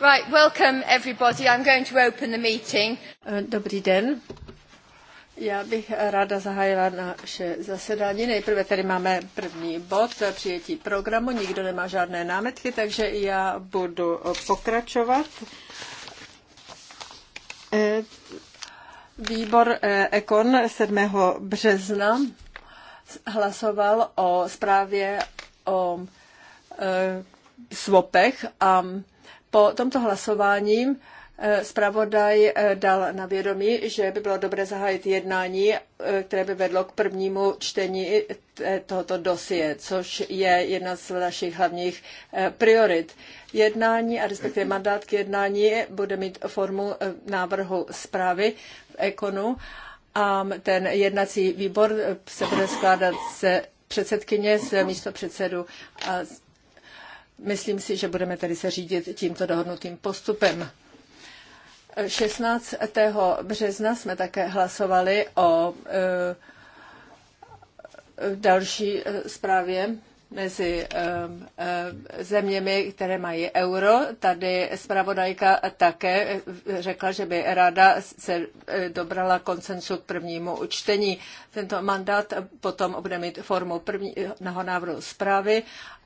Right, welcome everybody. I'm going to open the meeting. Eh, dobrý den. Já bych ráda zahájila naše zasedání. Nejprve tady máme první bod, eh, přijetí programu. Nikdo nemá žádné námetky, takže já budu eh, pokračovat. Výbor Ekon 7. března hlasoval o zprávě o swapech a po tomto hlasování eh, zpravodaj eh, dal na vědomí, že by bylo dobré zahájit jednání, eh, které by vedlo k prvnímu čtení tohoto dosie, což je jedna z našich hlavních priorit. Jednání a respektive mandát k jednání bude mít formu návrhu zprávy v Ekonu a ten jednací výbor se bude skládat ze předsedkyně, z místo předsedu a Myslím si, že budeme tedy se řídit tímto dohodnutým postupem. 16. března jsme také hlasovali o e, e, další e, zprávě mezi zeměmi, které mají euro. Tady zpravodajka také řekla, že by ráda se dobrala koncensu k prvnímu učtení. Tento mandát potom bude mít formu prvního návrhu zprávy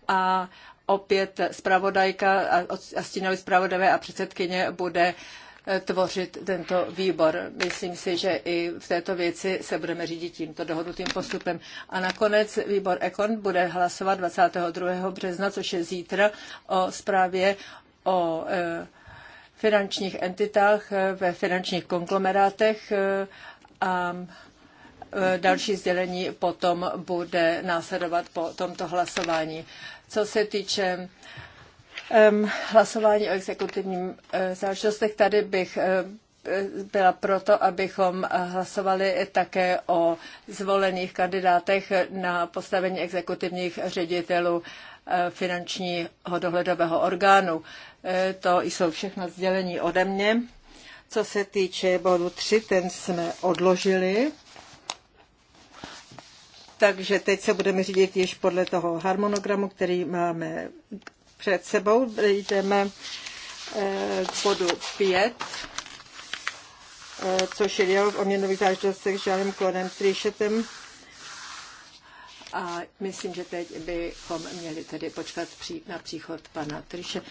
a opět zpravodajka a stínový zpravodajové a předsedkyně bude eh, tvořit tento výbor. Myslím si, že i v této věci se budeme řídit tímto dohodnutým postupem. A nakonec výbor Ekon bude hlasovat 22. března, což je zítra, o zprávě o eh, finančních entitách eh, ve finančních konglomerátech a další sdělení potom bude následovat po tomto hlasování. Co se týče hlasování o exekutivním e, záležitostech, tady bych e, byla proto, abychom hlasovali také o zvolených kandidátech na postavení exekutivních ředitelů e, finančního dohledového orgánu. To jsou všechno sdělení ode mě. Co se týče bodu 3, ten jsme odložili takže teď se budeme řídit již podle toho harmonogramu, který máme před sebou. Jdeme eh, k bodu 5, eh, což je dělo v oměnových záležitostech s Žánem Klonem Trišetem. A myslím, že teď bychom měli tedy počkat na příchod pana Triše.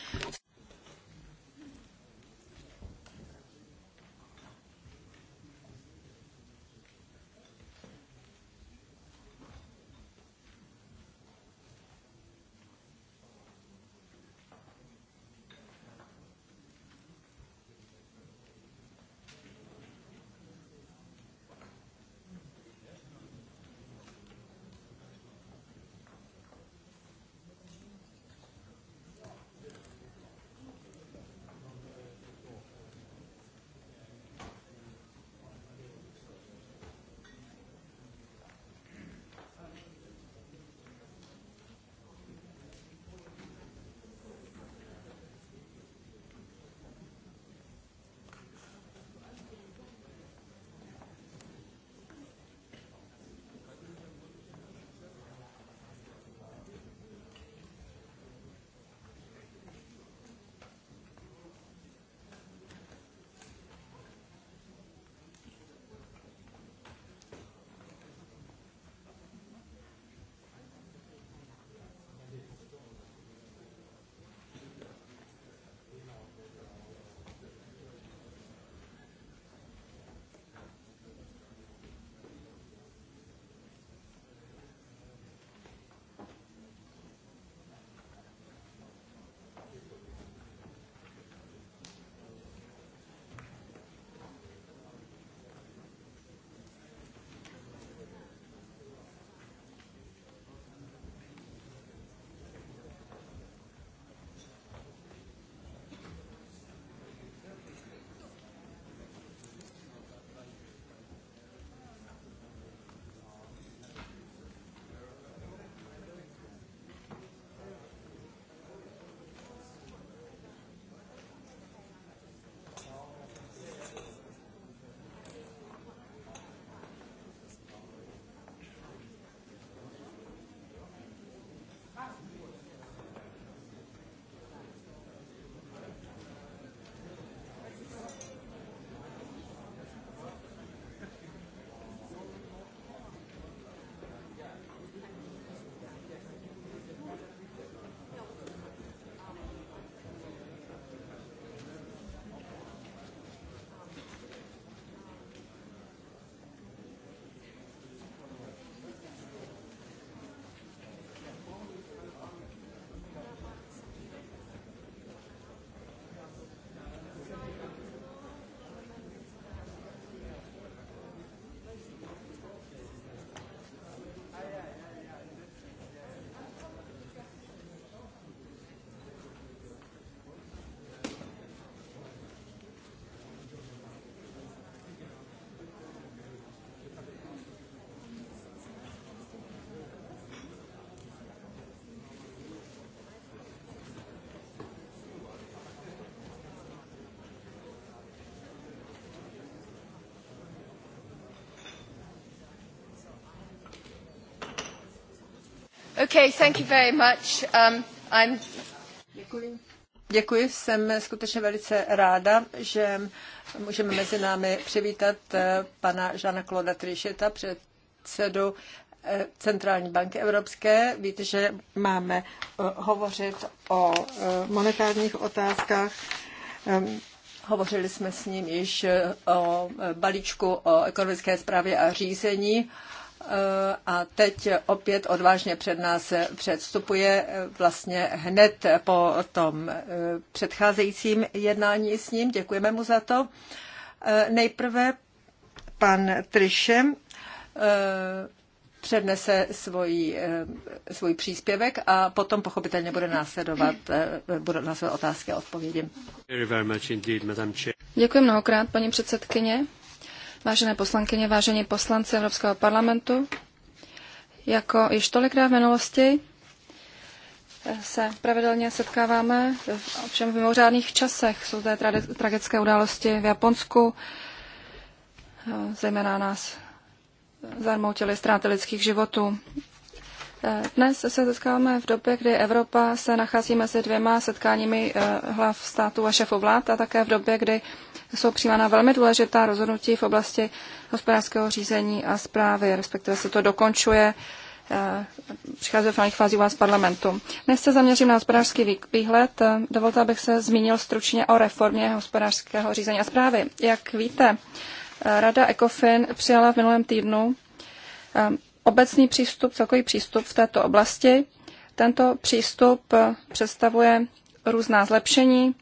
Um, Děkuji. jsem skutečně velice ráda, že můžeme mezi námi přivítat eh, pana Žana Kloda Trišeta, předsedu eh, Centrální banky Evropské. Víte, že máme eh, hovořit o monetárních otázkách. Ehm, hovořili jsme s ním již o balíčku o ekonomické zprávě a řízení. Eh, a teď opět odvážně před nás předstupuje eh, vlastně hned po tom eh, předcházejícím jednání s ním. Děkujeme mu za to. Nejprve pan Trišem přednese svůj, svůj příspěvek a potom pochopitelně bude následovat, budou následovat otázky a odpovědi. Děkuji mnohokrát, paní předsedkyně. Vážené poslankyně, vážení poslanci Evropského parlamentu, jako již tolikrát v minulosti se pravidelně setkáváme v, ovšem v mimořádných časech. Jsou zde tragické události v Japonsku, zejména nás zarmoutily ztráty lidských životů. Dnes se setkáváme v době, kdy Evropa se nachází mezi dvěma setkáními eh, hlav států a šefů vlád a také v době, kdy jsou přijímána velmi důležitá rozhodnutí v oblasti hospodářského řízení a zprávy, respektive se to dokončuje eh, přichází do finálních fází vás parlamentu. Dnes se zaměřím na hospodářský výhled. Dovolte, abych se zmínil stručně o reformě hospodářského řízení a zprávy. Jak víte, eh, Rada ECOFIN přijala v minulém týdnu eh, obecný přístup, celkový přístup v této oblasti. Tento přístup představuje různá zlepšení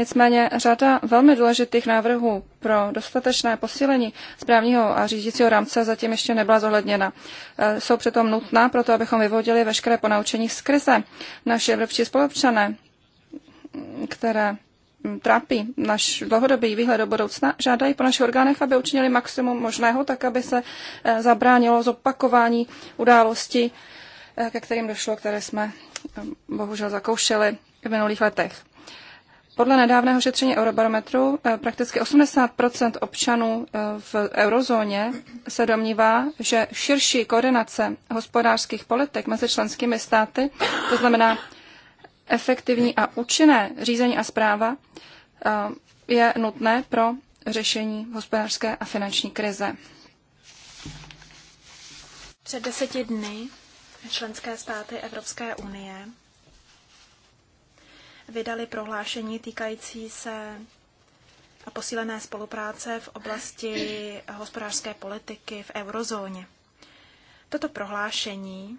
Nicméně řada velmi důležitých návrhů pro dostatečné posílení správního a řídícího rámce zatím ještě nebyla zohledněna. E, jsou přitom nutná proto, abychom vyvodili veškeré ponaučení z krize. Naši evropští spolupčané, které mm, trápí náš dlouhodobý výhled do budoucna, žádají po našich orgánech, aby učinili maximum možného, tak aby se e, zabránilo zopakování událostí, e, ke kterým došlo, které jsme bohužel zakoušeli v minulých letech. Podle nedávného šetření Eurobarometru eh, prakticky 80 občanů eh, v eurozóně se domnívá, že širší koordinace hospodářských politik mezi členskými státy, to znamená efektivní a účinné řízení a zpráva, eh, je nutné pro řešení hospodářské a finanční krize. Před deseti dny členské státy Evropské unie vydali prohlášení týkající se posílené spolupráce v oblasti hospodářské politiky v eurozóně. Toto prohlášení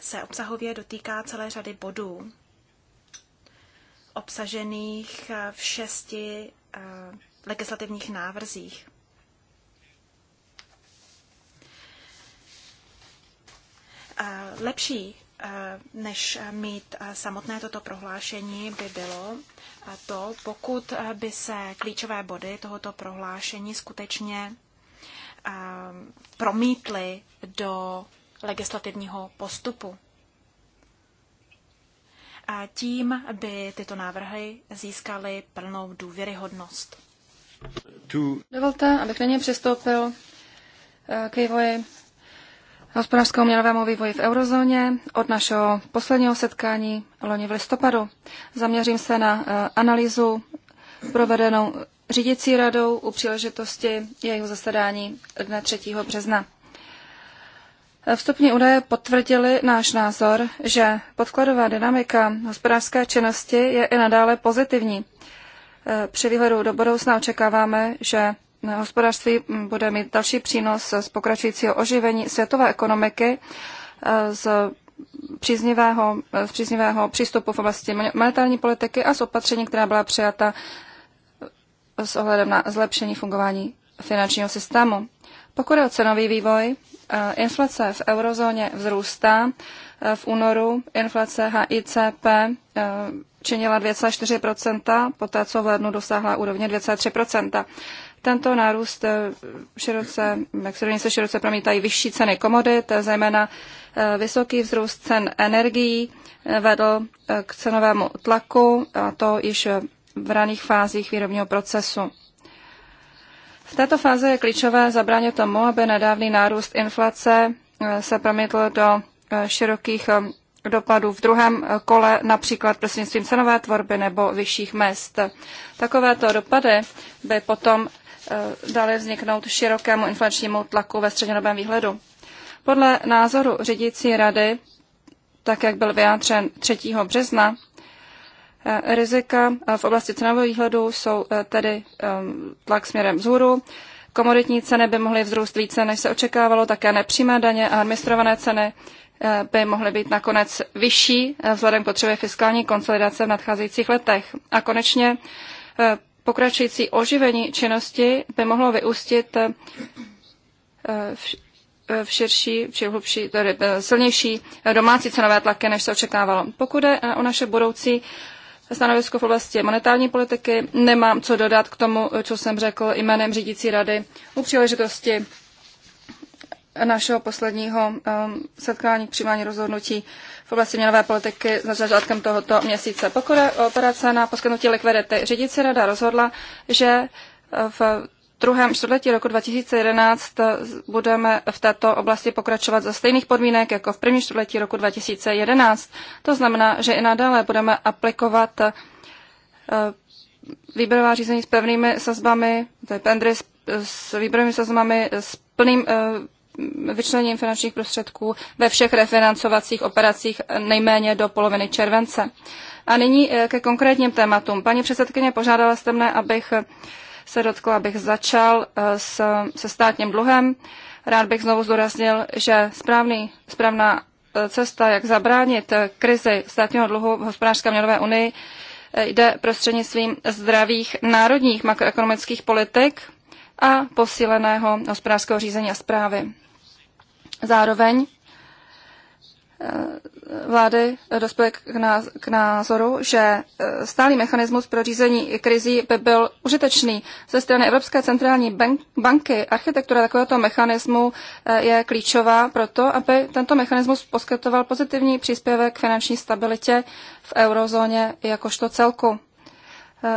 se obsahově dotýká celé řady bodů, obsažených v šesti eh, legislativních návrzích. Eh, lepší Eh, než eh, mít eh, samotné toto prohlášení by bylo to, pokud by se klíčové body tohoto prohlášení skutečně promítly do legislativního postupu. A tím by tyto návrhy získaly plnou důvěryhodnost. Dovolte, abych na ně přistoupil k vývoji hospodářskému měnovému vývoji v eurozóně od našeho posledního setkání loni v listopadu. Zaměřím se na eh, analýzu provedenou řídící radou u příležitosti jejího zasedání dne 3. března. Eh, vstupní údaje potvrdili náš názor, že podkladová dynamika hospodářské činnosti je i nadále pozitivní. Eh, při výhledu do budoucna očekáváme, že hospodářství bude mít další přínos z pokračujícího oživení světové ekonomiky, eh, z příznivého, eh, z příznivého přístupu v oblasti monetární politiky a z opatření, která byla přijata eh, s ohledem na zlepšení fungování finančního systému. Pokud je o cenový vývoj, inflace v eurozóně vzrůstá. V únoru inflace HICP činila 2,4%, poté co v lednu dosáhla úrovně 2,3%. Tento nárůst eh, široce, jak se se široce promítají vyšší ceny komodit, zejména eh, vysoký vzrůst cen energií eh, vedl k cenovému tlaku, a to již v raných fázích výrobního procesu. V této fáze je klíčové zabránit tomu, aby nedávný nárůst inflace se promítl do širokých dopadů v druhém kole, například prostřednictvím cenové tvorby nebo vyšších mest. Takovéto dopady by potom Eh, dali vzniknout širokému inflačnímu tlaku ve střednědobém výhledu. Podle názoru řídící rady, tak jak byl vyjádřen 3. března, eh, rizika eh, v oblasti cenového výhledu jsou tedy tlak směrem vzhůru. Komoditní ceny by mohly vzrůst více, než se očekávalo, také nepřímé daně a administrované ceny by mohly být nakonec vyšší vzhledem k potřebě fiskální konsolidace v nadcházejících letech. A konečně pokračující oživení činnosti by mohlo vyústit eh, v, eh, v širší, v hlubší, tedy eh, silnější domácí cenové tlaky, než se očekávalo. Pokud je o naše budoucí stanovisko v oblasti monetární politiky, nemám co dodat k tomu, co jsem řekl jménem řídící rady u příležitosti našeho posledního um, setkání k přijímání rozhodnutí v oblasti měnové politiky za začátkem tohoto měsíce. Pokud je operace na poskytnutí likvidity, řídící rada rozhodla, že v druhém čtvrtletí roku 2011 budeme v této oblasti pokračovat za stejných podmínek jako v prvním čtvrtletí roku 2011. To znamená, že i nadále budeme aplikovat eh, výběrová řízení s pevnými sazbami, to je pendry s, s výběrovými sazbami, s plným eh, vyčlenění finančních prostředků ve všech refinancovacích operacích nejméně do poloviny července. A nyní eh, ke konkrétním tématům. Paní předsedkyně, požádala jste mne, abych eh, se dotkla, abych začal eh, s, se státním dluhem. Rád bych znovu zdůraznil, že správný, správná cesta, jak zabránit krizi státního dluhu v hospodářské měnové unii, jde prostřednictvím zdravých národních makroekonomických politik a posíleného hospodářského řízení a zprávy. Zároveň eh, vlády dospěly k názoru, že eh, stálý mechanismus pro řízení krizí by byl užitečný. Ze strany Evropské centrální banky architektura takovéhoto mechanismu eh, je klíčová proto, aby tento mechanismus poskytoval pozitivní příspěvek k finanční stabilitě v eurozóně jakožto celku.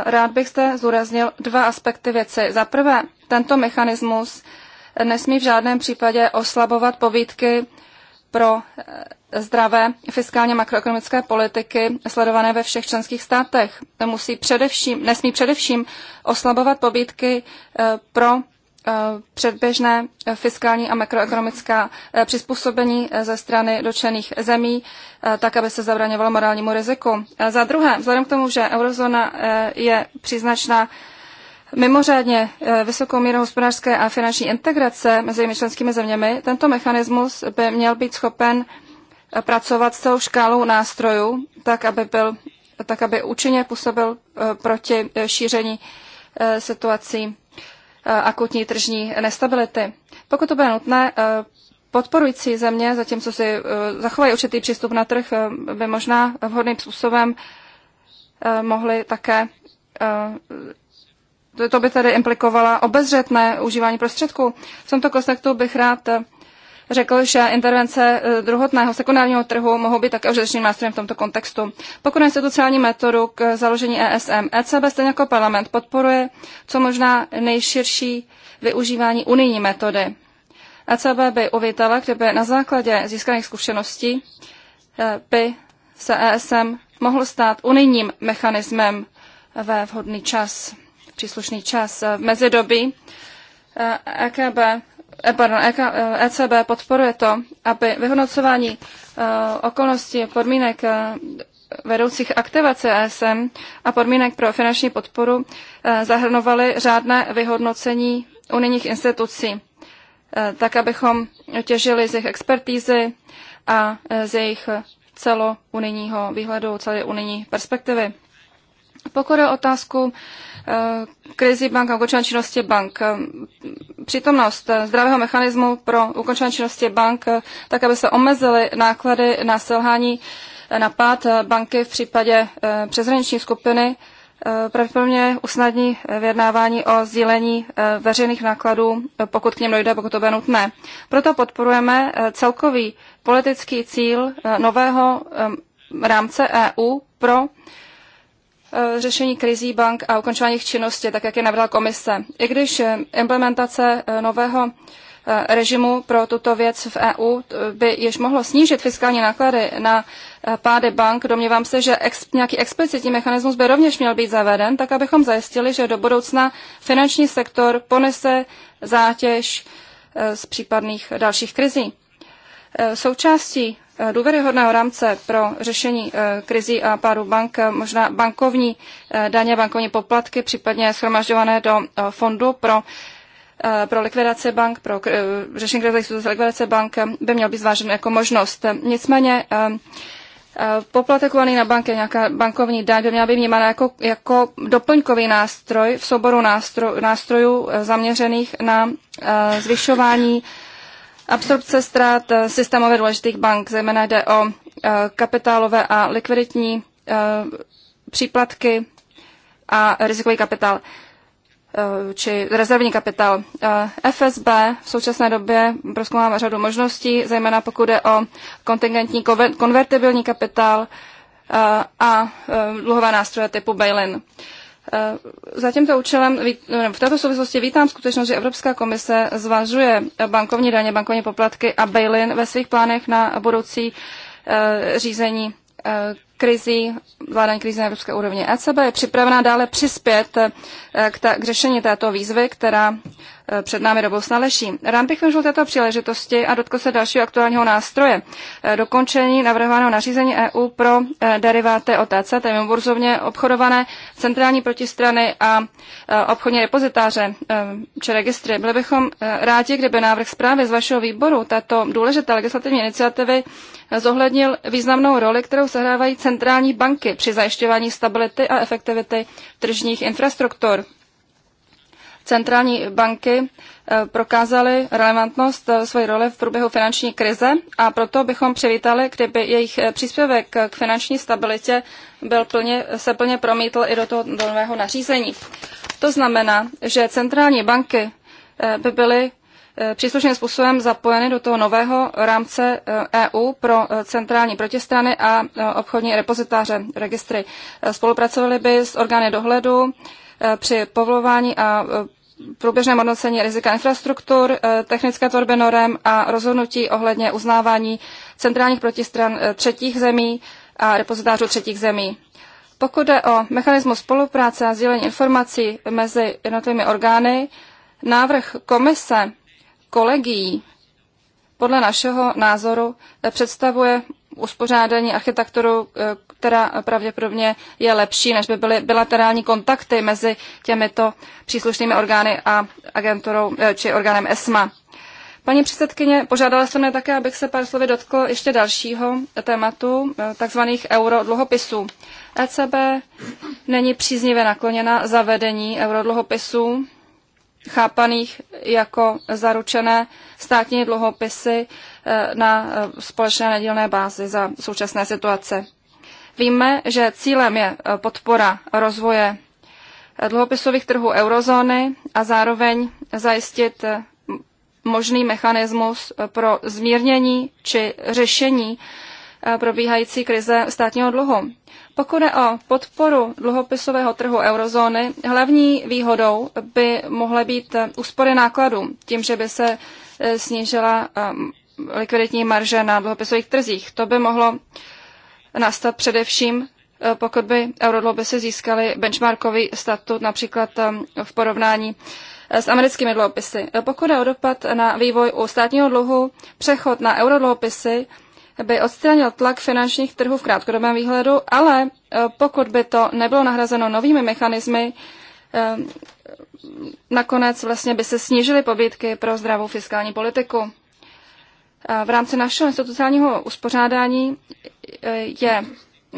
Rád bych zde zúraznil dva aspekty věci. Za prvé, tento mechanismus nesmí v žádném případě oslabovat povídky pro eh, zdravé fiskálně makroekonomické politiky sledované ve všech členských státech. Musí především, nesmí především oslabovat pobídky eh, pro eh, předběžné fiskální a makroekonomická přizpůsobení ze strany dočených zemí, tak, aby se zabraňovalo morálnímu riziku. Za druhé, vzhledem k tomu, že eurozóna je příznačná mimořádně eh, vysokou míru hospodářské a finanční integrace mezi členskými zeměmi, tento mechanismus by měl být schopen eh, pracovat s celou škálou nástrojů, tak aby, byl, tak aby účinně působil eh, proti šíření situací akutní tržní nestability. Pokud to bude nutné, podporující země, zatímco si zachovají určitý přístup na trh, by možná vhodným způsobem mohly také to by tedy implikovala obezřetné užívání prostředků. V tomto kontextu bych rád eh, řekl, že intervence eh, druhotného sekundárního trhu mohou být také užitečným nástrojem v tomto kontextu. Pokud institucionální metodu k založení ESM, ECB stejně jako parlament podporuje co možná nejširší využívání unijní metody. ECB by uvítala, kdyby na základě získaných zkušeností eh, by se ESM mohl stát unijním mechanismem ve vhodný čas příslušný čas eh, v mezidobí. EKB, eh, e eh, pardon, ECB e podporuje to, aby vyhodnocování okolností podmínek vedoucích aktivace ESM a podmínek pro finanční podporu zahrnovaly řádné vyhodnocení unijních institucí, tak abychom těžili z jejich expertízy a z jejich celounijního výhledu, celé unijní perspektivy. Pokud je otázku Eh, krizi bank a ukončování činnosti bank. Eh, přítomnost eh, zdravého mechanismu pro ukončování činnosti bank, tak aby se omezily náklady na selhání napad banky v případě přeshraniční skupiny, pravděpodobně usnadní vyjednávání o sdílení veřejných nákladů, pokud k něm dojde, pokud to bude nutné. Proto podporujeme celkový politický cíl nového rámce EU pro Eh, řešení krizí bank a ukončování jejich činnosti, tak jak je navrhla komise. I když eh, implementace eh, nového režimu pro tuto věc v EU by již mohlo snížit fiskální náklady na pády bank, domnívám se, že ex, nějaký explicitní mechanismus by rovněž měl být zaveden, tak abychom zajistili, že do budoucna finanční sektor ponese zátěž z případných dalších krizí. Součástí důvěryhodného rámce pro řešení eh, krizí a pádu bank, eh, možná bankovní eh, daně, bankovní poplatky, případně schromažďované do fondu pro pro likvidaci bank, pro řešení z likvidace bank by měl být zvážen jako možnost. Nicméně Poplatek uvalný na banky, nějaká bankovní daň, by měla být vnímána jako, jako doplňkový nástroj v souboru nástroj, nástrojů zaměřených na zvyšování Absorpce ztrát eh, systémově důležitých bank, zejména jde o eh, kapitálové a likviditní eh, příplatky a rizikový kapitál či rezervní kapitál. FSB v současné době proskoumá řadu možností, zejména pokud jde o kontingentní konvertibilní kapitál a dluhové nástroje typu bail-in. Za tímto účelem, no, v této souvislosti vítám skutečnost, že Evropská komise zvažuje bankovní daně, bankovní poplatky a bail-in ve svých plánech na budoucí eh, řízení eh, krizí, vládání krize na evropské úrovni. ECB je připravená dále přispět eh, k, ta, k řešení této výzvy, která Eh, před námi Bosna leší. Rád bych využil této příležitosti a dotkl se dalšího aktuálního nástroje. Eh, dokončení navrhovaného nařízení EU pro eh, deriváty OTC, e tedy burzovně obchodované centrální protistrany a obchodní repozitáře či registry. Byli bychom rádi, kdyby návrh zprávy z vašeho výboru této důležité legislativní iniciativy zohlednil významnou roli, kterou sehrávají centrální banky při zajišťování stability a efektivity tržních infrastruktur centrální banky eh, prokázaly relevantnost eh, své role v průběhu finanční krize a proto bychom přivítali, kdyby jejich eh, příspěvek k finanční stabilitě byl plně, se plně promítl i do toho do nového nařízení. To znamená, že centrální banky by byly příslušným způsobem zapojeny do toho nového rámce EU e pro centrální protistrany a obchodní repozitáře registry. Spolupracovali by s orgány dohledu při povolování a průběžném hodnocení rizika infrastruktur, eh, technické tvorby norem a rozhodnutí ohledně uznávání centrálních protistran eh, třetích zemí a repozitářů třetích zemí. Pokud jde o mechanismus spolupráce a sdílení informací mezi jednotlivými orgány, návrh komise kolegií podle našeho názoru eh, představuje uspořádání architekturu která pravděpodobně je lepší, než by byly bilaterální kontakty mezi těmito příslušnými orgány a agenturou eh, či orgánem ESMA. Paní předsedkyně, požádala jsem mě také, abych se pár slovy dotkl ještě dalšího tématu, eh, takzvaných eurodluhopisů. ECB není příznivě nakloněna zavedení eurodluhopisů, chápaných jako zaručené státní dluhopisy eh, na společné nedílné bázi za současné situace. Víme, že cílem je eh, podpora rozvoje eh, dluhopisových trhů eurozóny a zároveň zajistit eh, možný mechanismus pro zmírnění či řešení probíhající krize státního dluhu. Pokud je o podporu dluhopisového trhu eurozóny, hlavní výhodou by mohly být úspory nákladů, tím, že by se snížila likviditní marže na dluhopisových trzích. To by mohlo nastat především, eh, pokud by eurodluhopisy se získaly benchmarkový statut například eh, v porovnání eh, s americkými dluhopisy. Pokud je o dopad na vývoj u státního dluhu, přechod na eurodluhopisy by odstranil tlak finančních trhů v krátkodobém výhledu, ale pokud by to nebylo nahrazeno novými mechanismy, nakonec vlastně by se snížily pobídky pro zdravou fiskální politiku. V rámci našeho institucionálního uspořádání e, je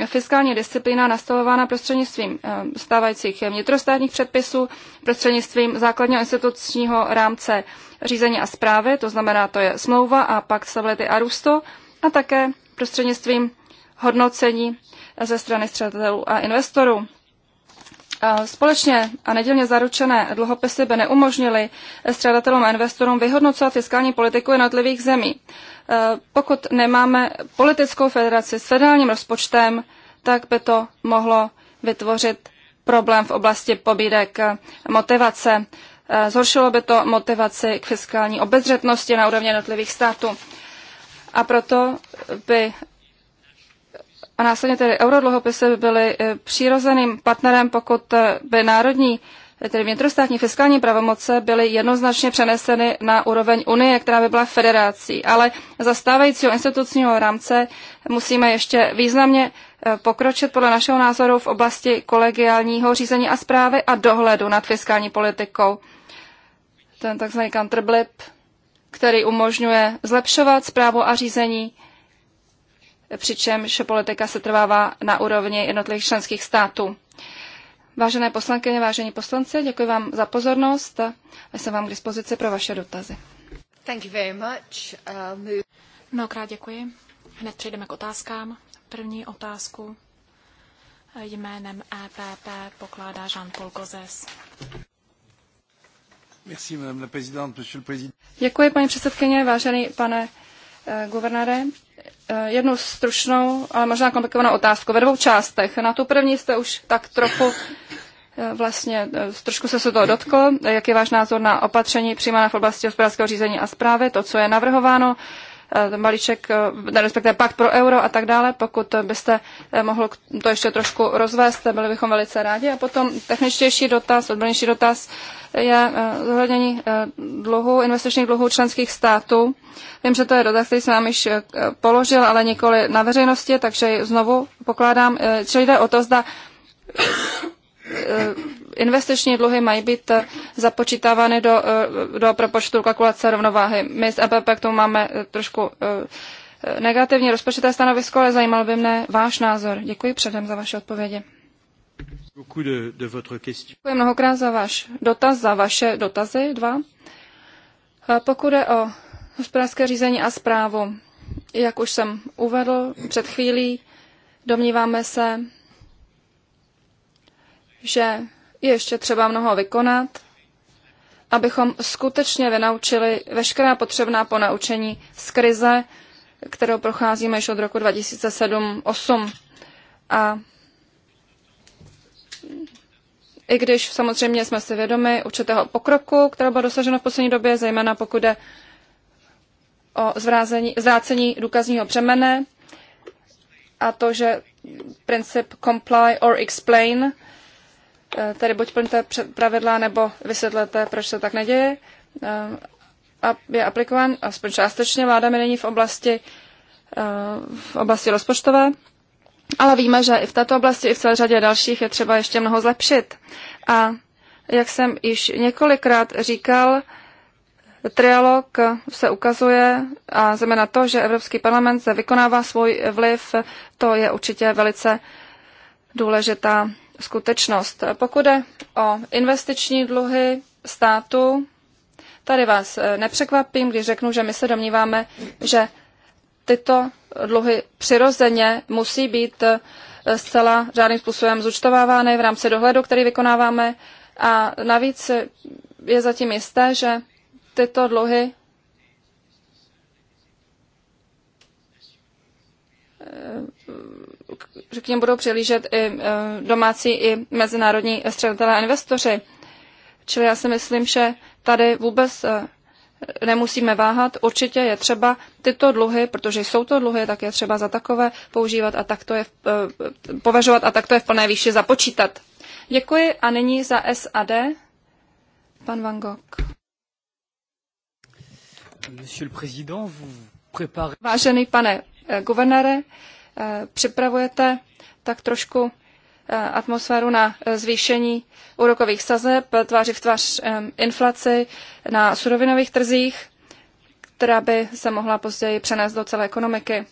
fiskální disciplína nastavována prostřednictvím e, stávajících vnitrostátních předpisů, prostřednictvím základního institučního rámce řízení a zprávy, to znamená, to je smlouva a pak stability a růsto, a také prostřednictvím hodnocení ze strany střadatelů a investorů. Společně a nedělně zaručené dluhopisy by neumožnily střadatelům a investorům vyhodnocovat fiskální politiku jednotlivých zemí. E, pokud nemáme politickou federaci s federálním rozpočtem, tak by to mohlo vytvořit problém v oblasti pobídek motivace. E, zhoršilo by to motivaci k fiskální obezřetnosti na úrovni jednotlivých států. A proto by následně tedy eurodluhopisy by byly eh, přirozeným partnerem, pokud eh, by národní eh, tedy vnitrostátní fiskální pravomoce byly jednoznačně přeneseny na úroveň Unie, která by byla federací. Ale za stávajícího institucionálního rámce musíme ještě významně pokročit podle našeho názoru v oblasti kolegiálního řízení a zprávy a dohledu nad fiskální politikou. Ten takzvaný counterblip, který umožňuje zlepšovat zprávu a řízení přičemž politika se trvává na úrovni jednotlivých členských států. Vážené poslankyně, vážení poslanci, děkuji vám za pozornost a jsem vám k dispozici pro vaše dotazy. Thank you very much. Uh, move... Mnohokrát děkuji. Hned přejdeme k otázkám. První otázku jménem EPP pokládá Jean-Paul Gozes. Merci, madame la présidente, monsieur le président. Děkuji, paní předsedkyně, vážený pane uh, guvernére. Eh, jednu stručnou, ale možná komplikovanou otázku ve dvou částech. Na tu první jste už tak trochu eh, vlastně eh, trošku se se toho dotkl, jak je váš názor na opatření přijímaná v oblasti hospodářského řízení a zprávy, to, co je navrhováno malíček, eh, eh, respektive pakt pro euro a tak dále. Pokud byste eh, mohl to ještě trošku rozvést, byli bychom velice rádi. A potom techničtější dotaz, odbornější dotaz je zohlednění dluhu, investičních dluhů členských států. Vím, že to je dotaz, který jsem vám již položil, ale nikoli na veřejnosti, takže znovu pokládám, Čili jde o to, zda investiční dluhy mají být eh, započítávány do, eh, do propočtu kalkulace rovnováhy. My z EPP k tomu máme eh, trošku negativní rozpočité stanovisko, ale zajímal by mne váš názor. Děkuji předem za vaše odpovědi. Děkuji mnohokrát za váš dotaz, za vaše dotazy dva. Pokud je o hospodářské řízení a zprávu, jak už jsem uvedl před chvílí, domníváme se, že je ještě třeba mnoho vykonat, abychom skutečně vynaučili veškerá potřebná ponaučení z krize, kterou procházíme již od roku 2007-2008. A i když samozřejmě jsme si vědomi určitého pokroku, které bylo dosaženo v poslední době, zejména pokud je o zvrázení, zvrácení důkazního břemene a to, že princip comply or explain Eh, Tedy buď plňte pravidla, nebo vysvětlete, proč se tak neděje. Eh, a je aplikován aspoň částečně mi není v oblasti, eh, v oblasti rozpočtové, ale víme, že i v této oblasti, i v celé řadě dalších je třeba ještě mnoho zlepšit. A jak jsem již několikrát říkal, Trialog se ukazuje a znamená to, že Evropský parlament se vykonává svůj vliv, to je určitě velice důležitá skutečnost. Pokud je o investiční dluhy státu, tady vás eh, nepřekvapím, když řeknu, že my se domníváme, že tyto dluhy přirozeně musí být eh, zcela žádným způsobem zúčtovávány v rámci dohledu, který vykonáváme. A navíc je zatím jisté, že tyto dluhy eh, že k něm budou přilížet i eh, domácí, i mezinárodní střelitelé a investoři. Čili já si myslím, že tady vůbec eh, nemusíme váhat. Určitě je třeba tyto dluhy, protože jsou to dluhy, tak je třeba za takové používat a takto je eh, považovat a takto je v plné výši započítat. Děkuji a nyní za SAD pan Van Gogh. Vážený pane guvernére, připravujete tak trošku eh, atmosféru na eh, zvýšení úrokových sazeb tváři v tvář eh, inflaci na surovinových trzích, která by se mohla později přenést do celé ekonomiky.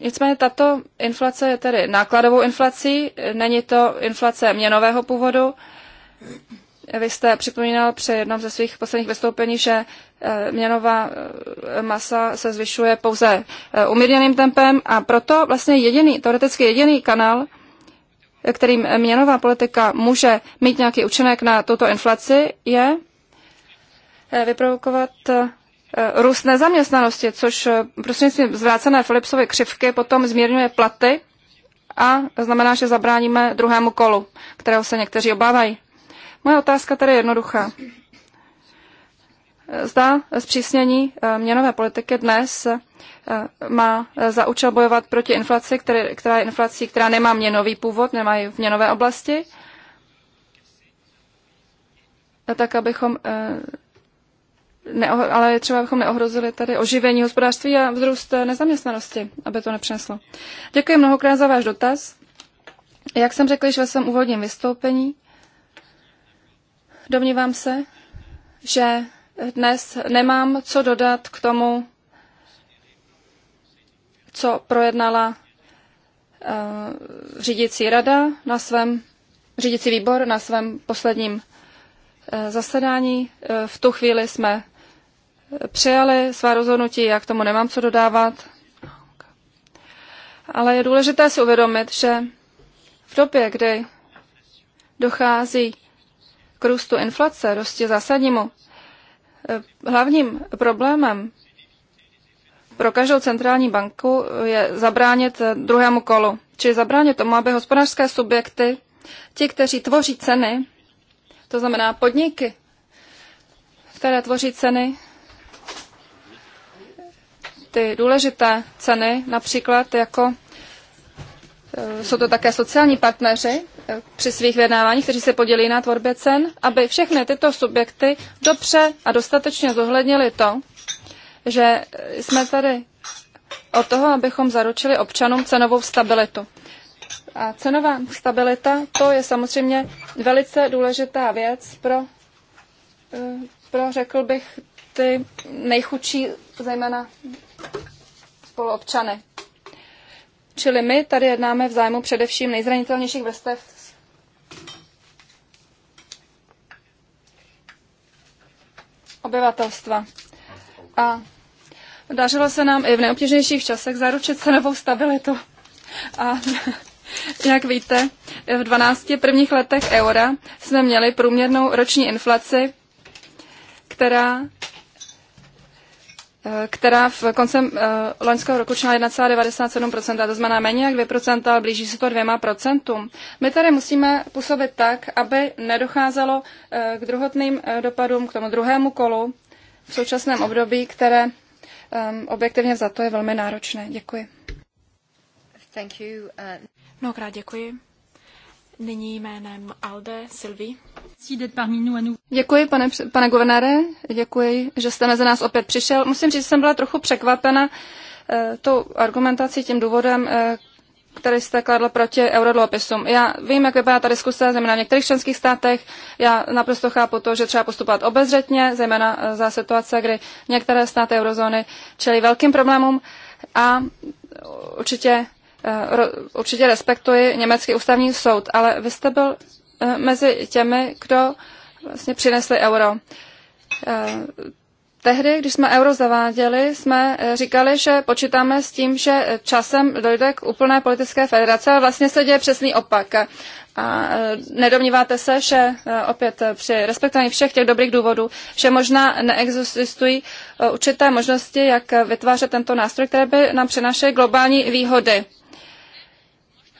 Nicméně tato inflace je tedy nákladovou inflací, není to inflace měnového původu vy jste připomínal při jednom ze svých posledních vystoupení, že eh, měnová eh, masa se zvyšuje pouze eh, umírněným tempem a proto vlastně jediný, teoreticky jediný kanál, kterým měnová politika může mít nějaký účinek na tuto inflaci, je vyprovokovat růst nezaměstnanosti, což prostřednictvím zvrácené Philipsovy křivky potom zmírňuje platy a znamená, že zabráníme druhému kolu, kterého se někteří obávají. Moje otázka tady je jednoduchá. Zda zpřísnění eh, měnové politiky dnes eh, má za účel bojovat proti inflaci, která je inflací, která nemá měnový původ, nemá ji v měnové oblasti, tak abychom eh, Neoh- ale třeba bychom neohrozili tady oživení hospodářství a vzrůst nezaměstnanosti, aby to nepřineslo. Děkuji mnohokrát za váš dotaz. Jak jsem řekl již ve svém úvodním vystoupení, Domnívám se, že dnes nemám co dodat k tomu, co projednala eh, řídící rada na svém, řídící výbor na svém posledním eh, zasedání. Eh, v tu chvíli jsme přijali svá rozhodnutí, já k tomu nemám co dodávat. Ale je důležité si uvědomit, že v době, kdy dochází k růstu inflace, rostě zásadnímu. Eh, hlavním problémem pro každou centrální banku je zabránit eh, druhému kolu, či zabránit tomu, aby hospodářské subjekty, ti, kteří tvoří ceny, to znamená podniky, které tvoří ceny, ty důležité ceny, například jako eh, jsou to také sociální partneři, při svých vyjednáváních, kteří se podělí na tvorbě cen, aby všechny tyto subjekty dobře a dostatečně zohlednili to, že jsme tady o toho, abychom zaručili občanům cenovou stabilitu. A cenová stabilita, to je samozřejmě velice důležitá věc pro, eh, pro řekl bych, ty nejchudší, zejména spoluobčany. Čili my tady jednáme v zájmu především nejzranitelnějších vrstev obyvatelstva. A dařilo se nám i v neobtěžnějších časech zaručit novou stabilitu. A jak víte, v 12 prvních letech eura jsme měli průměrnou roční inflaci, která Eh, která v koncem eh, loňského roku činila 1,97%, to znamená méně jak 2%, ale blíží se to procentům. My tady musíme působit tak, aby nedocházelo eh, k druhotným dopadům, k tomu druhému kolu v současném období, které objektivně za to je velmi náročné. Děkuji. Thank you. Uh, Mnohokrát děkuji. Nyní jménem Alde Silvi. Děkuji, pane, pane guvernére, děkuji, že jste mezi nás opět přišel. Musím říct, že jsem byla trochu překvapena eh, tou argumentací, tím důvodem, eh, který jste kladl proti eurodluhopisům. Já vím, jak vypadá ta diskuse, zejména v některých členských státech. Já naprosto chápu to, že třeba postupovat obezřetně, zejména eh, za situace, kdy některé státy eurozóny čelí velkým problémům a určitě, eh, určitě respektuji německý ústavní soud, ale vy jste byl Eh, mezi těmi, kdo vlastně přinesli euro. Eh, tehdy, když jsme euro zaváděli, jsme eh, říkali, že počítáme s tím, že časem dojde k úplné politické federace, ale vlastně se děje přesný opak. A nedomníváte se, že opět při respektování všech těch dobrých důvodů, že možná neexistují určité možnosti, jak vytvářet tento nástroj, které by nám přinášely globální výhody.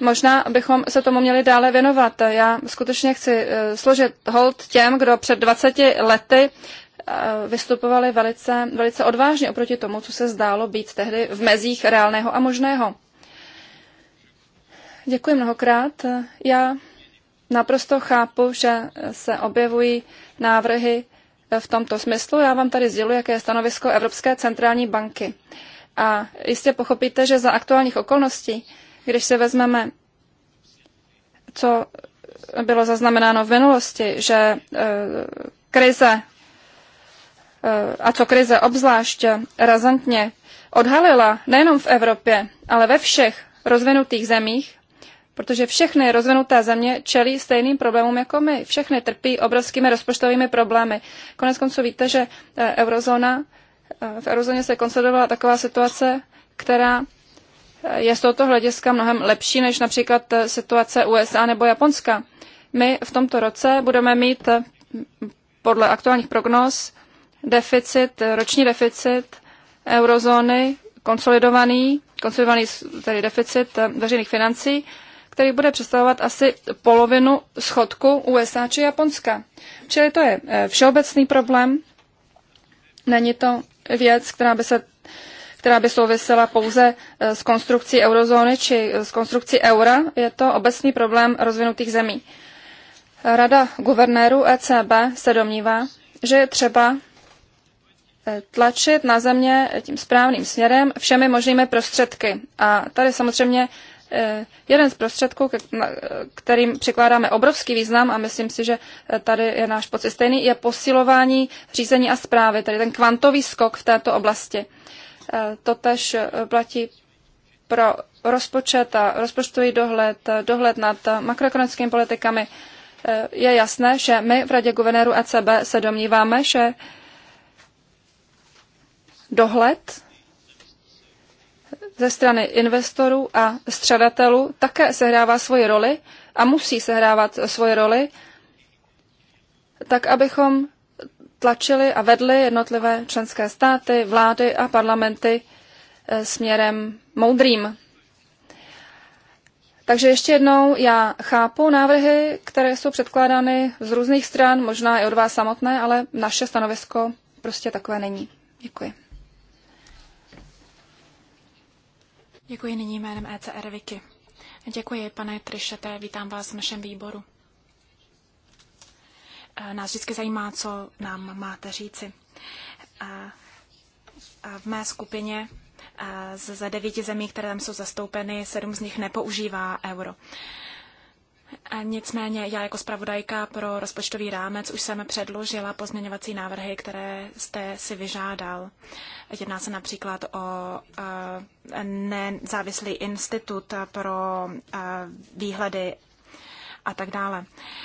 Možná bychom se tomu měli dále věnovat. Já skutečně chci eh, složit hold těm, kdo před 20 lety eh, vystupovali velice, velice odvážně oproti tomu, co se zdálo být tehdy v mezích reálného a možného. Děkuji mnohokrát. Já naprosto chápu, že se objevují návrhy v tomto smyslu. Já vám tady sděluji, jaké je stanovisko Evropské centrální banky. A jistě pochopíte, že za aktuálních okolností když se vezmeme, co bylo zaznamenáno v minulosti, že eh, krize eh, a co krize obzvlášť razantně odhalila nejenom v Evropě, ale ve všech rozvinutých zemích, protože všechny rozvinuté země čelí stejným problémům jako my. Všechny trpí obrovskými rozpočtovými problémy. Konec konců víte, že eh, eurozóna, v eurozóně se konsolidovala taková situace, která je z tohoto hlediska mnohem lepší než například situace USA nebo Japonska. My v tomto roce budeme mít eh, podle aktuálních prognóz deficit, roční deficit eurozóny konsolidovaný, konsolidovaný tedy deficit eh, veřejných financí, který bude představovat asi polovinu schodku USA či Japonska. Čili to je eh, všeobecný problém, není to věc, která by se která by souvisela pouze eh, s konstrukcí eurozóny či eh, s konstrukcí eura. Je to obecný problém rozvinutých zemí. Rada guvernérů ECB se domnívá, že je třeba eh, tlačit na země tím správným směrem všemi možnými prostředky. A tady samozřejmě jeden z prostředků, kterým přikládáme obrovský význam, a myslím si, že tady je náš pocit stejný, je posilování řízení a zprávy, tedy ten kvantový skok v této oblasti. To tež eh, platí pro rozpočet a rozpočtový dohled, eh, dohled nad eh, makroekonomickými politikami. Je jasné, že my v Radě guvernéru ECB se domníváme, že dohled ze strany investorů a středatelů také sehrává svoji roli a musí sehrávat svoji roli, tak abychom tlačili a vedli jednotlivé členské státy, vlády a parlamenty eh, směrem moudrým. Takže ještě jednou, já chápu návrhy, které jsou předkládány z různých stran, možná i od vás samotné, ale naše stanovisko prostě takové není. Děkuji. Děkuji nyní jménem ECR Vicky. Děkuji, pane Trišete, vítám vás v našem výboru. Eh, nás vždycky zajímá, co nám máte říci. Eh, eh, v mé skupině ze devíti zemí, které tam jsou zastoupeny, sedm z nich nepoužívá euro. Nicméně já jako zpravodajka pro rozpočtový rámec už jsem předložila pozměňovací návrhy, které jste si vyžádal. Jedná se například o nezávislý institut pro výhledy a tak dále.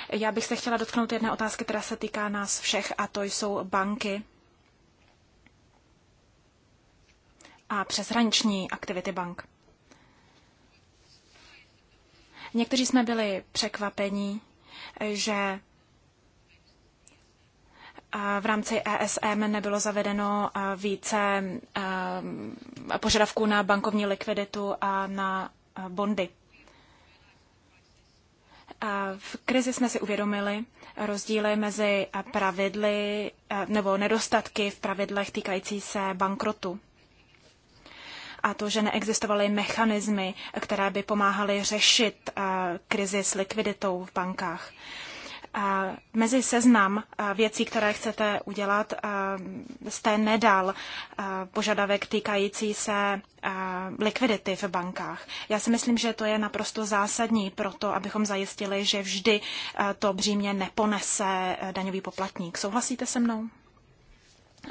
Já bych se chtěla dotknout jedné otázky, která se týká nás všech, a to jsou banky a přeshraniční aktivity bank. Někteří jsme byli překvapení, že v rámci ESM nebylo zavedeno více požadavků na bankovní likviditu a na bondy. V krizi jsme si uvědomili rozdíly mezi pravidly eh, nebo nedostatky v pravidlech týkající se bankrotu. A to, že neexistovaly mechanismy, které by pomáhaly řešit eh, krizi s likviditou v bankách mezi seznam věcí, které chcete udělat, jste nedal požadavek týkající se likvidity v bankách. Já si myslím, že to je naprosto zásadní pro to, abychom zajistili, že vždy to břímě neponese daňový poplatník. Souhlasíte se mnou?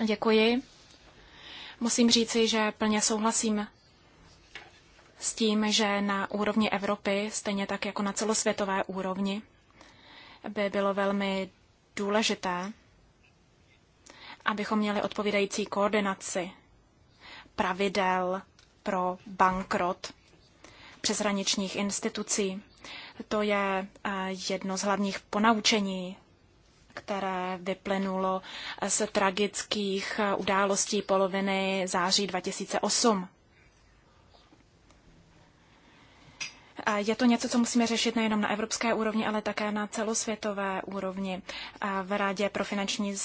Děkuji. Musím říci, že plně souhlasím s tím, že na úrovni Evropy, stejně tak jako na celosvětové úrovni, by bylo velmi důležité, abychom měli odpovídající koordinaci pravidel pro bankrot přeshraničních institucí. To je eh, jedno z hlavních ponaučení, které vyplynulo z tragických eh, událostí poloviny září 2008. Je to něco, co musíme řešit nejenom na evropské úrovni, ale také na celosvětové úrovni. V Rádě pro finanční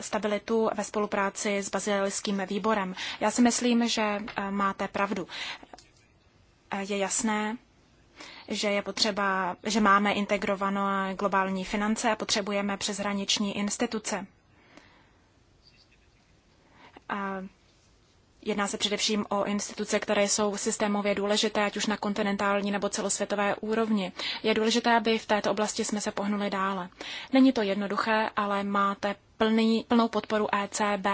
stabilitu ve spolupráci s bazilským výborem. Já si myslím, že e, máte pravdu. E, je jasné, že je potřeba, že máme integrované globální finance a potřebujeme přeshraniční instituce. A Jedná se především o instituce, které jsou systémově důležité, ať už na kontinentální nebo celosvětové úrovni. Je důležité, aby v této oblasti jsme se pohnuli dále. Není to jednoduché, ale máte plný, plnou podporu ECB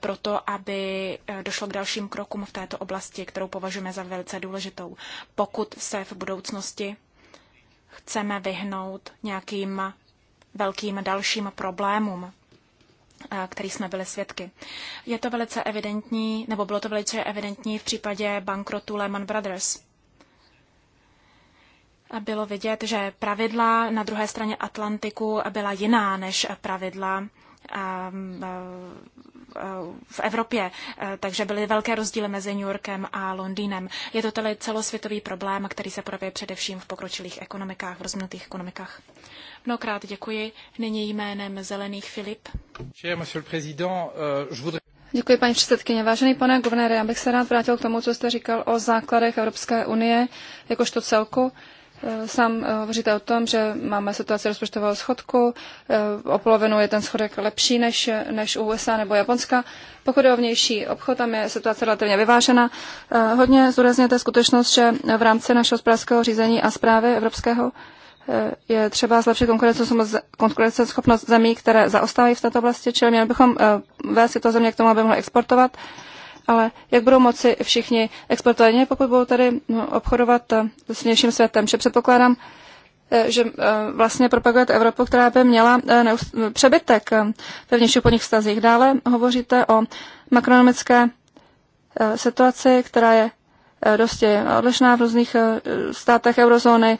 pro to, aby e, došlo k dalším krokům v této oblasti, kterou považujeme za velice důležitou. Pokud se v budoucnosti chceme vyhnout nějakým velkým dalším problémům, který jsme byli svědky. Je to velice evidentní, nebo bylo to velice evidentní v případě bankrotu Lehman Brothers. Bylo vidět, že pravidla na druhé straně Atlantiku byla jiná než pravidla v Evropě, takže byly velké rozdíly mezi New Yorkem a Londýnem. Je to tedy celosvětový problém, který se projevuje především v pokročilých ekonomikách, v rozvinutých ekonomikách. Mnohokrát děkuji. Nyní jménem Zelených Filip. Euh, děkuji, paní předsedkyně. Vážený pane guvernére, já bych se rád vrátil k tomu, co jste říkal o základech Evropské unie jakožto celku. Eh, sám eh, hovoříte o tom, že máme situaci rozpočtového schodku, eh, o polovinu je ten schodek lepší než, než USA nebo Japonska. Pokud je o vnější obchod, tam je situace relativně vyvážená. Hodně zúrazněte skutečnost, že v rámci našeho hospodářského řízení a zprávy evropského je třeba zlepšit konkurenceschopnost zemí, které zaostávají v této oblasti, čili měli bychom eh, vést to země k tomu, aby mohly exportovat. Ale jak budou moci všichni exportovat, pokud budou tady no, obchodovat eh, s vnějším světem? Že předpokládám, eh, že vlastně propagujete Evropu, která by měla přebytek ve vnějších podních vztazích. Dále hovoříte o makronomické situaci, která je dosti odlišná v různých státech eurozóny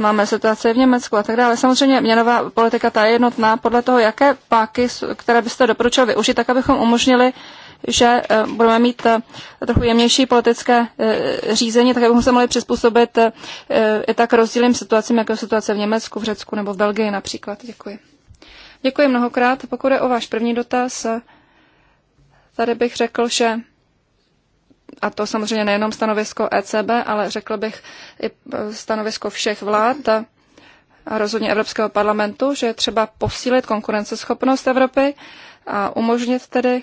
máme situaci v Německu a tak dále. Samozřejmě měnová politika ta je jednotná podle toho, jaké páky, které byste doporučil využít, tak abychom umožnili že eh, budeme mít eh, trochu jemnější politické eh, řízení, tak abychom se mohli přizpůsobit i tak rozdílným situacím, jako situace v Německu, v Řecku nebo v Belgii například. Děkuji. Děkuji mnohokrát. Pokud je o váš první dotaz, tady bych řekl, že a to samozřejmě nejenom stanovisko ECB, ale řekl bych i e, stanovisko všech vlád a rozhodně Evropského parlamentu, že je třeba posílit konkurenceschopnost Evropy a umožnit tedy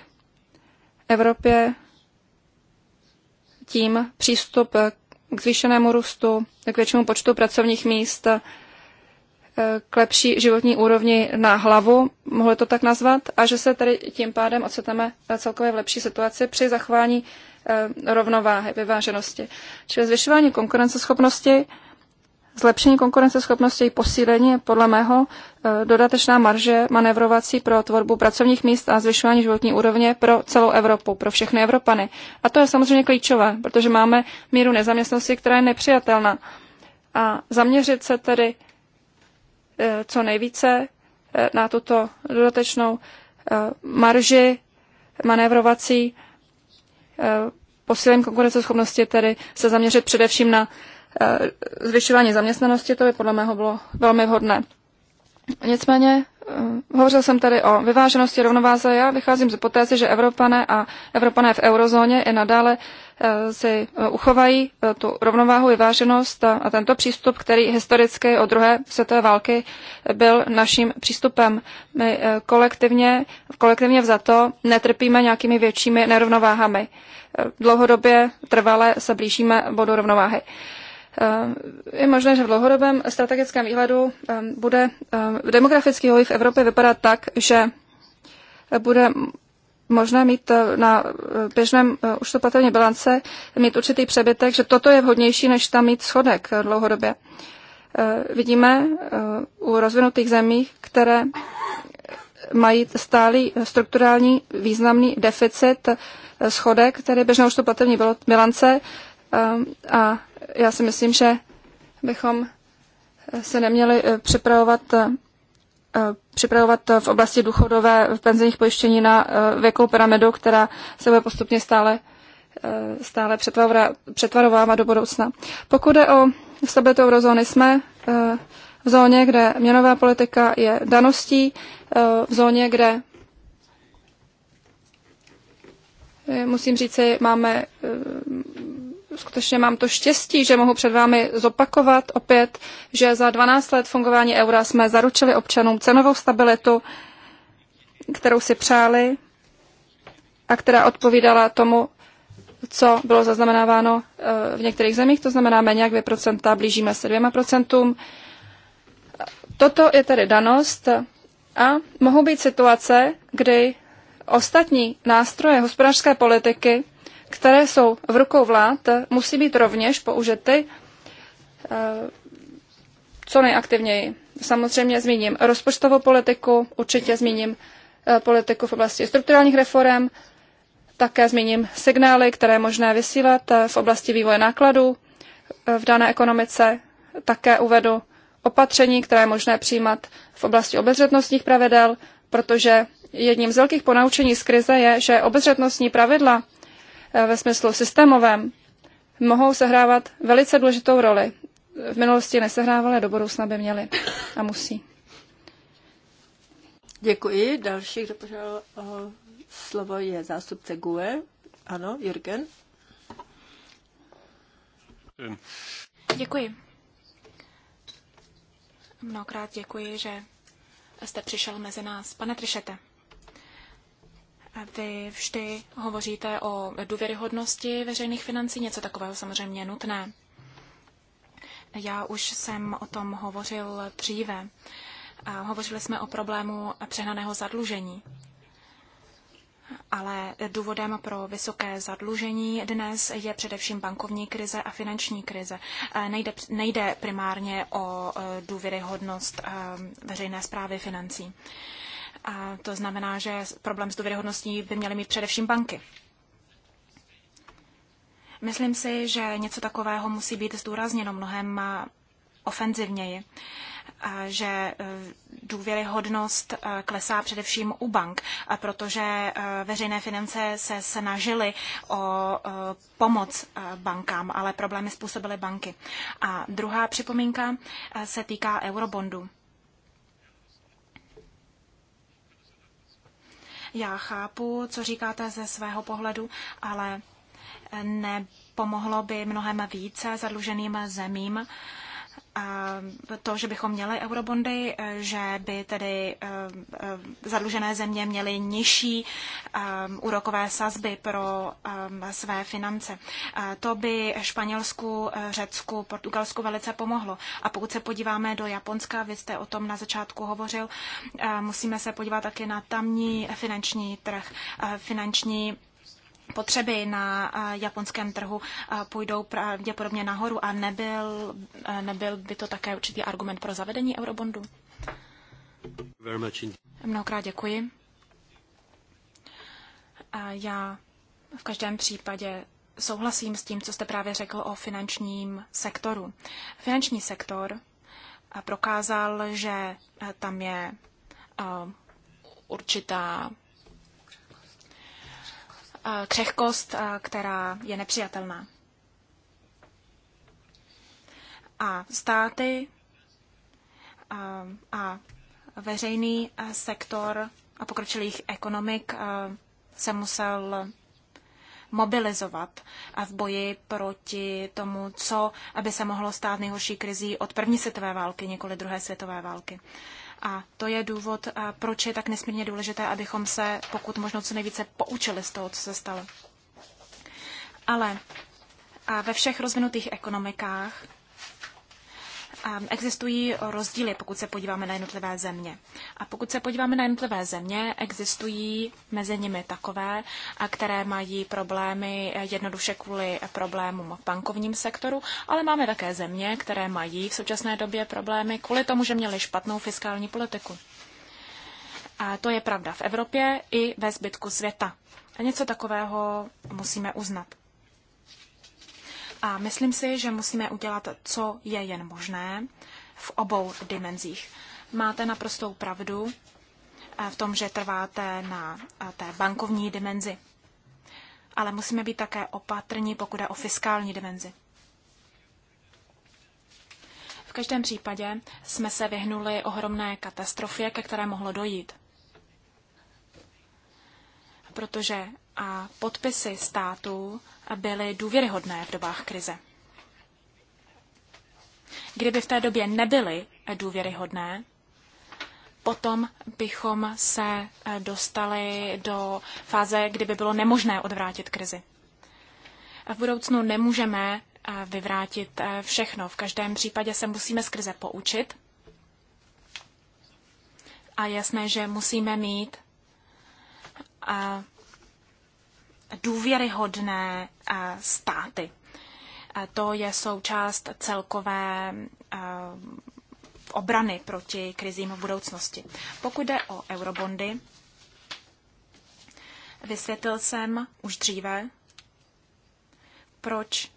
Evropě tím přístup k zvýšenému růstu, k většímu počtu pracovních míst, e, k lepší životní úrovni na hlavu, mohli to tak nazvat, a že se tedy tím pádem ocitáme celkově v lepší situaci při zachování Eh, rovnováhy, vyváženosti. Čili zvyšování konkurenceschopnosti, zlepšení konkurenceschopnosti i posílení je podle mého eh, dodatečná marže manevrovací pro tvorbu pracovních míst a zvyšování životní úrovně pro celou Evropu, pro všechny Evropany. A to je samozřejmě klíčové, protože máme míru nezaměstnosti, která je nepřijatelná. A zaměřit se tedy eh, co nejvíce na tuto dodatečnou marži manévrovací posílení konkurenceschopnosti, tedy se zaměřit především na eh, zvyšování zaměstnanosti, to by podle mého bylo velmi vhodné. Nicméně eh, hovořil jsem tady o vyváženosti rovnováze. Já vycházím z hypotézy, že Evropané a Evropané v eurozóně i nadále Eh, si eh, uchovají eh, tu rovnováhu, vyváženost a tento přístup, který historicky od druhé světové války byl naším přístupem. My kolektivně, kolektivně vzato netrpíme nějakými většími nerovnováhami. Dlouhodobě trvale se blížíme bodu rovnováhy. Je možné, že v dlouhodobém strategickém výhledu bude demografický vývoj v Evropě vypadat tak, že bude možné mít eh, na eh, běžném eh, to platební bilance mít určitý přebytek, že toto je vhodnější, než tam mít schodek dlouhodobě. Vidíme u rozvinutých zemí, které mají stálý strukturální významný deficit schodek, běžné už to platební bilance a já si myslím, že bychom se neměli připravovat Eh, připravovat v oblasti důchodové v penzijních pojištění na eh, věkou pyramidu, která se bude postupně stále, eh, stále přetvarovávat do budoucna. Pokud je o stabilitu eurozóny, jsme v zóně, kde měnová politika je daností, v zóně, kde musím říci, máme skutečně mám to štěstí, že mohu před vámi zopakovat opět, že za 12 let fungování eura jsme zaručili občanům cenovou stabilitu, kterou si přáli a která odpovídala tomu, co bylo zaznamenáváno eh, v některých zemích, to znamená méně jak 2%, blížíme se 2%. Toto je tedy danost a mohou být situace, kdy ostatní nástroje hospodářské politiky které jsou v rukou vlád, musí být rovněž použity eh, co nejaktivněji. Samozřejmě zmíním rozpočtovou politiku, určitě zmíním eh, politiku v oblasti strukturálních reform, také zmíním signály, které je možné vysílat eh, v oblasti vývoje nákladů v dané ekonomice. Také uvedu opatření, které je možné přijímat v oblasti obezřetnostních pravidel, protože jedním z velkých ponaučení z krize je, že obezřetnostní pravidla Eh, ve smyslu systémovém mohou sehrávat velice důležitou roli. V minulosti nesehrávaly, do budoucna by měly a musí. Děkuji. Další, kdo požádal o slovo, je zástupce GUE. Ano, Jürgen. Děkuji. Mnohokrát děkuji, že jste přišel mezi nás. Pane Trišete, vy vždy hovoříte o důvěryhodnosti veřejných financí, něco takového samozřejmě nutné. Já už jsem o tom hovořil dříve. A hovořili jsme o problému přehnaného zadlužení. Ale důvodem pro vysoké zadlužení dnes je především bankovní krize a finanční krize. Nejde, nejde primárně o e, důvěryhodnost e, veřejné zprávy financí. A to znamená, že problém s důvěryhodností by měly mít především banky. Myslím si, že něco takového musí být zdůrazněno mnohem ofenzivněji, že e, důvěryhodnost e, klesá především u bank, protože e, veřejné finance se snažily o pomoc bankám, ale problémy způsobily banky. A druhá připomínka se týká eurobondu. Já chápu, co říkáte ze svého pohledu, ale nepomohlo by mnohem více zadluženým zemím, to, že bychom měli eurobondy, eh, že by tedy eh, eh, zadlužené země měly nižší úrokové sazby pro své finance. To by Španělsku, Řecku, Portugalsku velice pomohlo. A pokud se podíváme do Japonska, vy jste o tom na začátku hovořil, musíme se podívat taky na tamní finanční trh. Finanční potřeby na eh, japonském trhu eh, půjdou pravděpodobně nahoru a nebyl, eh, nebyl by to také určitý argument pro zavedení eurobondu? Mnohokrát děkuji. A já v každém případě souhlasím s tím, co jste právě řekl o finančním sektoru. Finanční sektor prokázal, že tam je určitá křehkost, která je nepřijatelná. A státy a, veřejný sektor a pokročilých ekonomik se musel mobilizovat a v boji proti tomu, co aby se mohlo stát nejhorší krizí od první světové války, nikoli druhé světové války. A to je důvod, proč je tak nesmírně důležité, abychom se pokud možno co nejvíce poučili z toho, co se stalo. Ale a ve všech rozvinutých ekonomikách existují rozdíly, pokud se podíváme na jednotlivé země. A pokud se podíváme na jednotlivé země, existují mezi nimi takové, které mají problémy eh, jednoduše kvůli problémům v bankovním sektoru, ale máme také země, které mají v současné době problémy kvůli tomu, že měly špatnou fiskální politiku. A to je pravda v Evropě i ve zbytku světa. A něco takového musíme uznat. A myslím si, že musíme udělat, co je jen možné v obou dimenzích. Máte naprostou pravdu eh, v tom, že trváte na eh, té bankovní dimenzi. Ale musíme být také opatrní, pokud je o fiskální dimenzi. V každém případě jsme se vyhnuli ohromné katastrofě, ke které mohlo dojít. Protože a podpisy států byly důvěryhodné v dobách krize. Kdyby v té době nebyly důvěryhodné, potom bychom se eh, dostali do fáze, kdyby bylo nemožné odvrátit krizi. V budoucnu nemůžeme eh, vyvrátit eh, všechno. V každém případě se musíme z krize poučit. A jasné, že musíme mít důvěryhodné eh, státy. Eh, to je součást celkové eh, obrany proti krizím v budoucnosti. Pokud jde o eurobondy, vysvětlil jsem už dříve, proč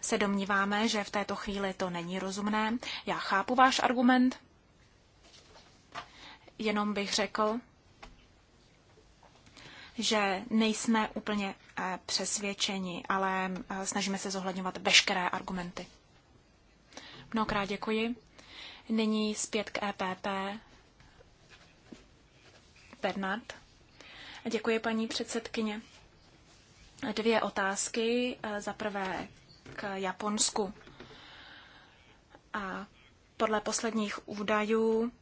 se domníváme, že v této chvíli to není rozumné. Já chápu váš argument, jenom bych řekl, že nejsme úplně eh, přesvědčeni, ale eh, snažíme se zohledňovat veškeré argumenty. Mnohokrát děkuji. Nyní zpět k EPP. Bernard. Děkuji, paní předsedkyně. Dvě otázky. Eh, za prvé k Japonsku. A podle posledních údajů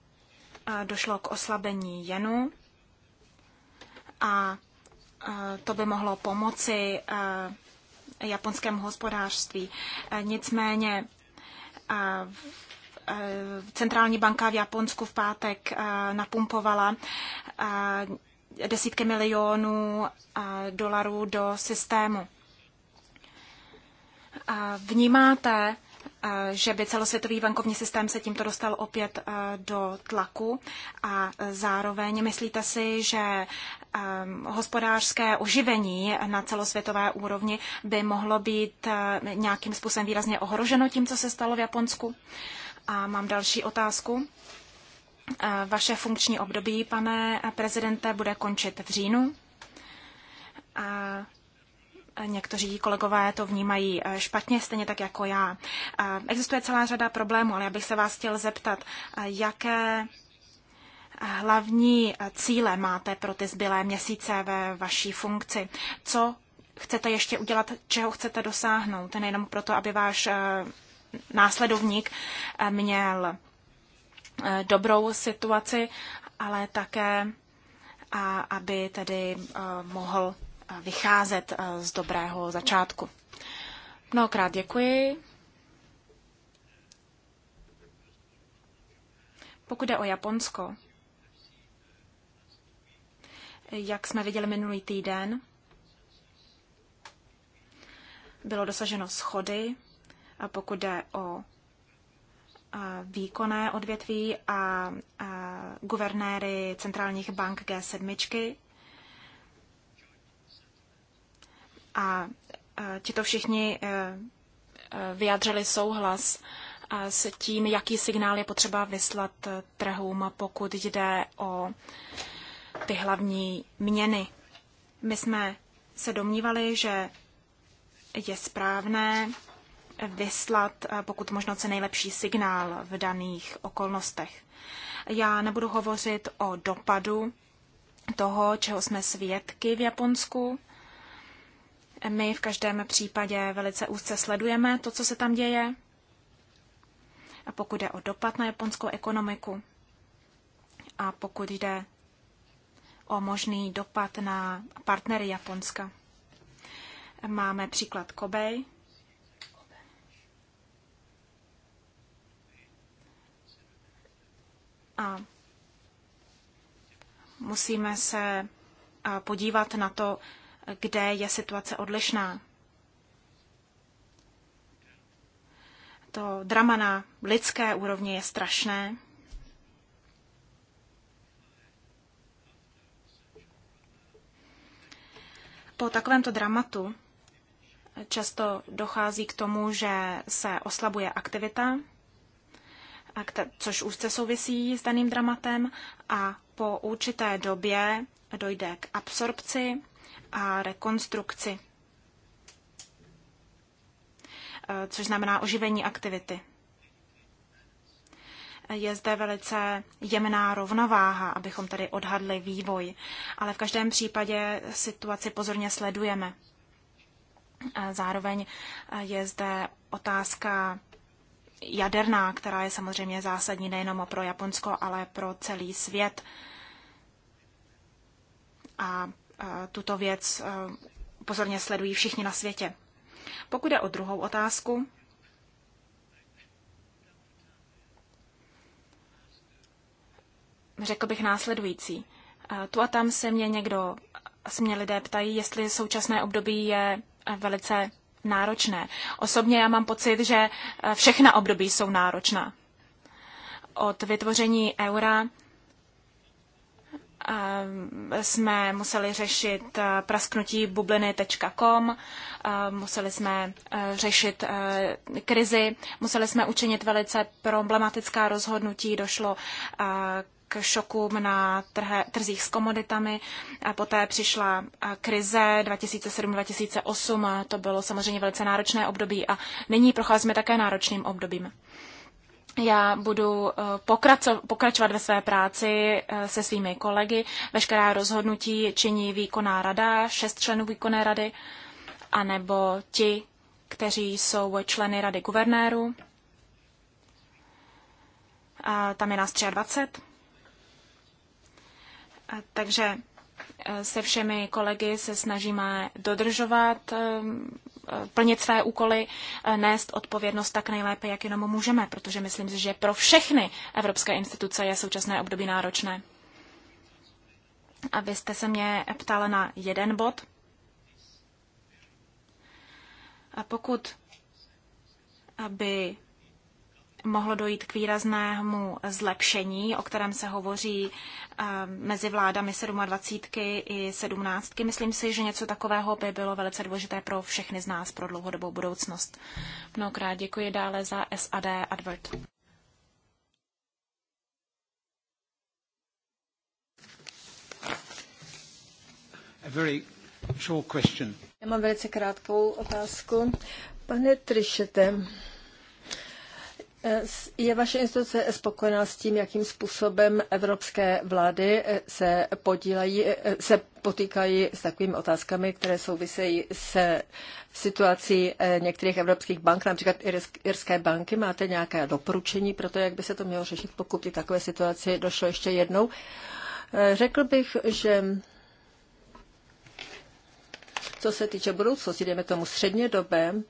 došlo k oslabení jenu a to by mohlo pomoci eh, japonskému hospodářství. Eh, nicméně eh, centrální banka v Japonsku v pátek napumpovala desítky milionů dolarů do systému. Vnímáte že by celosvětový bankovní systém se tímto dostal opět do tlaku a zároveň myslíte si, že hospodářské oživení na celosvětové úrovni by mohlo být nějakým způsobem výrazně ohroženo tím, co se stalo v Japonsku? A mám další otázku. Vaše funkční období, pane prezidente, bude končit v říjnu. A Někteří kolegové to vnímají eh, špatně, stejně tak jako já. Eh, existuje celá řada problémů, ale já bych se vás chtěl zeptat, eh, jaké hlavní cíle máte pro ty zbylé měsíce ve vaší funkci? Co chcete ještě udělat, čeho chcete dosáhnout? Nejenom proto, aby váš následovník měl dobrou situaci, ale také a aby tedy mohl vycházet eh, z dobrého začátku. Mnohokrát děkuji. Pokud jde o Japonsko, jak jsme viděli minulý týden, bylo dosaženo schody, pokud jde o výkonné odvětví a guvernéry centrálních bank G7 A ti to všichni e, e, vyjádřili souhlas e, s tím, jaký signál je potřeba vyslat trhům, pokud jde o ty hlavní měny. My jsme se domnívali, že je správné vyslat pokud možno co nejlepší signál v daných okolnostech. Já nebudu hovořit o dopadu toho, čeho jsme svědky v Japonsku my v každém případě velice úzce sledujeme to, co se tam děje, a pokud jde o dopad na japonskou ekonomiku a pokud jde o možný dopad na partnery Japonska. Máme příklad Kobej. A musíme se podívat na to, kde je situace odlišná. To drama na lidské úrovni je strašné. Po takovémto dramatu často dochází k tomu, že se oslabuje aktivita, což úzce souvisí s daným dramatem, a po určité době dojde k absorpci a rekonstrukci, eh, což znamená oživení aktivity. Je zde velice jemná rovnováha, abychom tady odhadli vývoj, ale v každém případě situaci pozorně sledujeme. Eh, zároveň eh, je zde otázka jaderná, která je samozřejmě zásadní nejenom pro Japonsko, ale pro celý svět. A tuto věc eh, pozorně sledují všichni na světě. Pokud je o druhou otázku, řekl bych následující. Eh, tu a tam se mě někdo, se mě lidé ptají, jestli současné období je eh, velice náročné. Osobně já mám pocit, že všechna období jsou náročná. Od vytvoření eura jsme museli řešit eh, prasknutí bubliny.com, eh, museli jsme eh, řešit krizi, museli jsme učinit velice problematická rozhodnutí, došlo k šokům na trhe, trzích s komoditami. A poté přišla krize 2007-2008, to bylo samozřejmě velice náročné období a nyní procházíme také náročným obdobím já budu eh, pokračovat ve své práci eh, se svými kolegy. Veškerá rozhodnutí činí výkonná rada, šest členů výkonné rady, anebo ti, kteří jsou členy rady guvernérů. A tam je nás 23. A takže eh, se všemi kolegy se snažíme dodržovat Eh, plnit své úkoly, eh, nést odpovědnost tak nejlépe, jak jenom můžeme, protože myslím si, že pro všechny evropské instituce je současné období náročné. A vy jste se mě ptal na jeden bod. A pokud aby mohlo dojít k výraznému zlepšení, o kterém se hovoří eh, mezi vládami 27 i 17. Myslím si, že něco takového by bylo velice důležité pro všechny z nás pro dlouhodobou budoucnost. Mnohokrát děkuji dále za SAD Advert. A very short question. Já mám velice krátkou otázku. Pane Trišete, je vaše instituce spokojená s tím, jakým způsobem evropské vlády eh, se podílejí, eh, eh, se potýkají s takovými otázkami, které souvisejí se situací některých evropských bank, například irské banky. Máte nějaké doporučení pro to, jak by se to mělo řešit, pokud je takové situaci došlo ještě jednou? Řekl bych, že co se týče budoucnosti, jdeme tomu středně dobem,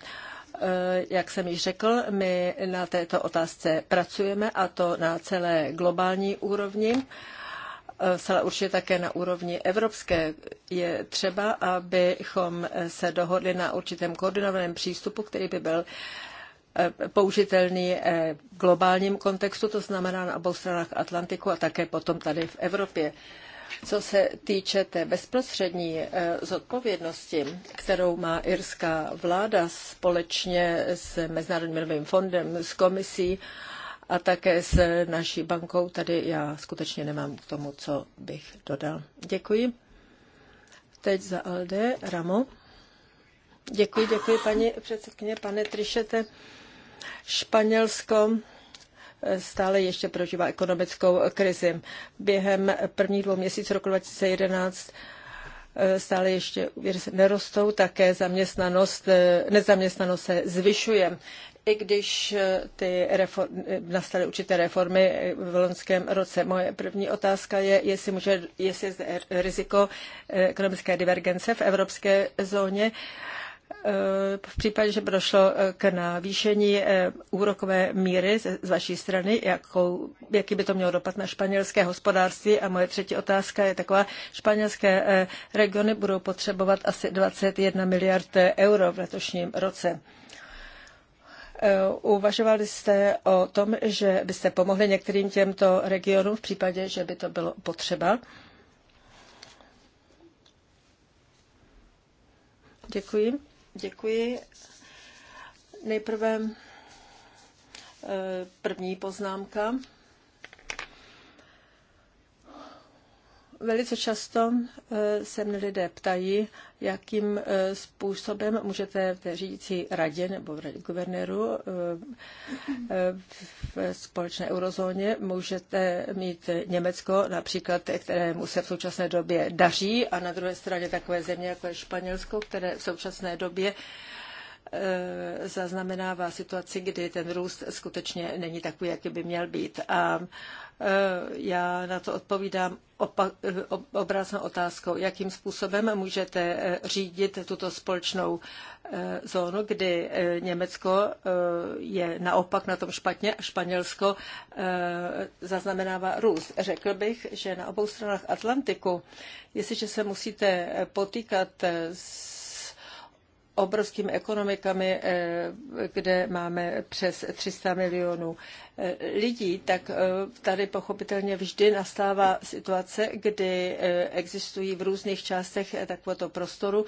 Eh, jak jsem již řekl, my na této otázce pracujeme a to na celé globální úrovni eh, Celé určitě také na úrovni evropské je třeba, abychom se dohodli na určitém koordinovaném přístupu, který by byl eh, použitelný v globálním kontextu, to znamená na obou stranách Atlantiku a také potom tady v Evropě. Co se týče té bezprostřední eh, zodpovědnosti, kterou má irská vláda společně s Mezinárodním měnovým fondem, s komisí a také s naší bankou, tady já skutečně nemám k tomu, co bych dodal. Děkuji. Teď za Alde, Ramo. Děkuji, děkuji paní předsedkyně, pane Trišete. Španělsko stále ještě prožívá ekonomickou krizi. Během prvních dvou měsíců roku 2011 eh, stále ještě nerostou, také zaměstnanost, eh, nezaměstnanost se zvyšuje. I když eh, ty reform, nastaly určité reformy v loňském roce. Moje první otázka je, jestli, může, jestli je zde riziko ekonomické divergence v evropské zóně. Eh, v případě, že by došlo eh, k navýšení eh, úrokové míry z vaší strany, jakou, jaký by to mělo dopad na španělské hospodářství? A moje třetí otázka je taková, španělské regiony budou potřebovat asi 21 miliard euro v letošním roce. Uvažovali jste o tom, že byste pomohli některým těmto regionům v případě, že by to bylo potřeba? Děkuji. Děkuji. Nejprve eh, první poznámka. Velice často eh, se mě lidé ptají, jakým eh, způsobem můžete v řídící radě nebo v radě guvernéru eh, v společné eurozóně můžete mít Německo například, kterému se v současné době daří a na druhé straně takové země jako je Španělsko, které v současné době Eh, zaznamenává situaci, kdy ten růst skutečně není takový, jaký by měl být. A eh, já na to odpovídám eh, obrázná otázkou, jakým způsobem můžete řídit tuto společnou zónu, kdy Německo je naopak na tom špatně a Španělsko zaznamenává růst. Řekl bych, že na obou stranách Atlantiku, jestliže se musíte potýkat s obrovskými ekonomikami, eh, kde máme přes 300 milionů eh, lidí, tak eh, tady pochopitelně vždy nastává situace, kdy existují v různých částech takovéto prostoru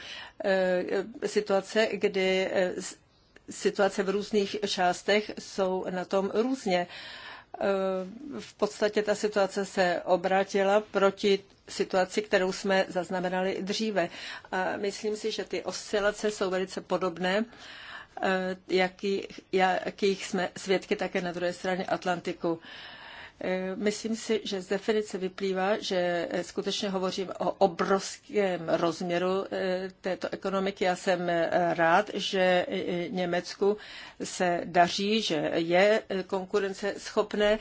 situace, kdy situace v různých částech jsou na tom různě. Eh, v podstatě ta situace se obrátila proti situaci, kterou jsme zaznamenali dříve. A myslím si, že ty oscilace jsou velice podobné, eh, jakých, jakých jsme svědky také na druhé straně Atlantiku. Eh, myslím si, že z definice vyplývá, že eh, skutečně hovořím o obrovském rozměru eh, této ekonomiky. Já jsem rád, že Německu se daří, že je konkurenceschopné,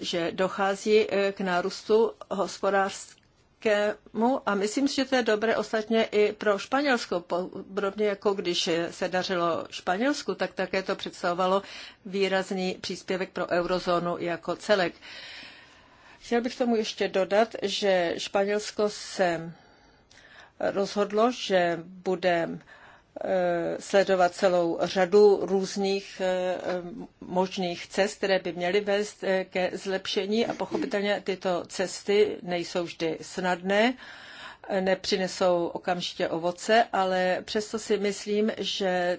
že dochází k nárůstu hospodářství velkému a myslím si, že to je dobré ostatně i pro Španělsko. Podobně jako když se dařilo Španělsku, tak také to představovalo výrazný příspěvek pro eurozónu jako celek. Chtěl bych tomu ještě dodat, že Španělsko se rozhodlo, že bude Eh, sledovat celou řadu různých eh, eh, možných cest, které by měly vést ke zlepšení a pochopitelně tyto cesty nejsou vždy snadné, nepřinesou okamžitě ovoce, ale přesto si myslím, že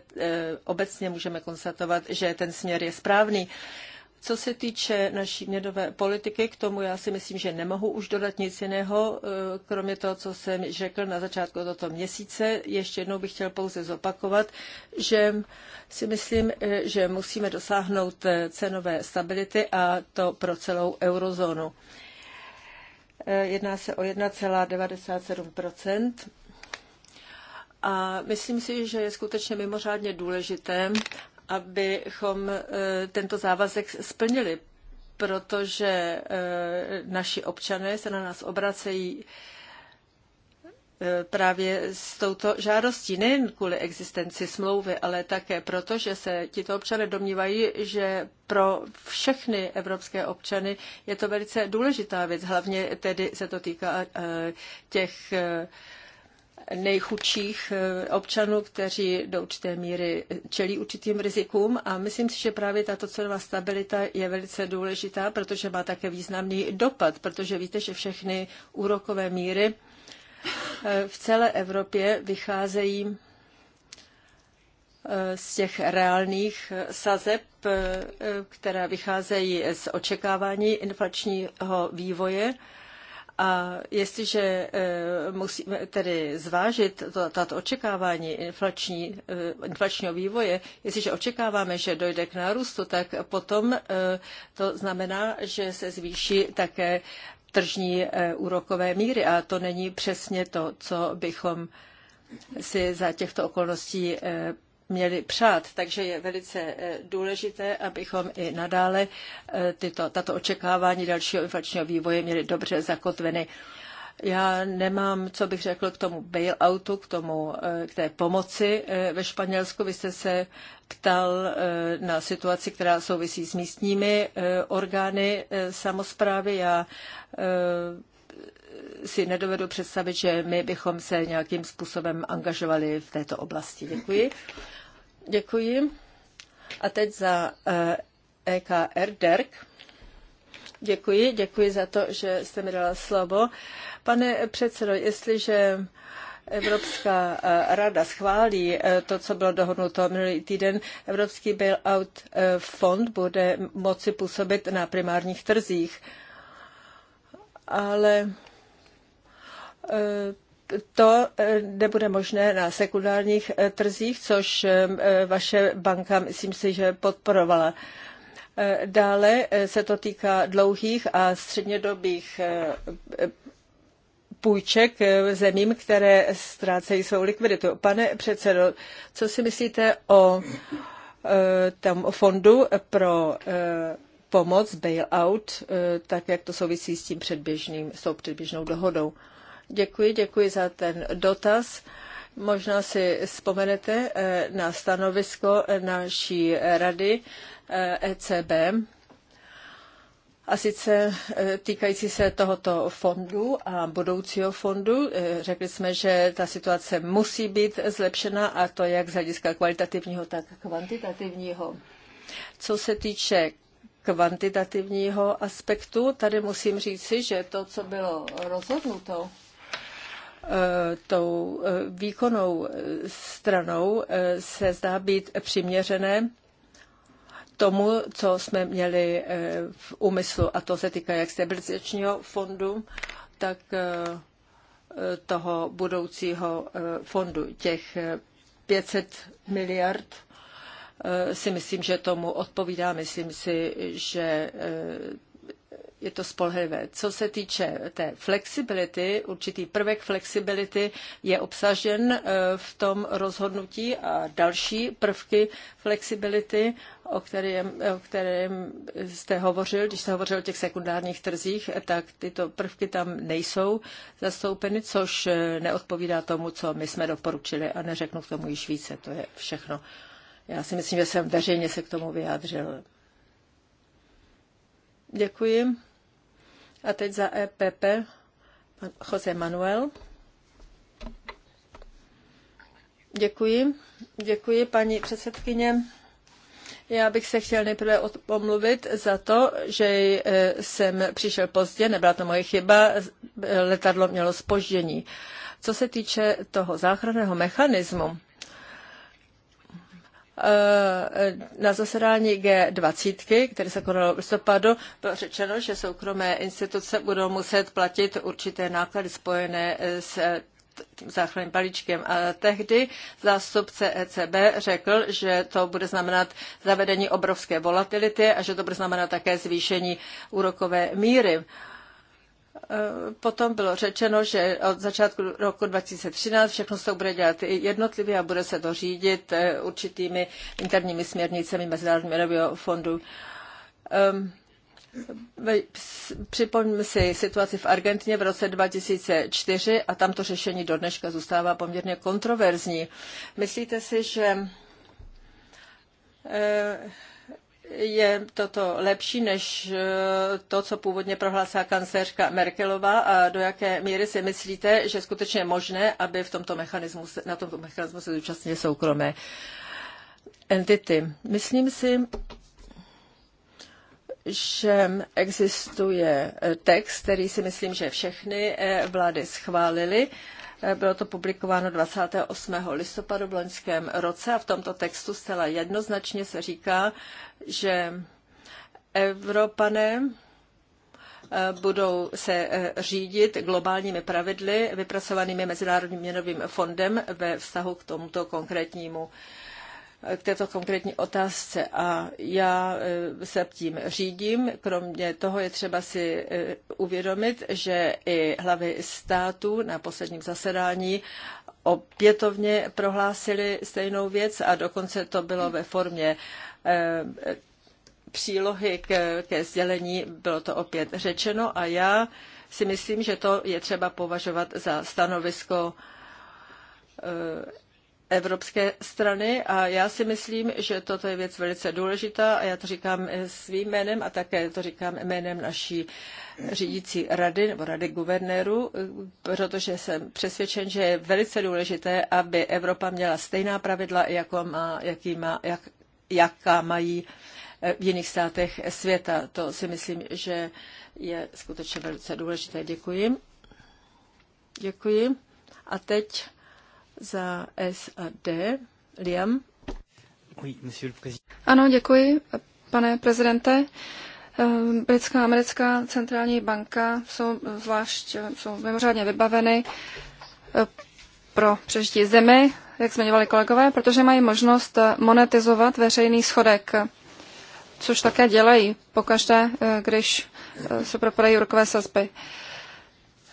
obecně můžeme konstatovat, že ten směr je správný. Co se týče naší měnové politiky, k tomu já si myslím, že nemohu už dodat nic jiného, e, kromě toho, co jsem řekl na začátku tohoto měsíce. Ještě jednou bych chtěl pouze zopakovat, že si myslím, e, že musíme dosáhnout e, cenové stability a to pro celou eurozónu. Jedná se o 1,97 a myslím si, že je skutečně mimořádně důležité, abychom eh, tento závazek splnili, protože eh, naši občané se na nás obracejí eh, právě s touto žádostí, nejen kvůli existenci smlouvy, ale také proto, že se tito občané domnívají, že pro všechny evropské občany je to velice důležitá věc. Hlavně tedy se to týká těch nejchudších eh, občanů, kteří do určité míry čelí určitým rizikům a myslím si, že právě tato cenová stabilita je velice důležitá, protože má také významný dopad, protože víte, že všechny úrokové míry eh, v celé Evropě vycházejí eh, z těch reálných sazeb, které vycházejí z očekávání inflačního vývoje. A jestliže eh, musíme tedy zvážit tato očekávání inflační, eh, inflačního vývoje, jestliže očekáváme, že dojde k nárůstu, tak potom eh, to znamená, že se zvýší také tržní úrokové míry a to není přesně to, co bychom si za těchto okolností měli přát. Takže je velice eh, důležité, abychom i nadále eh, tyto, tato očekávání dalšího inflačního vývoje měli dobře zakotveny. Já nemám, co bych řekl k tomu bailoutu, k, tomu, eh, k té pomoci ve Španělsku. Vy jste se ptal na situaci, která souvisí s místními orgány samozprávy. Já si nedovedu představit, že my bychom se nějakým způsobem angažovali v této oblasti. Děkuji. Děkuji. A teď za EKR eh, e DERK. Děkuji, děkuji za to, že jste mi dala slovo. Pane předsedo, jestliže Evropská eh, rada schválí eh, to, co bylo dohodnuto minulý týden, Evropský bailout fond bude moci působit na primárních trzích. Ale to eh, nebude možné na sekundárních eh, trzích, což eh, vaše banka, myslím si, že podporovala. Dále se to týká dlouhých a střednědobých půjček zemím, které ztrácejí svou likviditu. Pane předsedo, co si myslíte o tam fondu pro pomoc, bailout, tak jak to souvisí s tím předběžným, s tou předběžnou dohodou? Děkuji, děkuji za ten dotaz. Možná si vzpomenete eh, na stanovisko eh, naší rady ECB, eh, e a sice týkající se tohoto fondu a budoucího fondu, řekli jsme, že ta situace musí být zlepšena a to jak z hlediska kvalitativního, tak kvantitativního. Co se týče kvantitativního aspektu, tady musím říci, že to, co bylo rozhodnuto, Eh, tou eh, výkonnou eh, stranou se zdá být přiměřené tomu, co jsme měli v úmyslu, a to se týká jak stabilizačního fondu, tak toho budoucího fondu. Těch 500 miliard si myslím, že tomu odpovídá. Myslím si, že je to spolehlivé. Co se týče té flexibility, určitý prvek flexibility je obsažen e, v tom rozhodnutí a další prvky flexibility, o kterém, o kterém jste hovořil, když jste hovořil o těch sekundárních trzích, tak tyto prvky tam nejsou zastoupeny, což e, neodpovídá tomu, co my jsme doporučili a neřeknu k tomu již více, to je všechno. Já si myslím, že jsem veřejně se k tomu vyjádřil. Děkuji. A teď za EPP pan Jose Manuel. Děkuji. Děkuji, paní předsedkyně. Já bych se chtěl nejprve omluvit za to, že e, jsem přišel pozdě, nebyla to moje chyba, e, letadlo mělo spoždění. Co se týče toho záchranného mechanismu, Eh, na zasedání G20, které se konalo v listopadu, bylo řečeno, že soukromé instituce budou muset platit určité náklady spojené s eh, záchranným balíčkem. A tehdy zástupce ECB řekl, že to bude znamenat zavedení obrovské volatility a že to bude znamenat také zvýšení úrokové míry. Uh, Eh, potom bylo řečeno, že od začátku roku 2013 všechno se to bude dělat jednotlivě a bude se to řídit eh, určitými interními směrnicemi Mezinárodního měnového fondu. Ehm, Připomeňme si situaci v Argentině v roce 2004 a tam to řešení do dneška zůstává poměrně kontroverzní. Myslíte si, že eh, je toto lepší než eh, to, co původně prohlásila kancléřka Merkelová a do jaké míry si myslíte, že skutečně možné, aby v tomto mechanismu, na tomto mechanismu se zúčastnili soukromé entity. Myslím si, že existuje text, který si myslím, že všechny eh, vlády schválily. Eh, bylo to publikováno 28. listopadu v loňském roce a v tomto textu zcela jednoznačně se říká, že Evropané eh, budou se eh, řídit globálními pravidly vypracovanými Mezinárodním měnovým fondem ve vztahu k tomuto konkrétnímu k této konkrétní otázce a já e, se tím řídím. Kromě toho je třeba si e, uvědomit, že i hlavy států na posledním zasedání opětovně prohlásili stejnou věc a dokonce to bylo ve formě e, přílohy ke, ke sdělení, bylo to opět řečeno a já si myslím, že to je třeba považovat za stanovisko evropské strany a já si myslím, že toto je věc velice důležitá a já to říkám svým jménem a také to říkám jménem naší řídící rady nebo rady guvernérů, protože jsem přesvědčen, že je velice důležité, aby Evropa měla stejná pravidla, jako má, jaký má, jak, jaká mají eh, v jiných státech světa. To si myslím, že je skutečně velice důležité. Děkuji. Děkuji. A teď za SAD. Liam. Ano, děkuji, pane prezidente. Ehm, Britská a americká centrální banka jsou zvlášť jsou mimořádně vybaveny eh, pro přežití zemi, jak zmiňovali kolegové, protože mají možnost monetizovat veřejný schodek, což také dělají pokaždé, eh, když eh, se propadají úrokové sazby.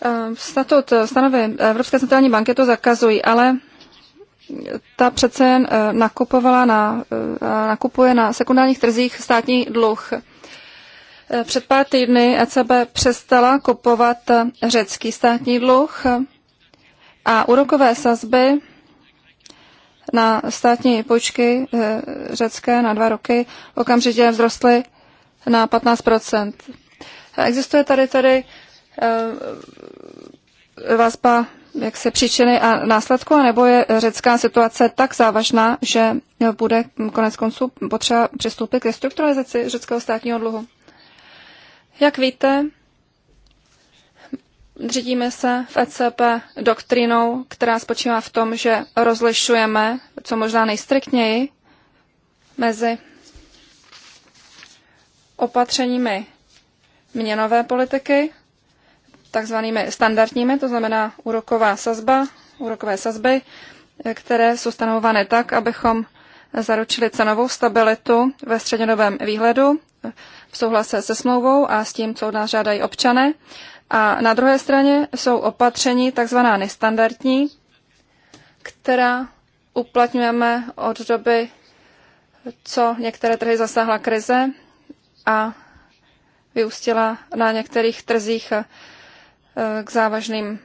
Eh, statut eh, stanovy Evropské centrální banky to zakazují, ale ta přece eh, nakupovala na, nakupuje na sekundárních trzích státní dluh. Před pár týdny ECB přestala kupovat řecký státní dluh a úrokové sazby na státní půjčky řecké na dva roky okamžitě vzrostly na 15 Existuje tady tedy Eh, vazba jak se příčiny a následku, anebo je řecká situace tak závažná, že bude konec konců potřeba přistoupit k restrukturalizaci řeckého státního dluhu. Jak víte, řídíme se v ECP doktrínou, která spočívá v tom, že rozlišujeme, co možná nejstriktněji, mezi opatřeními měnové politiky takzvanými standardními, to znamená úroková sazba, úrokové sazby, eh, které jsou stanovované tak, abychom zaručili cenovou stabilitu ve střednědobém výhledu eh, v souhlase se smlouvou a s tím, co od nás žádají občané. A na druhé straně jsou opatření takzvaná nestandardní, která uplatňujeme od doby, co některé trhy zasáhla krize a vyústila na některých trzích eh, Eh, k závažným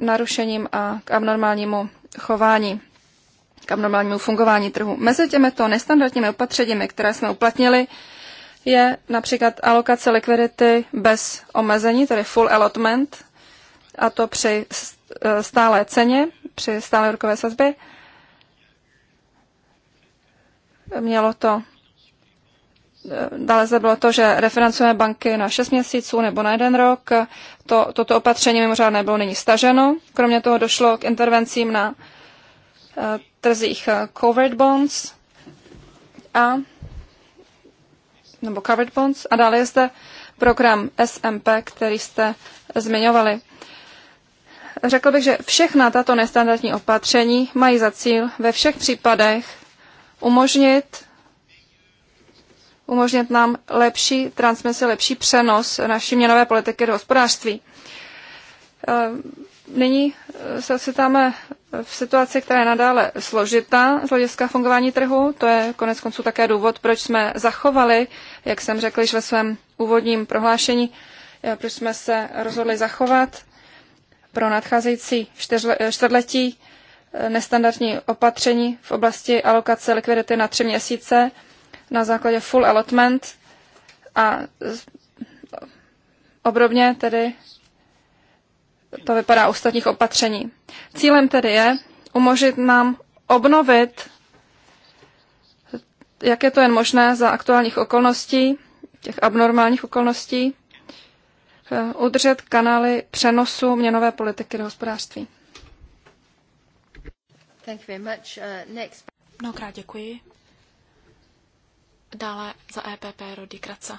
narušením a k abnormálnímu chování, k abnormálnímu fungování trhu. Mezi těmito nestandardními opatřeními, které jsme uplatnili, je například alokace likvidity bez omezení, tedy full allotment, a to při eh, stále ceně, při stále rukové sazbě. Mělo to Dále zde bylo to, že referencujeme banky na 6 měsíců nebo na jeden rok. To, toto opatření mimořádné bylo nyní staženo. Kromě toho došlo k intervencím na eh, trzích eh, covered bonds a nebo covered bonds. A dále je zde program SMP, který jste zmiňovali. Řekl bych, že všechna tato nestandardní opatření mají za cíl ve všech případech umožnit umožnit nám lepší transmisi, lepší přenos naší měnové politiky do hospodářství. Eh, nyní eh, se ocitáme v situaci, která je nadále složitá z hlediska fungování trhu. To je konec konců také důvod, proč jsme zachovali, jak jsem řekl již ve svém úvodním prohlášení, eh, proč jsme se rozhodli zachovat pro nadcházející čtvrtletí nestandardní opatření v oblasti alokace likvidity na tři měsíce na základě full allotment a obrovně tedy to vypadá u ostatních opatření. Cílem tedy je umožnit nám obnovit, jak je to jen možné za aktuálních okolností, těch abnormálních okolností, eh, udržet kanály přenosu měnové politiky do hospodářství. Thank you very much. Uh, next... Mnohokrát děkuji. Dále za EPP Rody Kraca.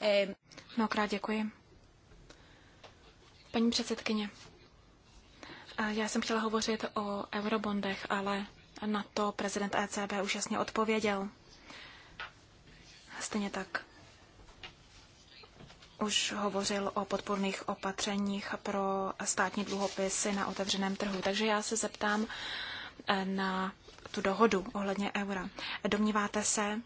E, Mnohokrát děkuji. Paní předsedkyně, já jsem chtěla hovořit o eurobondech, ale na to prezident ECB už jasně odpověděl. Stejně tak už hovořil o podporných opatřeních pro státní dluhopisy na otevřeném trhu. Takže já se zeptám, na tu dohodu ohledně eura. Domníváte se,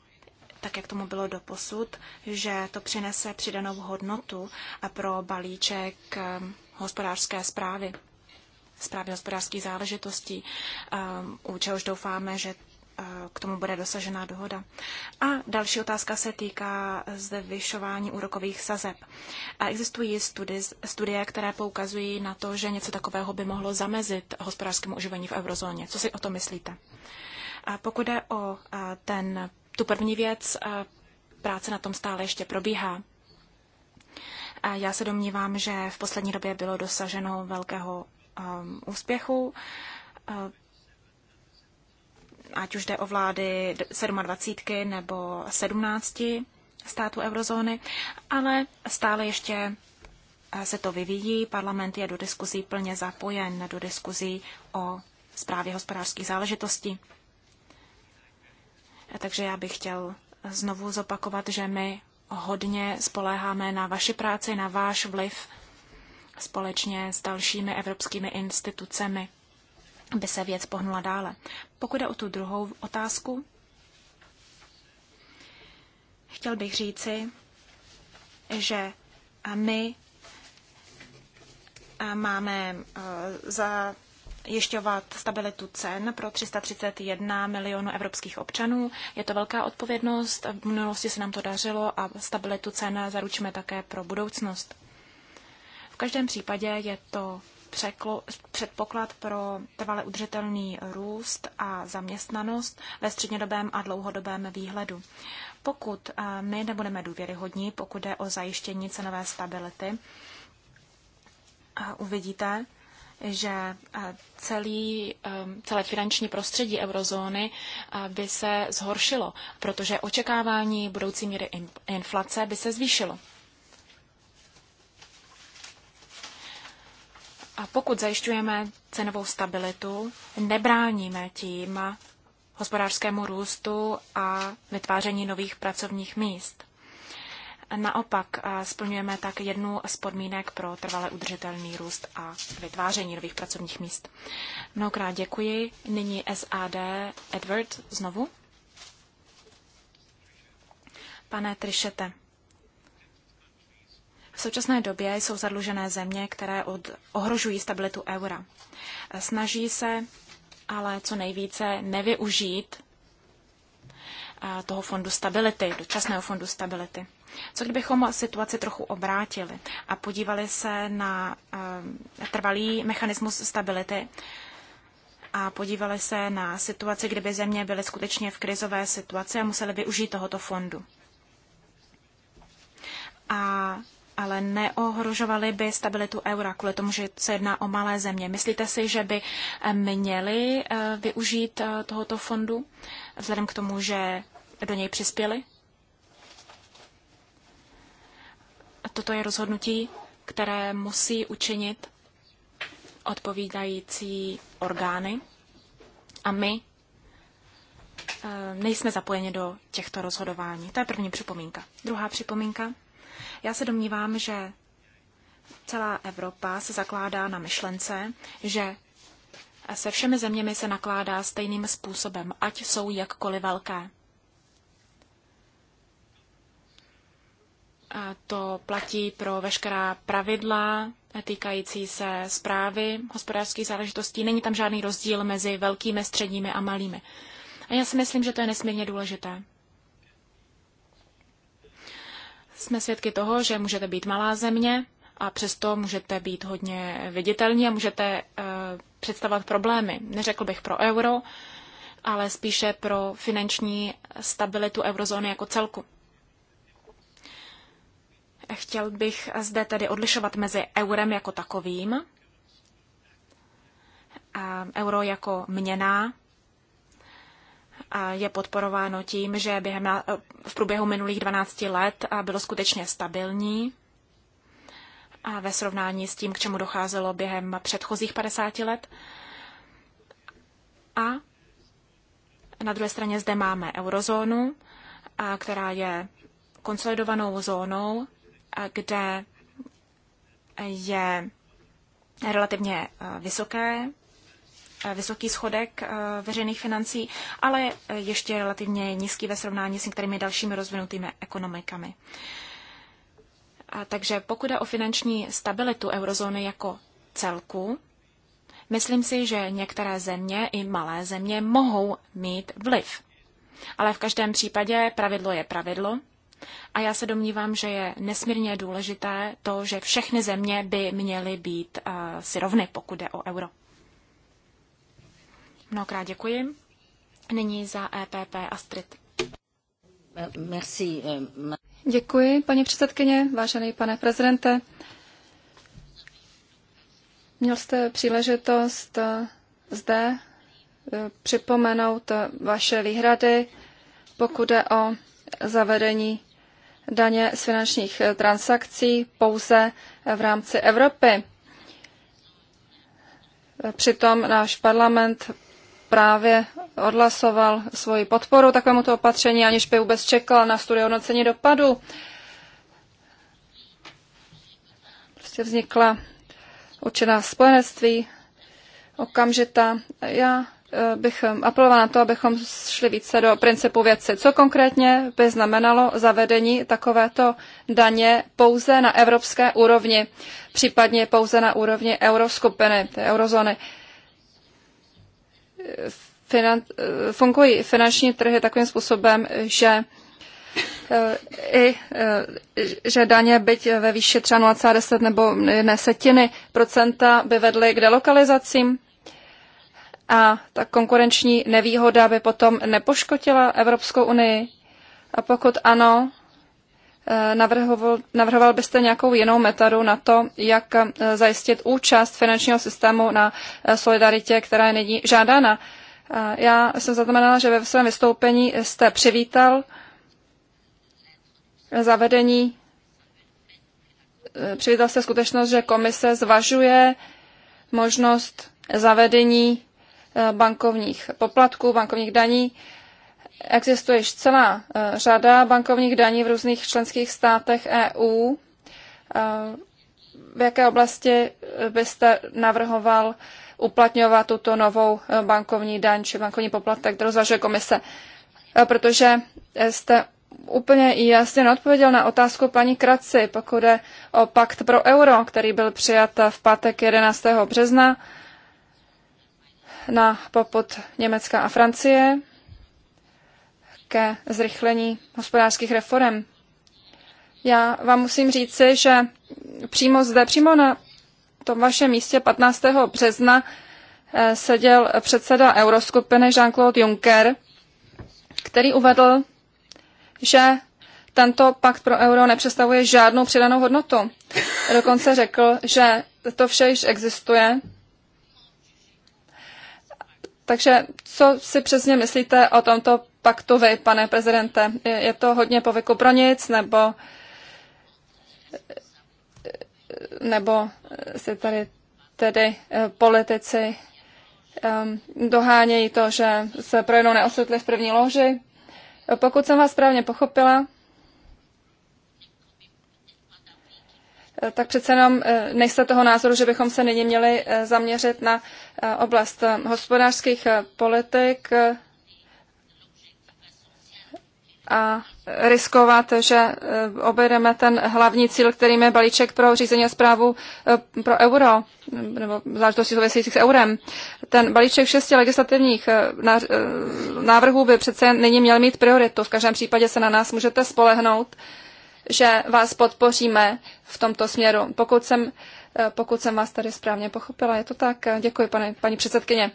tak jak tomu bylo doposud, že to přinese přidanou hodnotu pro balíček ehm, hospodářské zprávy, zprávy hospodářských záležitostí, ehm, u čehož doufáme, že Eh, k tomu bude dosažená dohoda. A další otázka se týká zvyšování úrokových sazeb. Existují studie, studie, které poukazují na to, že něco takového by mohlo zamezit hospodářskému oživení v eurozóně. Co si o to myslíte? A pokud jde o eh, ten, tu první věc, eh, práce na tom stále ještě probíhá. A já se domnívám, že v poslední době bylo dosaženo velkého um, úspěchu. Uh, ať už jde o vlády 27 nebo 17 států eurozóny, ale stále ještě eh, se to vyvíjí. Parlament je do diskuzí plně zapojen, do diskuzí o zprávě hospodářských záležitostí. Eh, takže já bych chtěl znovu zopakovat, že my hodně spoléháme na vaši práci, na váš vliv společně s dalšími evropskými institucemi by se věc pohnula dále. Pokud je o tu druhou otázku, chtěl bych říci, že my eh, máme eh, za ještěvat stabilitu cen pro 331 milionů evropských občanů. Je to velká odpovědnost, v minulosti se nám to dařilo a stabilitu cen zaručíme také pro budoucnost. V každém případě je to překlo, předpoklad pro trvale udržitelný růst a zaměstnanost ve střednědobém a dlouhodobém výhledu. Pokud eh, my nebudeme důvěryhodní, pokud jde o zajištění cenové stability, eh, uvidíte, že eh, celý, celé finanční prostředí eurozóny by se zhoršilo, protože očekávání budoucí míry inflace by se zvýšilo. A pokud zajišťujeme cenovou stabilitu, nebráníme tím hospodářskému růstu a vytváření nových pracovních míst. Naopak splňujeme tak jednu z podmínek pro trvale udržitelný růst a vytváření nových pracovních míst. Mnohokrát děkuji. Nyní SAD Edward znovu. Pane Trišete, v současné době jsou zadlužené země, které od, ohrožují stabilitu eura. Snaží se ale co nejvíce nevyužít eh, toho fondu stability, dočasného fondu stability. Co kdybychom situaci trochu obrátili a podívali se na eh, trvalý mechanismus stability a podívali se na situaci, kdyby země byly skutečně v krizové situaci a museli využít tohoto fondu. A ale neohrožovaly by stabilitu eura kvůli tomu, že se jedná o malé země. Myslíte si, že by eh, měli eh, využít eh, tohoto fondu vzhledem k tomu, že do něj přispěli? Toto je rozhodnutí, které musí učinit odpovídající orgány a my nejsme zapojeni do těchto rozhodování. To je první připomínka. Druhá připomínka. Já se domnívám, že celá Evropa se zakládá na myšlence, že se všemi zeměmi se nakládá stejným způsobem, ať jsou jakkoliv velké. A to platí pro veškerá pravidla týkající se zprávy hospodářských záležitostí. Není tam žádný rozdíl mezi velkými, středními a malými. A já si myslím, že to je nesmírně důležité. jsme svědky toho, že můžete být malá země a přesto můžete být hodně viditelní a můžete eh, představovat problémy. Neřekl bych pro euro, ale spíše pro finanční stabilitu eurozóny jako celku. Chtěl bych zde tedy odlišovat mezi eurem jako takovým, a euro jako měna je podporováno tím, že během, v průběhu minulých 12 let bylo skutečně stabilní a ve srovnání s tím, k čemu docházelo během předchozích 50 let. A na druhé straně zde máme eurozónu, která je konsolidovanou zónou, kde je relativně e, vysoké Eh, vysoký schodek eh, veřejných financí, ale eh, ještě relativně nízký ve srovnání s některými dalšími rozvinutými ekonomikami. A takže pokud je o finanční stabilitu eurozóny jako celku, myslím si, že některé země i malé země mohou mít vliv. Ale v každém případě pravidlo je pravidlo. A já se domnívám, že je nesmírně důležité to, že všechny země by měly být uh, si rovny, pokud jde o euro. Mnohokrát děkuji. Nyní za EPP Astrid. Merci. Eh, děkuji, paní předsedkyně, vážený pane prezidente. Měl jste příležitost eh, zde eh, připomenout vaše výhrady, pokud jde o zavedení daně z finančních transakcí pouze v rámci Evropy. Přitom náš parlament právě odhlasoval svoji podporu takovémuto to opatření, aniž by vůbec čekal na studie hodnocení dopadu. Prostě vznikla určená spojenectví okamžitá. Já eh, bych eh, apelovala na to, abychom šli více do principu věci. Co konkrétně by znamenalo zavedení takovéto daně pouze na evropské úrovni, případně pouze na úrovni euroskupiny, té eurozóny? finan, fungují finanční trhy takovým způsobem, že eh, i eh, že daně byť ve výši třeba 0,10 nebo jedné setiny procenta by vedly k delokalizacím a ta konkurenční nevýhoda by potom nepoškodila Evropskou unii? A pokud ano, Eh, navrhoval, navrhoval byste nějakou jinou metodu na to, jak eh, zajistit účast finančního systému na eh, solidaritě, která je nyní žádána. Já jsem zaznamenala, že ve svém vystoupení jste přivítal zavedení, přivítal jste skutečnost, že komise zvažuje možnost zavedení bankovních poplatků, bankovních daní Existuje již celá eh, řada bankovních daní v různých členských státech EU. Eh, v jaké oblasti byste navrhoval uplatňovat tuto novou eh, bankovní daň či bankovní poplatek, kterou zvažuje komise? Protože jste úplně jasně neodpověděl na otázku paní Kraci, pokud je o pakt pro euro, který byl přijat v pátek 11. března na poput Německa a Francie ke zrychlení hospodářských reform. Já vám musím říci, že přímo zde, přímo na tom vašem místě 15. března eh, seděl předseda euroskupiny Jean-Claude Juncker, který uvedl, že tento pakt pro euro nepředstavuje žádnou přidanou hodnotu. Dokonce řekl, že to vše již existuje. Takže co si přesně myslíte o tomto pak to vy, pane prezidente. Je to hodně povyku pro nic, nebo, nebo si tady tedy eh, politici um, dohánějí to, že se pro jednou neosvětli v první loži. Pokud jsem vás správně pochopila, tak přece jenom eh, nejste toho názoru, že bychom se nyní měli eh, zaměřit na oblast hospodářských politik, a riskovat, že e, obejdeme ten hlavní cíl, kterým je balíček pro řízení a zprávu e, pro euro, nebo záležitosti souvisejících s eurem. Ten balíček šesti legislativních e, návrhů by přece nyní měl mít prioritu. V každém případě se na nás můžete spolehnout, že vás podpoříme v tomto směru. Pokud jsem, pokud jsem vás tady správně pochopila, je to tak. Děkuji, pane, paní předsedkyně.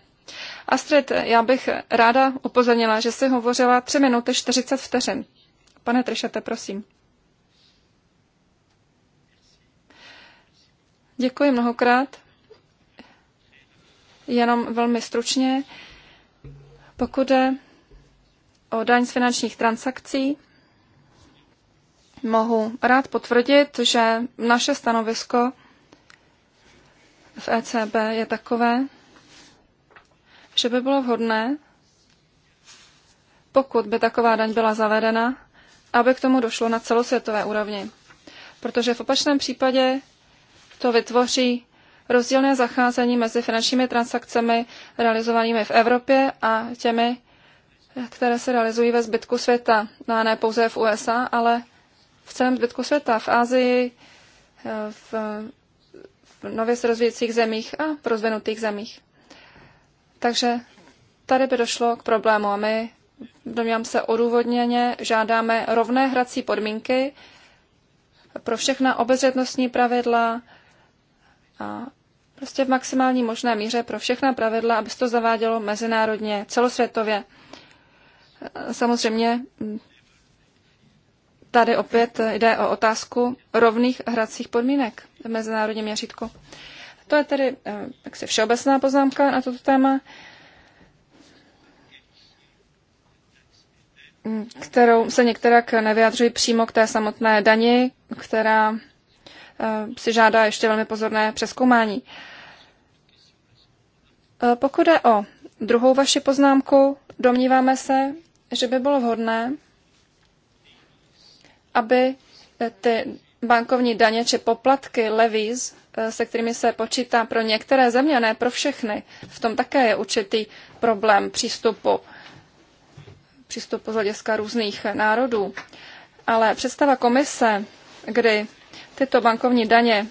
Astrid, já bych ráda upozornila, že jsi hovořila 3 minuty 40 vteřin. Pane Tršete, prosím. Děkuji mnohokrát. Jenom velmi stručně. Pokud jde o daň z finančních transakcí, mohu rád potvrdit, že naše stanovisko v ECB je takové, že by bylo vhodné, pokud by taková daň byla zavedena, aby k tomu došlo na celosvětové úrovni. Protože v opačném případě to vytvoří rozdílné zacházení mezi finančními transakcemi realizovanými v Evropě a těmi, které se realizují ve zbytku světa. No a ne pouze v USA, ale v celém zbytku světa, v Asii, eh, v nově se rozvíjejících zemích a v rozvinutých zemích. Takže tady by došlo k problému a my, domnívám se odůvodněně, žádáme rovné hrací podmínky pro všechna obezřetnostní pravidla a prostě v maximální možné míře pro všechna pravidla, aby se to zavádělo mezinárodně, celosvětově. Samozřejmě tady opět jde o otázku rovných hracích podmínek v mezinárodním měřítku. To je tedy eh, jaksi všeobecná poznámka na toto téma, kterou se některak nevyjadřují přímo k té samotné dani, která eh, si žádá ještě velmi pozorné přeskoumání. Eh, pokud je o druhou vaši poznámku, domníváme se, že by bylo vhodné, aby ty bankovní daně či poplatky levies Eh, se kterými se počítá pro některé země, ne pro všechny. V tom také je určitý problém přístupu, přístupu z hlediska různých národů. Ale představa komise, kdy tyto bankovní daně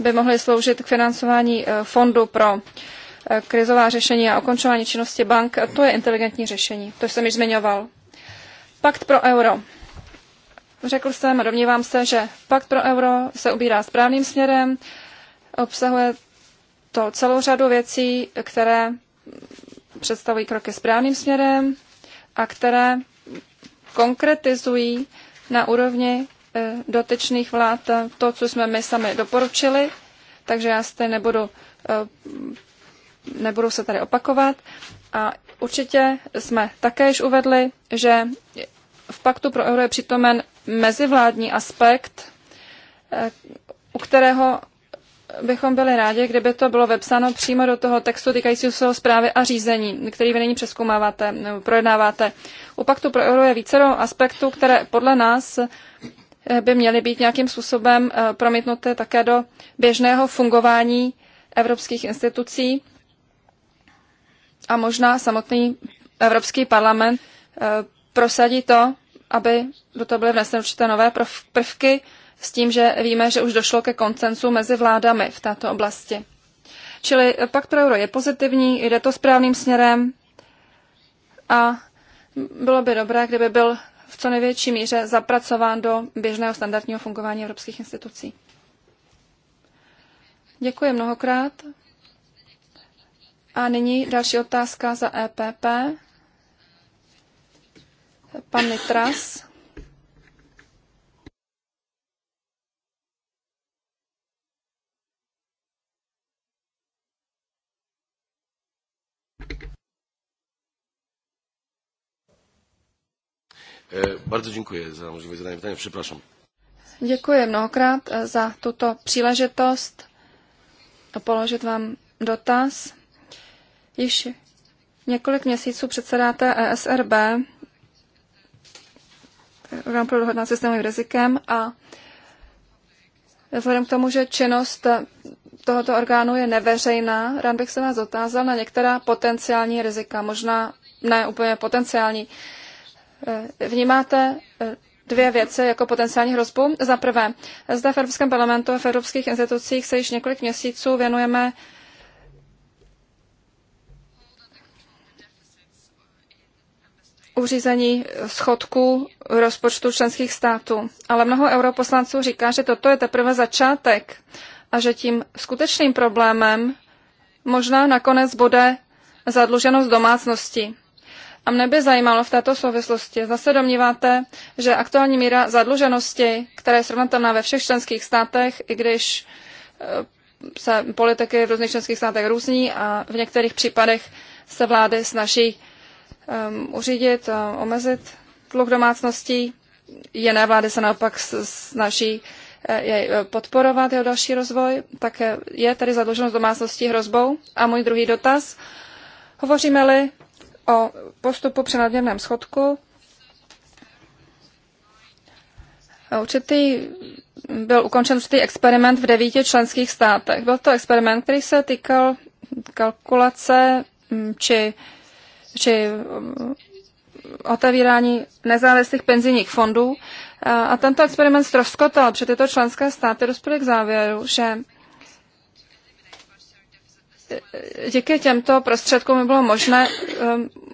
by mohly sloužit k financování eh, fondu pro eh, krizová řešení a okončování činnosti bank, to je inteligentní řešení. To jsem již zmiňoval. Pakt pro euro. Řekl jsem a domnívám se, že pakt pro euro se ubírá správným směrem. Obsahuje to celou řadu věcí, které představují kroky správným směrem a které konkretizují na úrovni eh, dotyčných vlád to, co jsme my sami doporučili, takže já se nebudu, eh, nebudu se tady opakovat. A určitě jsme také již uvedli, že v Paktu pro euro je přitomen mezivládní aspekt, eh, u kterého bychom byli rádi, kdyby to bylo vepsáno přímo do toho textu týkajícího se zprávy a řízení, který vy nyní přeskoumáváte, nebo projednáváte. U paktu pro euro je více aspektů, které podle nás eh, by měly být nějakým způsobem eh, promítnuty také do běžného fungování evropských institucí a možná samotný Evropský parlament eh, prosadí to, aby do toho byly vneseny určité nové prvky, s tím, že víme, že už došlo ke koncensu mezi vládami v této oblasti. Čili pak pro euro je pozitivní, jde to správným směrem a bylo by dobré, kdyby byl v co největší míře zapracován do běžného standardního fungování evropských institucí. Děkuji mnohokrát. A nyní další otázka za EPP. Pan Nitras. Eh, bardzo dziękuję za możliwość zadania pytania. Przepraszam. Děkuji mnohokrát eh, za tuto příležitost položit vám dotaz. Již několik měsíců předsedáte ESRB, Program pro dohodná nad systémovým rizikem a vzhledem k tomu, že činnost tohoto orgánu je neveřejná, rád bych se vás otázal na některá potenciální rizika, možná ne úplně potenciální. Eh, vnímáte eh, dvě věci jako potenciální hrozbu. Za prvé, zde v Evropském parlamentu a v evropských institucích se již několik měsíců věnujeme uřízení schodků rozpočtu členských států. Ale mnoho europoslanců říká, že toto je teprve začátek a že tím skutečným problémem možná nakonec bude zadluženost domácnosti. A mne by zajímalo v této souvislosti, zase domníváte, že aktuální míra zadluženosti, která je srovnatelná ve všech členských státech, i když eh, se politiky v různých členských státech různí a v některých případech se vlády snaží um, uřídit, a omezit dluh domácností. Jiné vlády se naopak snaží eh, jej eh, podporovat, jeho další rozvoj. Tak je tady zadluženost domácností hrozbou. A můj druhý dotaz. Hovoříme-li o postupu při nadměrném schodku. Určitý, byl ukončen určitý experiment v devíti členských státech. Byl to experiment, který se týkal kalkulace mm, či, či mm, otevírání nezávislých penzijních fondů. A tento experiment ztroskotal, protože tyto členské státy dospěly k závěru, že díky těmto prostředkům by bylo možné eh,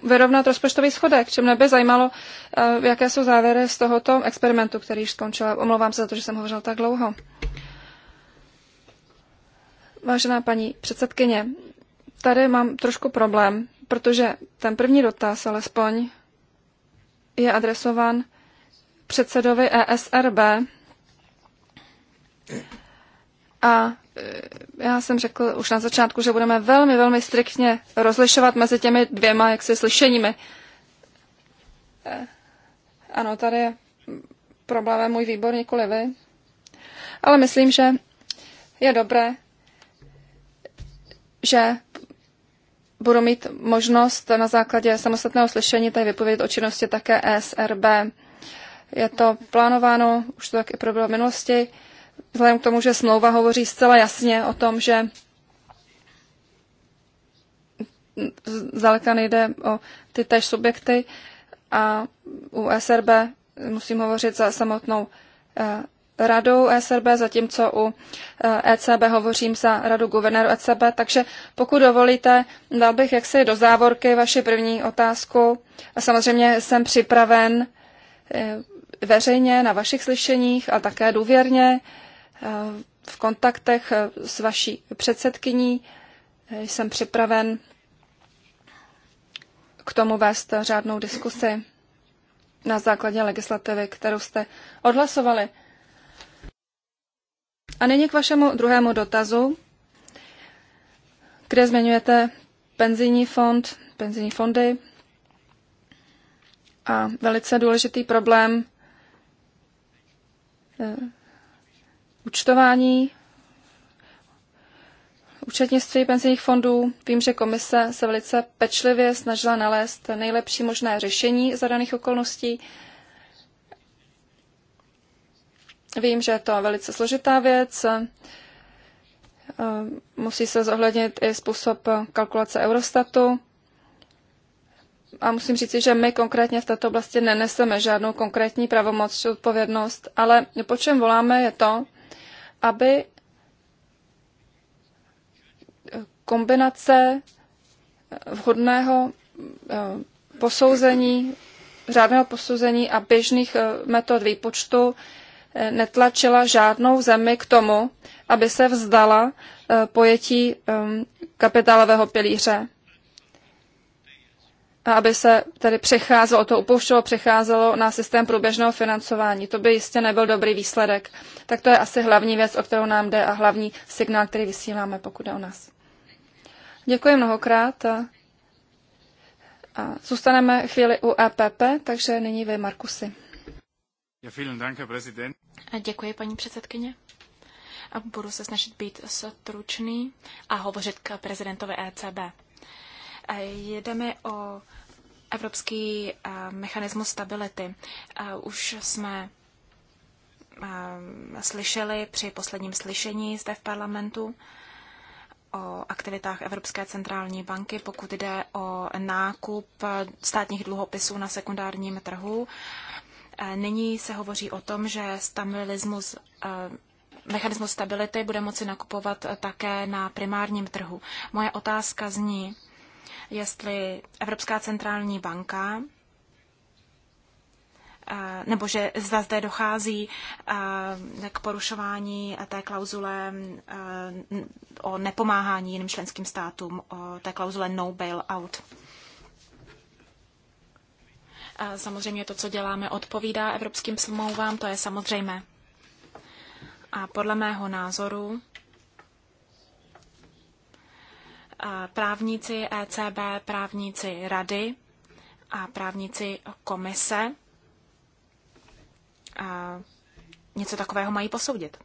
vyrovnat rozpočtový schodek, čím mě by zajímalo, eh, jaké jsou závěry z tohoto experimentu, který již skončil. Omlouvám se za to, že jsem hovořil tak dlouho. Vážená paní předsedkyně, tady mám trošku problém, protože ten první dotaz alespoň je adresován předsedovi ESRB a e, já jsem řekl už na začátku, že budeme velmi, velmi striktně rozlišovat mezi těmi dvěma se slyšeními. E, ano, tady je problémem můj výbor, nikoli vy. Ale myslím, že je dobré, že budu mít možnost na základě samostatného slyšení tady vypovědět o činnosti také SRB. Je to plánováno, už to tak i proběhlo v minulosti vzhledem k tomu, že smlouva hovoří zcela jasně o tom, že zdaleka nejde o ty též subjekty a u SRB musím hovořit za samotnou eh, radou ESRB, zatímco u ECB eh, e hovořím za radu guvernéru ECB. Takže pokud dovolíte, dal bych jaksi do závorky vaši první otázku. A samozřejmě jsem připraven eh, veřejně na vašich slyšeních a také důvěrně v kontaktech s vaší předsedkyní. Jsem připraven k tomu vést řádnou diskusi na základě legislativy, kterou jste odhlasovali. A nyní k vašemu druhému dotazu, kde zmiňujete penzijní fond, penzijní fondy a velice důležitý problém eh, účtování, účetnictví penzijních fondů. Vím, že komise se velice pečlivě snažila nalézt nejlepší možné řešení za daných okolností. Vím, že je to velice složitá věc. Eh, musí se zohlednit i způsob kalkulace Eurostatu. A musím říct, že my konkrétně v této oblasti neneseme žádnou konkrétní pravomoc či odpovědnost, ale po čem voláme je to, aby kombinace vhodného eh, posouzení, řádného posouzení a běžných eh, metod výpočtu eh, netlačila žádnou zemi k tomu, aby se vzdala pojetí kapitálového pilíře aby se tedy přecházelo, to upouštělo, přecházelo na systém průběžného financování. To by jistě nebyl dobrý výsledek. Tak to je asi hlavní věc, o kterou nám jde a hlavní signál, který vysíláme, pokud jde o nás. Děkuji mnohokrát. A zůstaneme chvíli u EPP, takže nyní vy, Markusy. Děkuji, paní předsedkyně. A budu se snažit být stručný a hovořit k prezidentovi ECB. Jedeme o Evropský eh, mechanismus stability. Eh, už jsme eh, slyšeli při posledním slyšení zde v parlamentu o aktivitách Evropské centrální banky, pokud jde o nákup státních dluhopisů na sekundárním trhu. Nyní se hovoří o tom, že stabilismus mechanismus stability bude moci nakupovat také na primárním trhu. Moje otázka zní, jestli Evropská centrální banka eh, nebo že zda zde dochází eh, k porušování té klauzule eh, o nepomáhání jiným členským státům, o té klauzule no bailout. Samozřejmě to, co děláme, odpovídá evropským smlouvám, to je samozřejmé. A podle mého názoru právníci ECB, právníci rady a právníci komise a něco takového mají posoudit.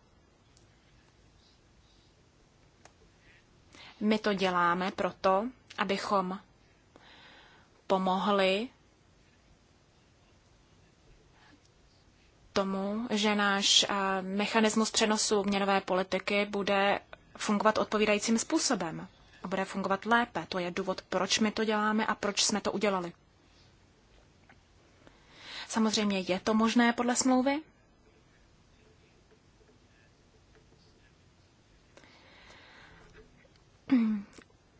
My to děláme proto, abychom pomohli tomu, že náš mechanismus přenosu měnové politiky bude fungovat odpovídajícím způsobem a bude fungovat lépe. To je důvod, proč my to děláme a proč jsme to udělali. Samozřejmě je to možné podle smlouvy.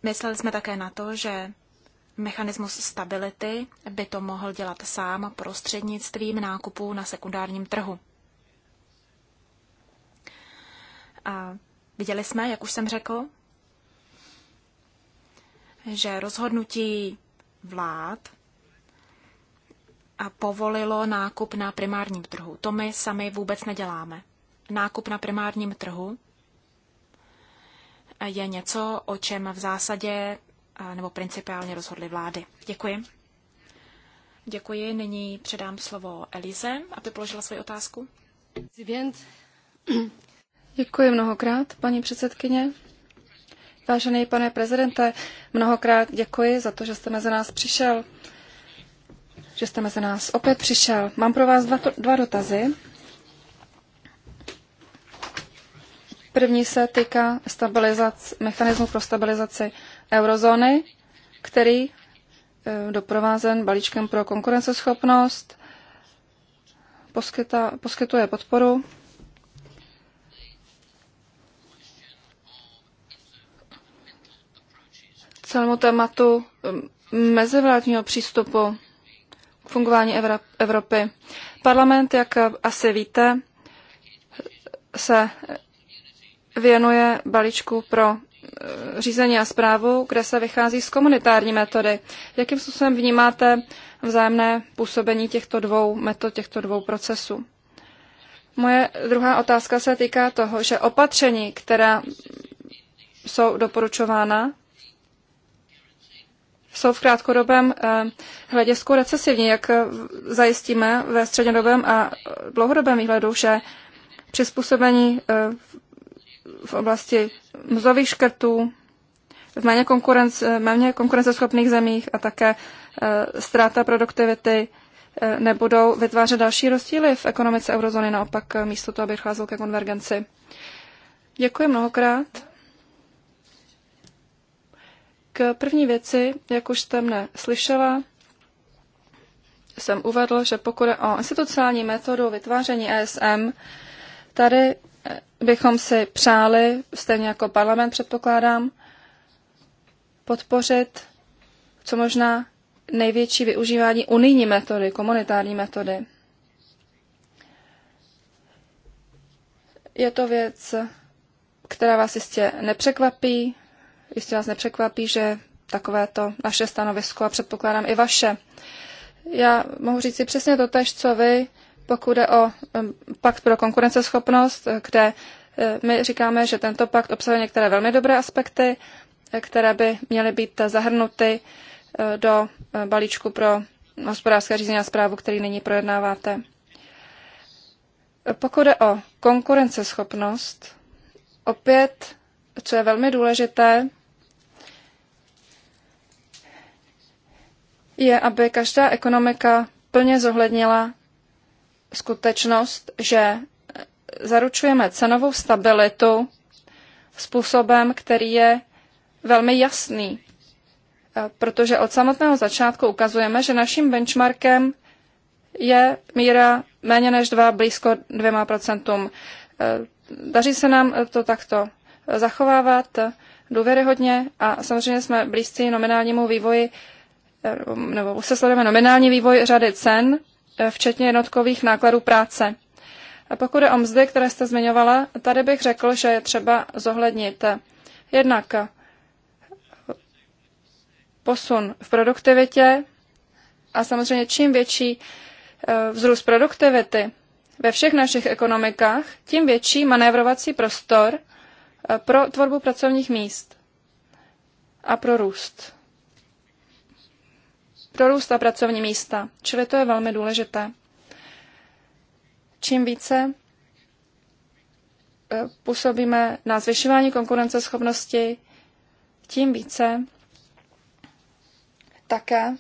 Mysleli jsme také na to, že mechanismus stability by to mohl dělat sám prostřednictvím nákupů na sekundárním trhu. A viděli jsme, jak už jsem řekl, že rozhodnutí vlád a povolilo nákup na primárním trhu. To my sami vůbec neděláme. Nákup na primárním trhu je něco, o čem v zásadě nebo principiálně rozhodly vlády. Děkuji. Děkuji. Nyní předám slovo Elize, aby položila svoji otázku. Děkuji mnohokrát, paní předsedkyně. Vážený pane prezidente, mnohokrát děkuji za to, že jste mezi nás přišel, že jste mezi nás opět přišel. Mám pro vás dva, dva dotazy. První se týká mechanismu pro stabilizaci eurozóny, který e, doprovázen balíčkem pro konkurenceschopnost poskytuje podporu celému tématu um, mezivládního přístupu k fungování Evropy. Parlament, jak asi víte, se věnuje balíčku pro uh, řízení a zprávu, kde se vychází z komunitární metody. Jakým způsobem vnímáte vzájemné působení těchto dvou metod, těchto dvou procesů? Moje druhá otázka se týká toho, že opatření, která jsou doporučována jsou v krátkodobém eh, hledisku recesivní. Jak eh, zajistíme ve střednědobém a dlouhodobém výhledu, že přizpůsobení eh, v oblasti mzdových škrtů, v méně, konkurence, méně konkurenceschopných zemích a také ztráta produktivity nebudou vytvářet další rozdíly v ekonomice eurozóny, naopak místo toho, aby docházelo ke konvergenci. Děkuji mnohokrát. K první věci, jak už jste mne slyšela, jsem uvedl, že pokud je o institucionální metodu vytváření ESM, tady eh, bychom si přáli, stejně jako parlament předpokládám, podpořit co možná největší využívání unijní metody, komunitární metody. Je to věc, která vás jistě nepřekvapí. Jistě vás nepřekvapí, že takovéto naše stanovisko a předpokládám i vaše. Já mohu říct si přesně to tež, co vy, pokud je o pakt pro konkurenceschopnost, kde e, my říkáme, že tento pakt obsahuje některé velmi dobré aspekty, e, které by měly být zahrnuty e, do balíčku pro hospodářské řízení a zprávu, který nyní projednáváte. Pokud je o konkurenceschopnost, opět, co je velmi důležité, je, aby každá ekonomika plně zohlednila skutečnost, že zaručujeme cenovou stabilitu způsobem, který je velmi jasný, protože od samotného začátku ukazujeme, že naším benchmarkem je míra méně než 2, blízko 2%. E, daří se nám to takto zachovávat důvěryhodně a samozřejmě jsme blízci nominálnímu vývoji Eh, nebo se sledujeme nominální vývoj řady cen, eh, včetně jednotkových nákladů práce. A pokud je o mzdy, které jste zmiňovala, tady bych řekl, že je třeba zohlednit eh, jednak posun v produktivitě a samozřejmě čím větší vzrůst produktivity ve všech našich ekonomikách, tím větší manévrovací prostor pro tvorbu pracovních míst a pro růst růst a pracovní místa. Čili to je velmi důležité. Čím více eh, působíme na zvyšování konkurenceschopnosti, tím více také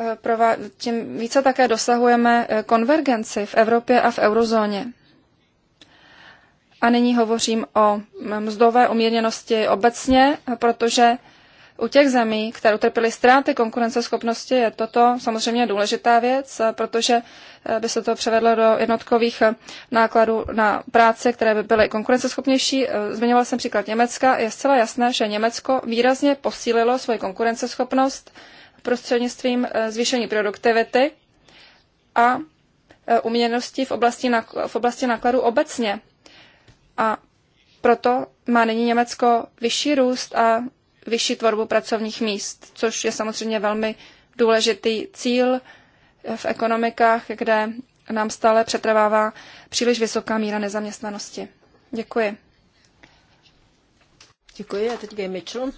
eh, tím více také dosahujeme eh, konvergenci v Evropě a v eurozóně. A nyní hovořím o mm, mzdové umírněnosti obecně, protože u těch zemí, které utrpěly ztráty konkurenceschopnosti, je toto samozřejmě důležitá věc, eh, protože eh, by se to převedlo do jednotkových eh, nákladů na práce, které by byly konkurenceschopnější. Zmiňoval jsem příklad Německa. Je zcela jasné, že Německo výrazně posílilo svoji konkurenceschopnost prostřednictvím zvýšení produktivity a umělostí v oblasti, v oblasti nákladů obecně. A proto má nyní Německo vyšší růst a vyšší tvorbu pracovních míst, což je samozřejmě velmi důležitý cíl v ekonomikách, kde nám stále přetrvává příliš vysoká míra nezaměstnanosti. Děkuji. Děkuji a teď Gay Mitchell.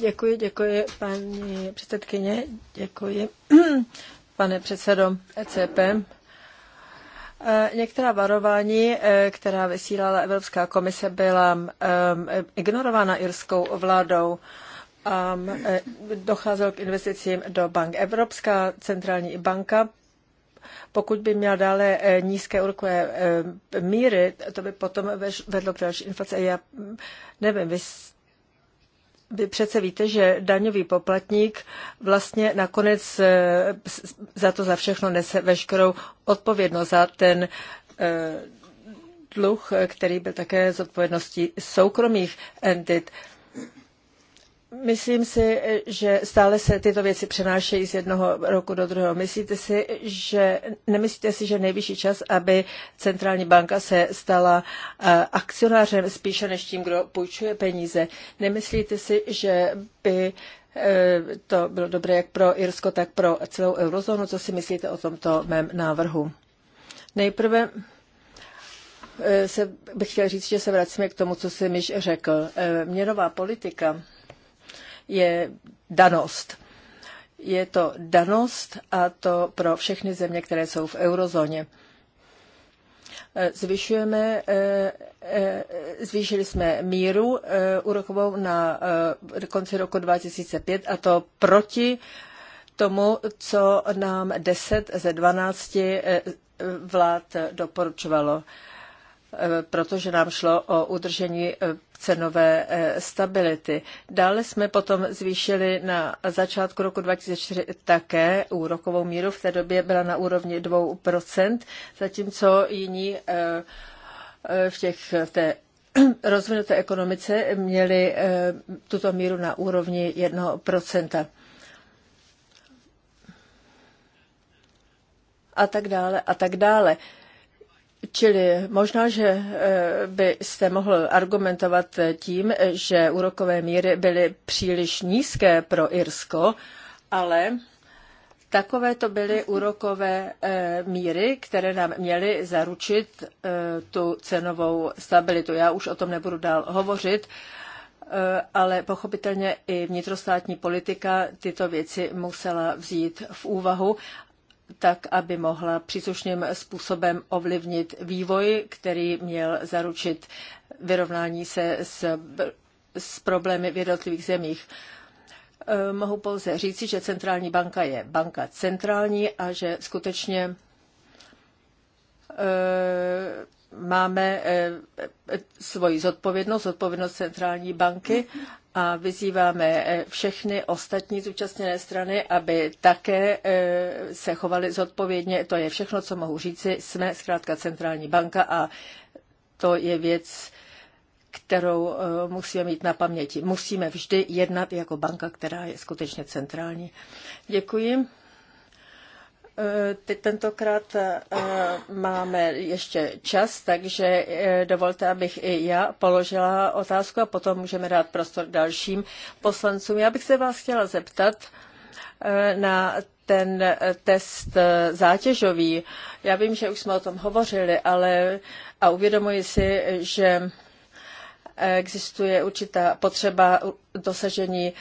Děkuji, děkuji paní předsedkyně, děkuji pane předsedo ECP. Eh, některá varování, eh, která vysílala Evropská komise, byla eh, ignorována irskou vládou. A docházelo k investicím do bank. Evropská centrální banka pokud by měla dále nízké úrokové míry, to by potom vedlo k další inflaci. Já mm, nevím, vy vy přece víte, že daňový poplatník vlastně nakonec eh, za to za všechno nese veškerou odpovědnost za ten eh, dluh, eh, který byl také z odpovědností soukromých entit. Myslím si, že stále se tyto věci přenášejí z jednoho roku do druhého. Myslíte si, že, nemyslíte si, že nejvyšší čas, aby centrální banka se stala eh, akcionářem spíše než tím, kdo půjčuje peníze? Nemyslíte si, že by eh, to bylo dobré jak pro Irsko, tak pro celou eurozónu? Co si myslíte o tomto mém návrhu? Nejprve eh, se, bych chtěl říct, že se vracíme k tomu, co jsem již řekl. Měnová politika je danost. Je to danost a to pro všechny země, které jsou v eurozóně. E, zvyšujeme, e, e, zvýšili jsme míru úrokovou na konci roku 2005 a to proti tomu, co nám 10 ze 12 vlád doporučovalo. Eh, protože nám šlo o udržení eh, cenové eh, stability. Dále jsme potom zvýšili na začátku roku 2004 také úrokovou míru, v té době byla na úrovni 2%, zatímco jiní v, těch, v té rozvinuté ekonomice měli tuto míru na úrovni 1%. A tak dále, a tak dále. Čili možná, že eh, byste mohl argumentovat tím, že úrokové míry byly příliš nízké pro Irsko, ale takové to byly úrokové eh, míry, které nám měly zaručit eh, tu cenovou stabilitu. Já už o tom nebudu dál hovořit, ale pochopitelně i vnitrostátní politika tyto věci musela vzít v úvahu tak aby mohla příslušným způsobem ovlivnit vývoj, který měl zaručit vyrovnání se s, s problémy v jednotlivých zemích. E, mohu pouze říci, že centrální banka je banka centrální a že skutečně e, máme e, svoji zodpovědnost, zodpovědnost centrální banky a vyzýváme eh, všechny ostatní zúčastněné strany, aby také eh, se chovali zodpovědně. To je všechno, co mohu říci. Jsme zkrátka centrální banka a to je věc, kterou eh, musíme mít na paměti. Musíme vždy jednat jako banka, která je skutečně centrální. Děkuji. Tentokrát eh, máme ještě čas, takže eh, dovolte, abych i já položila otázku a potom můžeme dát prostor dalším poslancům. Já bych se vás chtěla zeptat eh, na ten test zátěžový. Já vím, že už jsme o tom hovořili, ale a uvědomuji si, že existuje určitá potřeba dosažení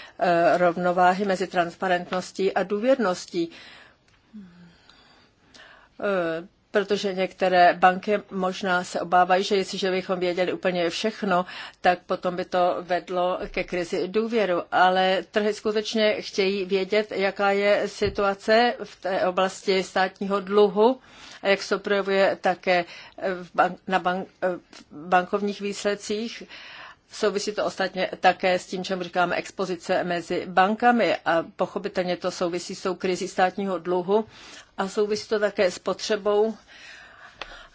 rovnováhy mezi transparentností a důvěrností. Eh, protože některé banky možná se obávají, že jestliže bychom věděli úplně všechno, tak potom by to vedlo ke krizi důvěru. Ale trhy skutečně chtějí vědět, jaká je situace v té oblasti státního dluhu a jak se projevuje také v bank, na bank, eh, v bankovních výsledcích. Souvisí to ostatně také s tím, čemu říkáme expozice mezi bankami a pochopitelně to souvisí s tou krizí státního dluhu a souvisí to také s potřebou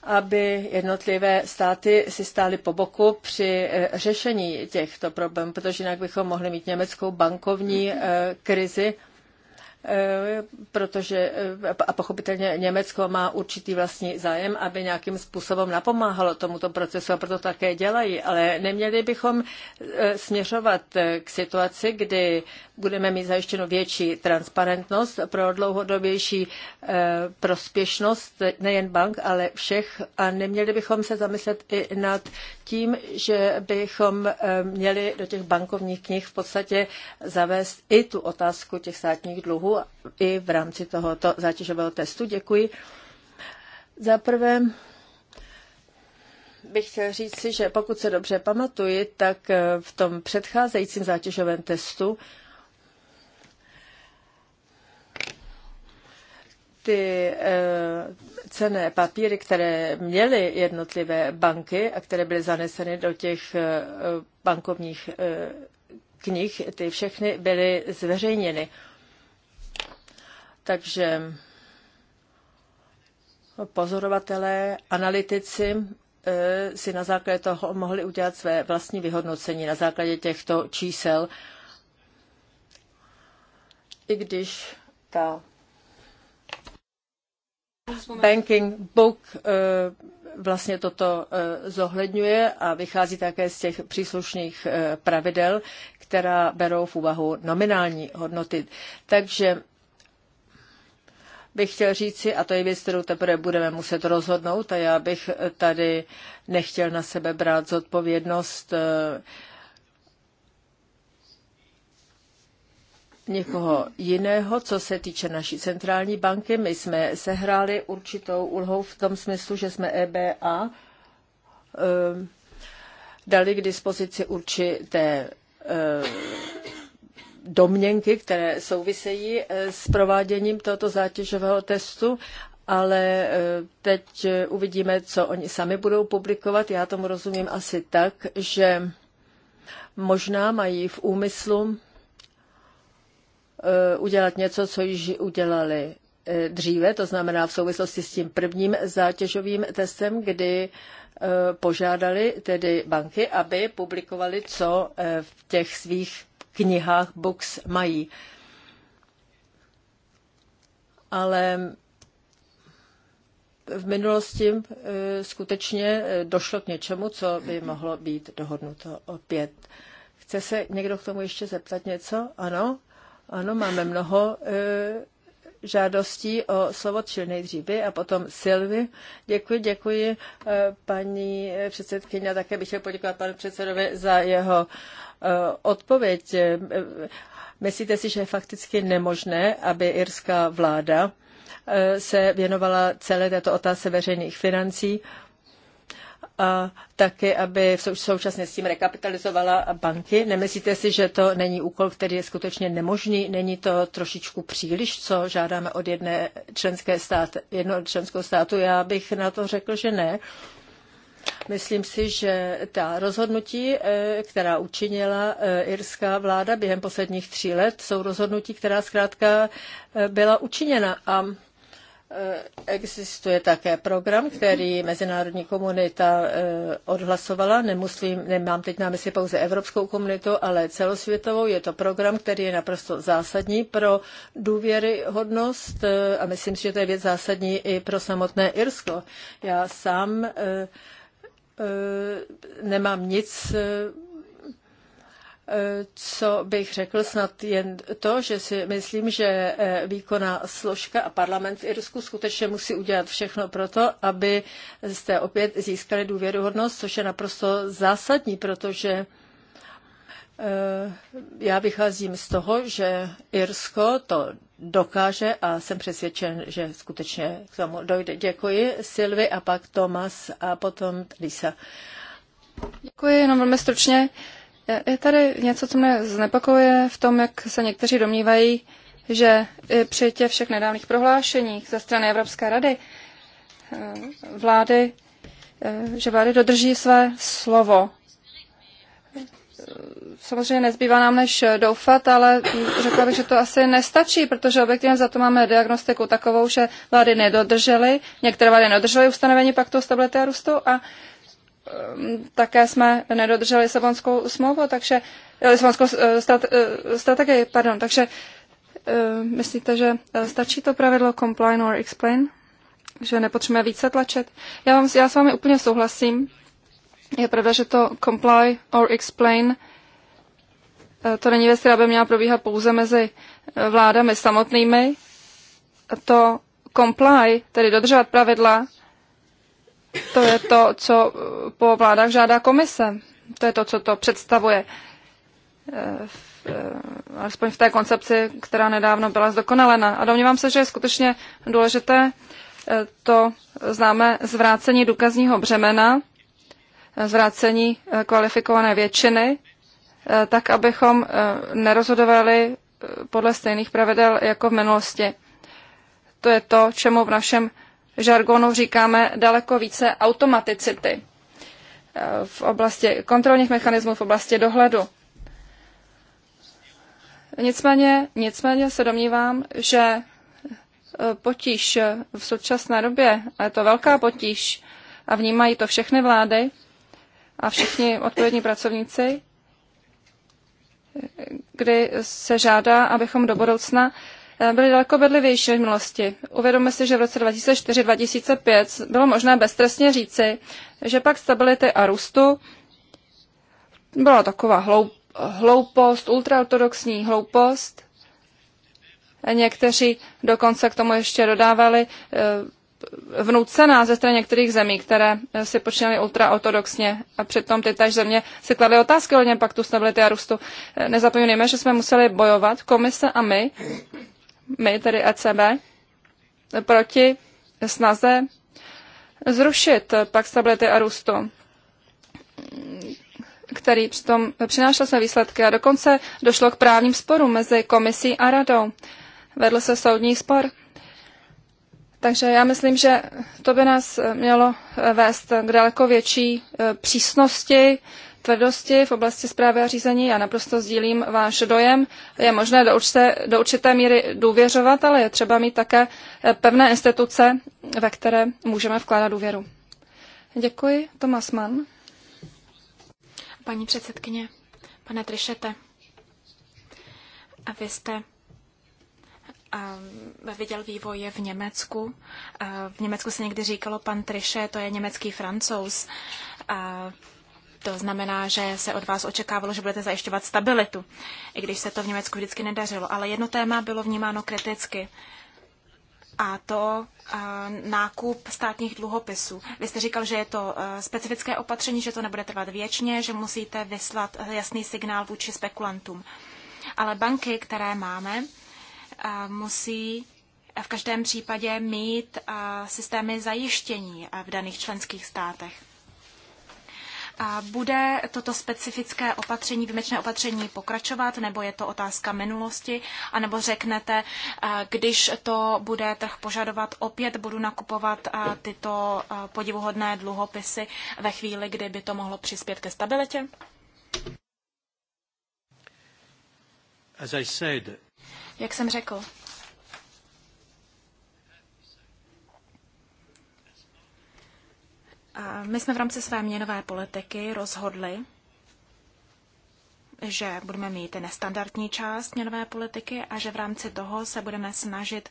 aby jednotlivé státy si stály po boku při eh, řešení těchto problémů, protože jinak bychom mohli mít německou bankovní eh, krizi Eh, protože eh, a pochopitelně Německo má určitý vlastní zájem, aby nějakým způsobem napomáhalo tomuto procesu a proto také dělají, ale neměli bychom eh, směřovat k situaci, kdy budeme mít zajištěno větší transparentnost pro dlouhodobější prospěšnost nejen bank, ale všech a neměli bychom se zamyslet i nad tím, že bychom eh, měli do těch bankovních knih v podstatě zavést i tu otázku těch státních dluhů i v rámci tohoto zátěžového testu. Děkuji. Za prvé bych chtěl říci, že pokud se dobře pamatuji, tak eh, v tom předcházejícím zátěžovém testu ty eh, cené papíry, které měly jednotlivé banky a které byly zaneseny do těch eh, bankovních eh, knih, ty všechny byly zveřejněny. Takže pozorovatelé, analytici si na základě toho mohli udělat své vlastní vyhodnocení na základě těchto čísel, i když ta Banking Book eh, vlastně toto eh, zohledňuje a vychází také z těch příslušných eh, pravidel, která berou v úvahu nominální hodnoty. Takže bych chtěl říci, a to je věc, kterou teprve budeme muset rozhodnout, a já bych tady nechtěl na sebe brát zodpovědnost uh, někoho jiného, co se týče naší centrální banky. My jsme sehráli určitou úlohou v tom smyslu, že jsme EBA eh, dali k dispozici určité eh, domněnky, které souvisejí eh, s prováděním tohoto zátěžového testu, ale teď uvidíme, co oni sami budou publikovat. Já tomu rozumím asi tak, že možná mají v úmyslu Eh, udělat něco, co již udělali eh, dříve, to znamená v souvislosti s tím prvním zátěžovým testem, kdy eh, požádali tedy banky, aby publikovali, co v těch svých knihách books mají. Ale v minulosti skutečně došlo k něčemu, co by mohlo být dohodnuto opět. Chce se někdo k tomu ještě zeptat něco? Ano? Ano, máme mnoho e, žádostí o slovo, čili nejdřív a potom Silvi. Děkuji, děkuji e, paní předsedkyně a také bych chtěl poděkovat panu předsedovi za jeho e, odpověď. Myslíte si, že je fakticky nemožné, aby irská vláda se věnovala celé této otázce veřejných financí? a taky, aby v současně s tím rekapitalizovala banky. Nemyslíte si, že to není úkol, který je skutečně nemožný? Není to trošičku příliš, co žádáme od jedné členské stát, jednoho členského státu? Já bych na to řekl, že ne. Myslím si, že ta rozhodnutí, e, která učinila e, irská vláda během posledních tří let, jsou rozhodnutí, která zkrátka e, byla učiněna. A Existuje také program, který mezinárodní komunita eh, odhlasovala. Nemusím, nemám teď na mysli pouze evropskou komunitu, ale celosvětovou. Je to program, který je naprosto zásadní pro důvěryhodnost eh, a myslím si, že to je věc zásadní i pro samotné Irsko. Já sám eh, nemám nic co bych řekl, snad jen to, že si myslím, že eh, výkonná složka a parlament v Irsku skutečně musí udělat všechno to, aby jste opět získali důvěryhodnost, což je naprosto zásadní, protože eh, já vycházím z toho, že Irsko to dokáže a jsem přesvědčen, že skutečně k tomu dojde. Děkuji Silvi a pak Tomas a potom Lisa. Děkuji, jenom velmi stručně. Uh, je tady něco, co mě znepokojuje v tom, jak se někteří domnívají, že i při těch všech nedávných prohlášeních ze strany Evropské rady eh, vlády, eh, že vlády dodrží své slovo. Samozřejmě nezbývá nám než doufat, ale řekla bych, že to asi nestačí, protože objektivně za to máme diagnostiku takovou, že vlády nedodržely, některé vlády nedodržely ustanovení paktu stabilitě a růstu a Ehm, také jsme nedodrželi Lisabonskou smlouvu, takže eh, Lisabonskou eh, strate, eh, strategii, pardon, takže myslíte, že stačí to pravidlo comply or explain? Že nepotřebujeme více tlačit? Já, vám, já s vámi úplně souhlasím. Je pravda, že to comply or explain to není věc, která by měla probíhat pouze mezi vládami samotnými. To comply, tedy dodržovat pravidla, to je to, co eh, po vládách žádá komise. To je to, co to představuje. Eh, eh, alespoň v té koncepci, která nedávno byla zdokonalena. A domnívám se, že je skutečně důležité to známe zvrácení důkazního břemena, zvrácení kvalifikované většiny, tak abychom nerozhodovali podle stejných pravidel jako v minulosti. To je to, čemu v našem žargonu říkáme daleko více automaticity eh, v oblasti kontrolních mechanismů, v oblasti dohledu. Nicméně, nicméně se domnívám, že eh, potíž v současné době, a je to velká potíž, a vnímají to všechny vlády a všichni odpovědní pracovníci, kdy se žádá, abychom do budoucna Eh, byli daleko bedlivější v minulosti. Uvědomme si, že v roce 2004-2005 bylo možné beztrestně říci, že pak stability a růstu byla taková hloup, hloupost, ultraortodoxní hloupost. Někteří dokonce k tomu ještě dodávali eh, vnucená ze strany některých zemí, které eh, si počínaly ultraortodoxně a přitom ty tež země si kladly otázky něm paktu stability a růstu. Nezapomínejme, že jsme museli bojovat, komise a my, my tedy ECB, proti snaze zrušit pak stability a růstu, který přitom přinášel své výsledky a dokonce došlo k právním sporům mezi komisí a radou. Vedl se soudní spor. Takže já myslím, že to by nás mělo vést k daleko větší eh, přísnosti tvrdosti v oblasti zprávy a řízení. Já naprosto sdílím váš dojem. Je možné do určité, do určité míry důvěřovat, ale je třeba mít také eh, pevné instituce, ve které můžeme vkládat důvěru. Děkuji. Tomas Mann. Paní předsedkyně, pane Trišete, a vy jste ehm, viděl vývoj v Německu. Eh, v Německu se někdy říkalo pan Triše, to je německý francouz. Eh, to znamená, že se od vás očekávalo, že budete zajišťovat stabilitu, i když se to v Německu vždycky nedařilo. Ale jedno téma bylo vnímáno kriticky a to nákup státních dluhopisů. Vy jste říkal, že je to specifické opatření, že to nebude trvat věčně, že musíte vyslat jasný signál vůči spekulantům. Ale banky, které máme, musí v každém případě mít systémy zajištění v daných členských státech. Bude toto specifické opatření, výjimečné opatření pokračovat, nebo je to otázka minulosti, anebo řeknete, eh, když to bude trh požadovat, opět budu nakupovat eh, tyto eh, podivuhodné dluhopisy ve chvíli, kdy by to mohlo přispět ke stabilitě? Jak jsem řekl, My jsme v rámci své měnové politiky rozhodli, že budeme mít nestandardní část měnové politiky a že v rámci toho se budeme snažit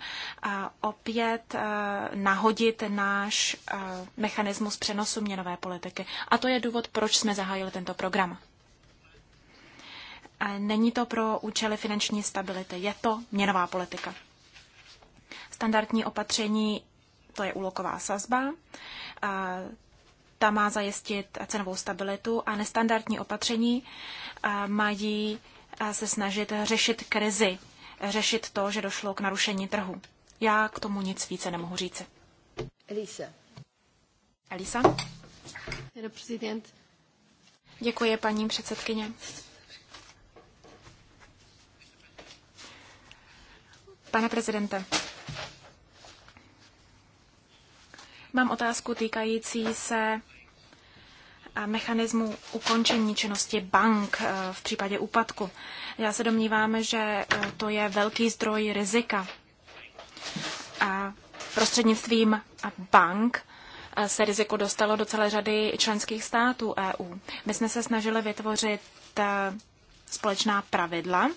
opět nahodit náš mechanismus přenosu měnové politiky. A to je důvod, proč jsme zahájili tento program. Není to pro účely finanční stability, je to měnová politika. Standardní opatření to je úloková sazba. Ta má zajistit cenovou stabilitu a nestandardní opatření eh, mají eh, se snažit řešit krizi, řešit to, že došlo k narušení trhu. Já k tomu nic více nemohu říci. Elisa. Elisa. Prezident. Děkuji, paní předsedkyně. Pane prezidente, mám otázku týkající se mechanismu ukončení činnosti bank eh, v případě úpadku. Já se domnívám, že eh, to je velký zdroj rizika. A prostřednictvím bank eh, se riziko dostalo do celé řady členských států EU. My jsme se snažili vytvořit společná pravidla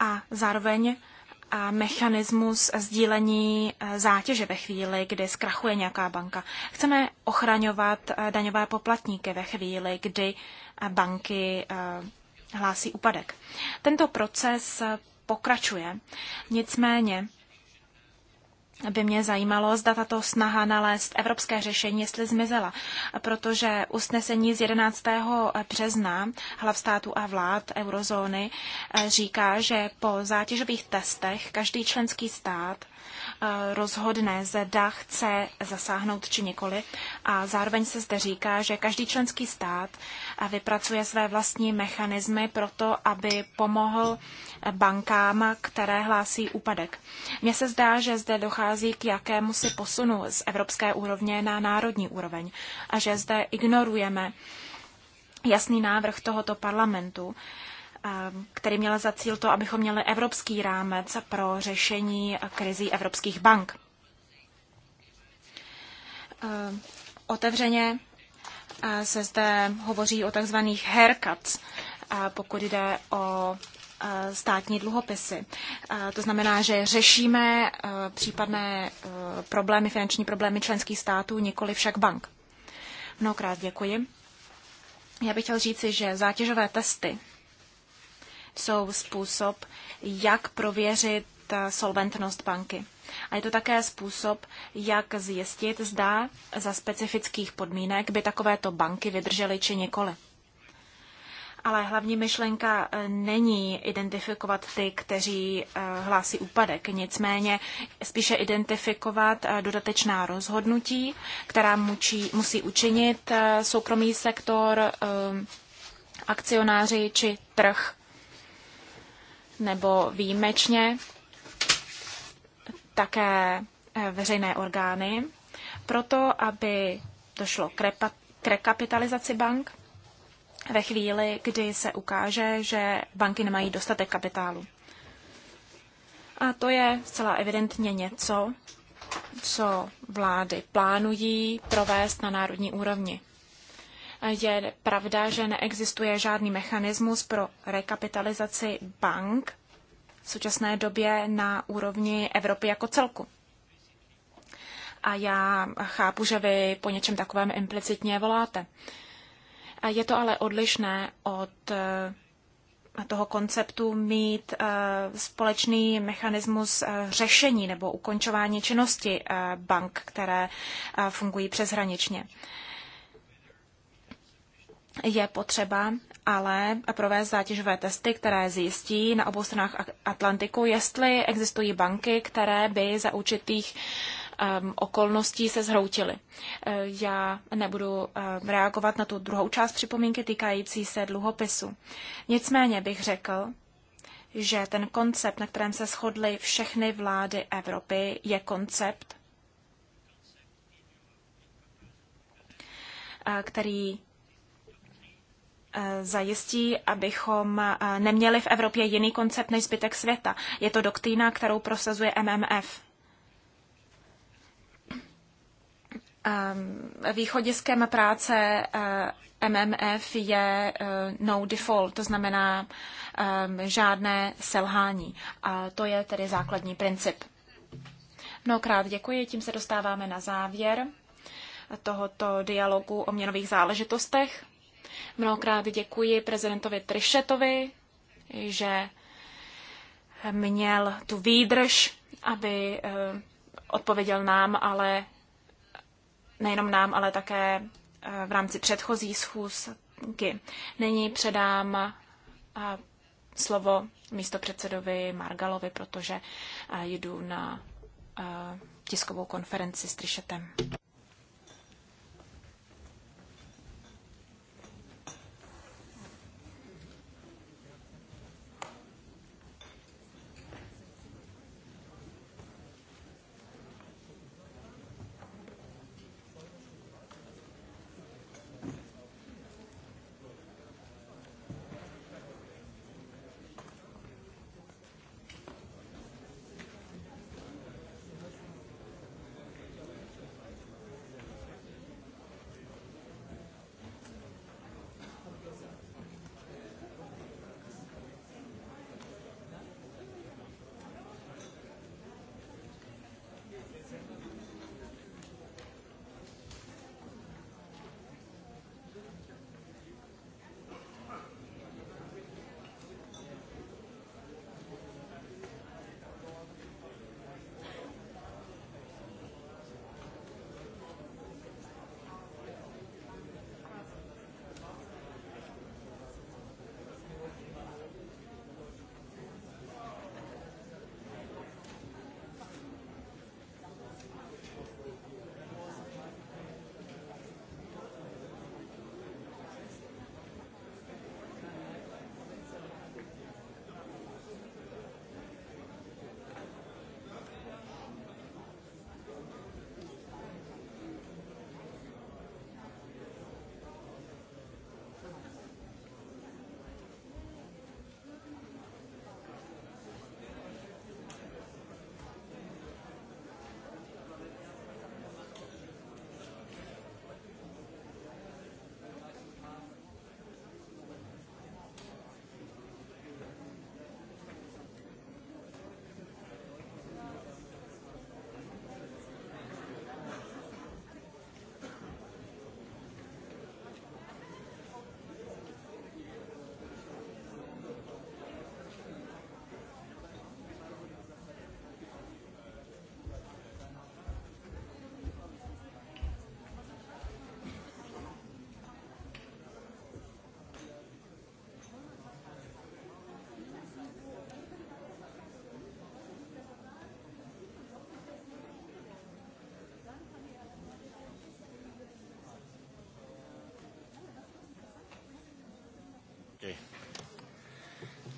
a zároveň a mechanismus sdílení eh, zátěže ve chvíli, kdy zkrachuje nějaká banka. Chceme ochraňovat eh, daňové poplatníky ve chvíli, kdy eh, banky hlásí úpadek. Tento proces pokračuje. Nicméně by mě zajímalo, zda tato snaha nalézt evropské řešení, jestli zmizela, protože usnesení z 11. března hlav států a vlád eurozóny eh, říká, že po zátěžových testech každý členský stát Eh, rozhodne, zda chce zasáhnout či nikoli. A zároveň se zde říká, že každý členský stát eh, vypracuje své vlastní mechanismy pro to, aby pomohl eh, bankám, které hlásí úpadek. Mně se zdá, že zde dochází k jakému si posunu z evropské úrovně na národní úroveň a že zde ignorujeme jasný návrh tohoto parlamentu, Eh, který měl za cíl to, abychom měli evropský rámec pro řešení krizí evropských bank. Eh, otevřeně eh, se zde hovoří o takzvaných haircuts, pokud jde o státní dluhopisy. To znamená, že řešíme případné problémy, finanční problémy členských států, nikoli však bank. Mnohokrát děkuji. Já bych chtěl říci, že zátěžové testy jsou způsob, jak prověřit eh, solventnost banky. A je to také způsob, jak zjistit, zda za specifických podmínek by takovéto banky vydržely či nikoli. Ale hlavní myšlenka eh, není identifikovat ty, kteří eh, hlásí úpadek, nicméně spíše identifikovat dodatečná rozhodnutí, která mučí, musí učinit soukromý sektor, akcionáři či trh nebo výjimečně také eh, veřejné orgány, proto aby došlo k, repa- k rekapitalizaci bank ve chvíli, kdy se ukáže, že banky nemají dostatek kapitálu. A to je zcela evidentně něco, co vlády plánují provést na národní úrovni. Je pravda, že neexistuje žádný mechanismus pro rekapitalizaci bank v současné době na úrovni Evropy jako celku. A já chápu, že vy po něčem takovém implicitně voláte. Je to ale odlišné od eh, toho konceptu mít eh, společný mechanismus eh, řešení nebo ukončování činnosti bank, které fungují přeshraničně je potřeba ale provést zátěžové testy, které zjistí na obou stranách Atlantiku, jestli existují banky, které by za určitých um, okolností se zhroutily. Uh, já nebudu uh, reagovat na tu druhou část připomínky týkající se dluhopisu. Nicméně bych řekl, že ten koncept, na kterém se shodly všechny vlády Evropy, je koncept, uh, který Eh, zajistí, abychom eh, neměli v Evropě jiný koncept než zbytek světa. Je to doktrína, kterou prosazuje MMF. Ehm, východiskem práce eh, MMF je no default, to znamená ehm, žádné selhání. A to je tedy základní princip. Mnohokrát děkuji, tím se dostáváme na závěr tohoto dialogu o měnových záležitostech. Mnohokrát děkuji prezidentovi Trišetovi, že měl tu výdrž, aby eh, odpověděl nám, ale nejenom nám, ale také eh, v rámci předchozí schůzky. Nyní předám eh, slovo místo předsedovi Margalovi, protože jdu na tiskovou konferenci s Trišetem.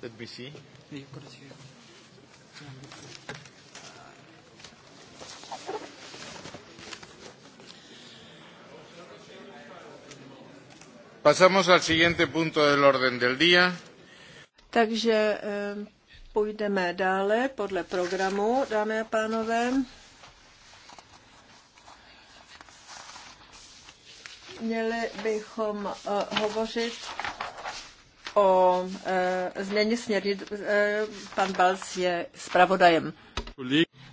Let me see. Pasamos al siguiente punto del orden del día. Takže půjdeme dále podle programu, dámy a pánové. Měli bychom eh, hovořit o e, změně směrnic. E, pan Balc je zpravodajem.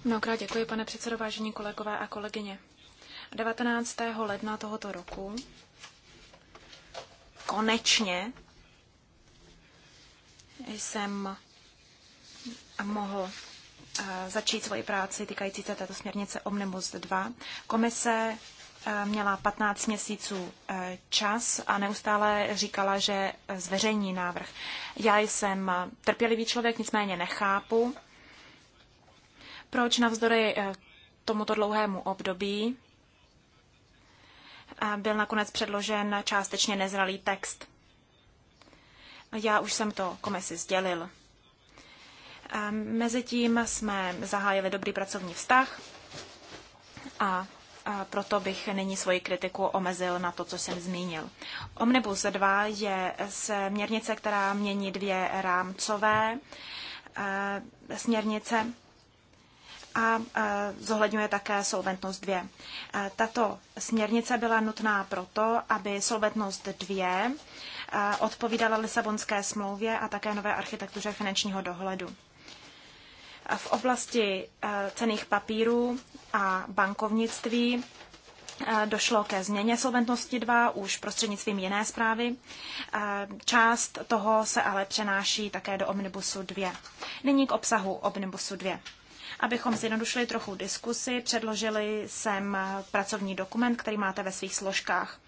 Mnohokrát děkuji, pane předsedo, vážení kolegové a kolegyně. 19. ledna tohoto roku konečně jsem mohl e, začít svoji práci týkající se této směrnice Omnibus 2. Komise Eh, měla 15 měsíců eh, čas a neustále říkala, že zveřejní návrh. Já jsem trpělivý člověk, nicméně nechápu, proč navzdory eh, tomuto dlouhému období byl nakonec předložen částečně nezralý text. Já už jsem to komisi sdělil. Mezitím jsme zahájili dobrý pracovní vztah a proto bych nyní svoji kritiku omezil na to, co jsem zmínil. Omnibus 2 je směrnice, která mění dvě rámcové eh, směrnice a eh, zohledňuje také solventnost 2. Eh, tato směrnice byla nutná proto, aby solventnost 2 odpovídala Lisabonské smlouvě a také nové architektuře finančního dohledu. V oblasti cených papírů a bankovnictví eh, došlo ke změně solventnosti 2 už prostřednictvím jiné zprávy. Eh, část toho se ale přenáší také do Omnibusu 2. Nyní k obsahu Omnibusu 2. Abychom zjednodušili trochu diskusi, předložili jsem pracovní dokument, který máte ve svých složkách.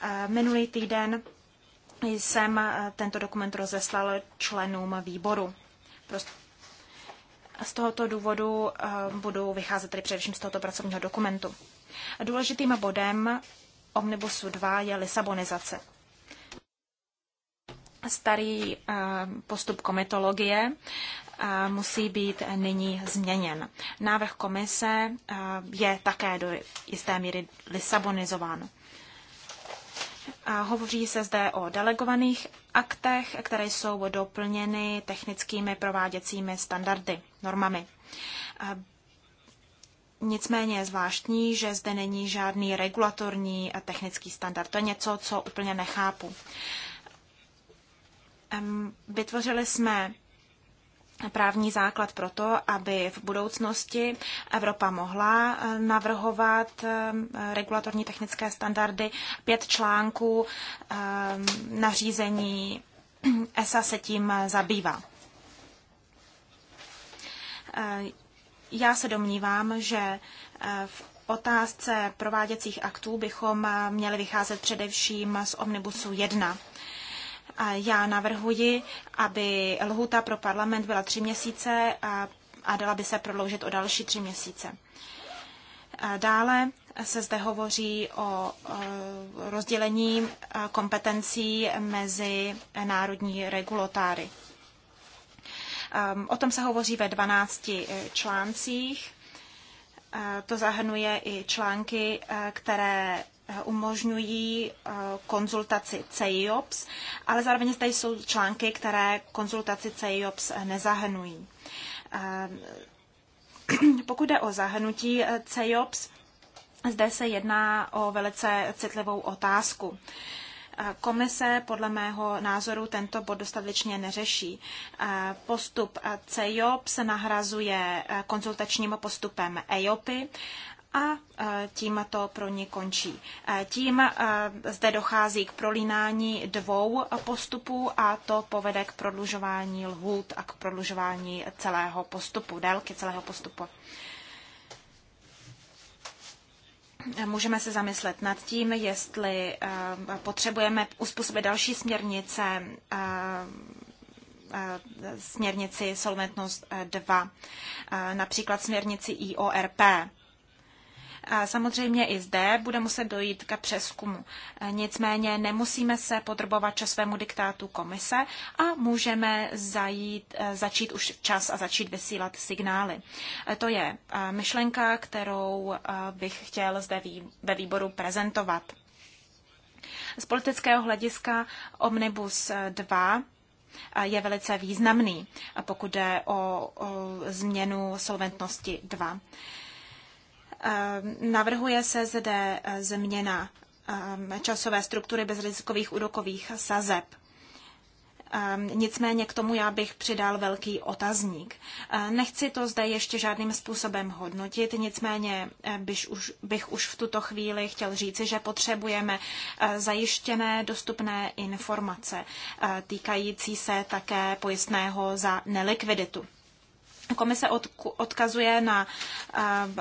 Eh, minulý týden jsem tento dokument rozeslal členům výboru z tohoto důvodu eh, budu vycházet tedy především z tohoto pracovního dokumentu. Důležitým bodem Omnibusu 2 je Lisabonizace. Starý eh, postup komitologie eh, musí být nyní změněn. Návrh komise je také do jisté míry lisabonizován. A hovoří se zde o delegovaných aktech, které jsou doplněny technickými prováděcími standardy, normami. Nicméně je zvláštní, že zde není žádný regulatorní technický standard. To je něco, co úplně nechápu. Vytvořili jsme právní základ pro to, aby v budoucnosti Evropa mohla eh, navrhovat eh, regulatorní technické standardy. Pět článků eh, nařízení ESA se tím zabývá. Já se domnívám, že v otázce prováděcích aktů bychom měli vycházet především z Omnibusu 1. Já navrhuji, aby lhuta pro parlament byla tři měsíce a, a dala by se prodloužit o další tři měsíce. Dále se zde hovoří o rozdělení e, kompetencí mezi národní regulotáry. Ehm, o tom se hovoří ve 12 e, článcích. E, to zahrnuje i články, které Eh, umožňují eh, konzultaci CEIOPS, ale zároveň zde jsou články, které konzultaci CEIOPS nezahrnují. Eh, pokud jde o zahrnutí CEIOPS, zde se jedná o velice citlivou otázku. Komise podle mého názoru tento bod dostatečně neřeší. Postup CEIOP se nahrazuje konzultačním postupem EIOPy a tím to pro ně končí. Tím zde dochází k prolínání dvou postupů a to povede k prodlužování lhůt a k prodlužování celého postupu, délky celého postupu. Můžeme se zamyslet nad tím, jestli potřebujeme uspůsobit další směrnice směrnici Solventnost 2, například směrnici IORP. Samozřejmě i zde bude muset dojít ke přeskumu. Nicméně nemusíme se podrobovat časovému diktátu komise a můžeme zajít, začít už čas a začít vysílat signály. To je eh, myšlenka, kterou eh, bych chtěl zde ve výboru prezentovat. Z politického hlediska Omnibus 2 eh, je velice významný, pokud jde o, o změnu solventnosti 2. Ehm, navrhuje se zde eh, změna ehm, časové struktury bezrizikových úrokových sazeb. Ehm, nicméně k tomu já bych přidal velký otazník. Eh, nechci to zde ještě žádným způsobem hodnotit, nicméně eh, bych už, bych už v tuto chvíli chtěl říci, že potřebujeme zajištěné dostupné informace týkající se také pojistného za nelikviditu. Komise odkazuje na eh,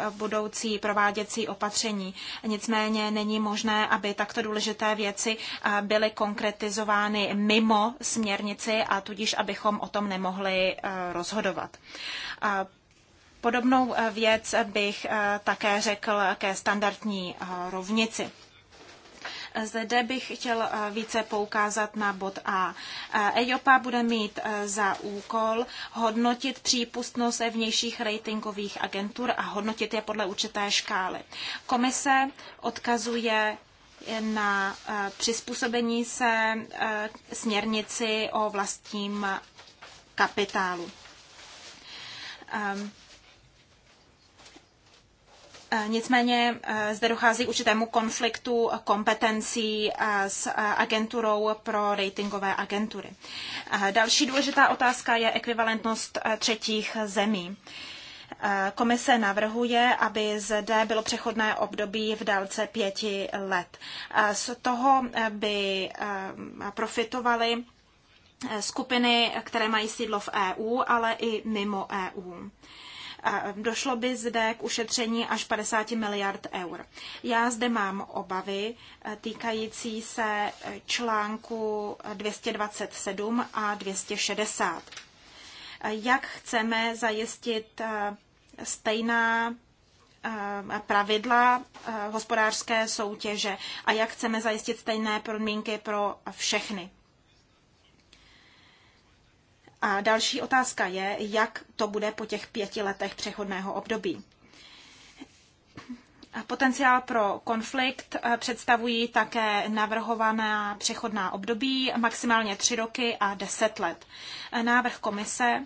budoucí prováděcí opatření. Nicméně není možné, aby takto důležité věci eh, byly konkretizovány mimo směrnici a tudíž, abychom o tom nemohli eh, rozhodovat. Podobnou věc bych také řekl ke standardní rovnici. Zde bych chtěl eh, více poukázat na bod A. Eh, EIOPA bude mít eh, za úkol hodnotit přípustnost vnějších ratingových agentur a hodnotit je podle určité škály. Komise odkazuje na přizpůsobení se směrnici o vlastním kapitálu. Ehm, Eh, nicméně eh, zde dochází k určitému konfliktu kompetencí eh, s agenturou pro ratingové agentury. Další důležitá otázka je ekvivalentnost třetích zemí. Komise navrhuje, aby zde bylo přechodné období v délce pěti let. Z toho by profitovaly skupiny, které mají sídlo v EU, ale i mimo EU. Došlo by zde k ušetření až 50 miliard eur. Já zde mám obavy e, týkající se e, článku 227 a 260. E, jak chceme zajistit stejná pravidla hospodářské soutěže a jak chceme zajistit stejné podmínky pro všechny a další otázka je, jak to bude po těch pěti letech přechodného období. Potenciál pro konflikt eh, představují také navrhovaná přechodná období, maximálně tři roky a deset let. Eh, návrh komise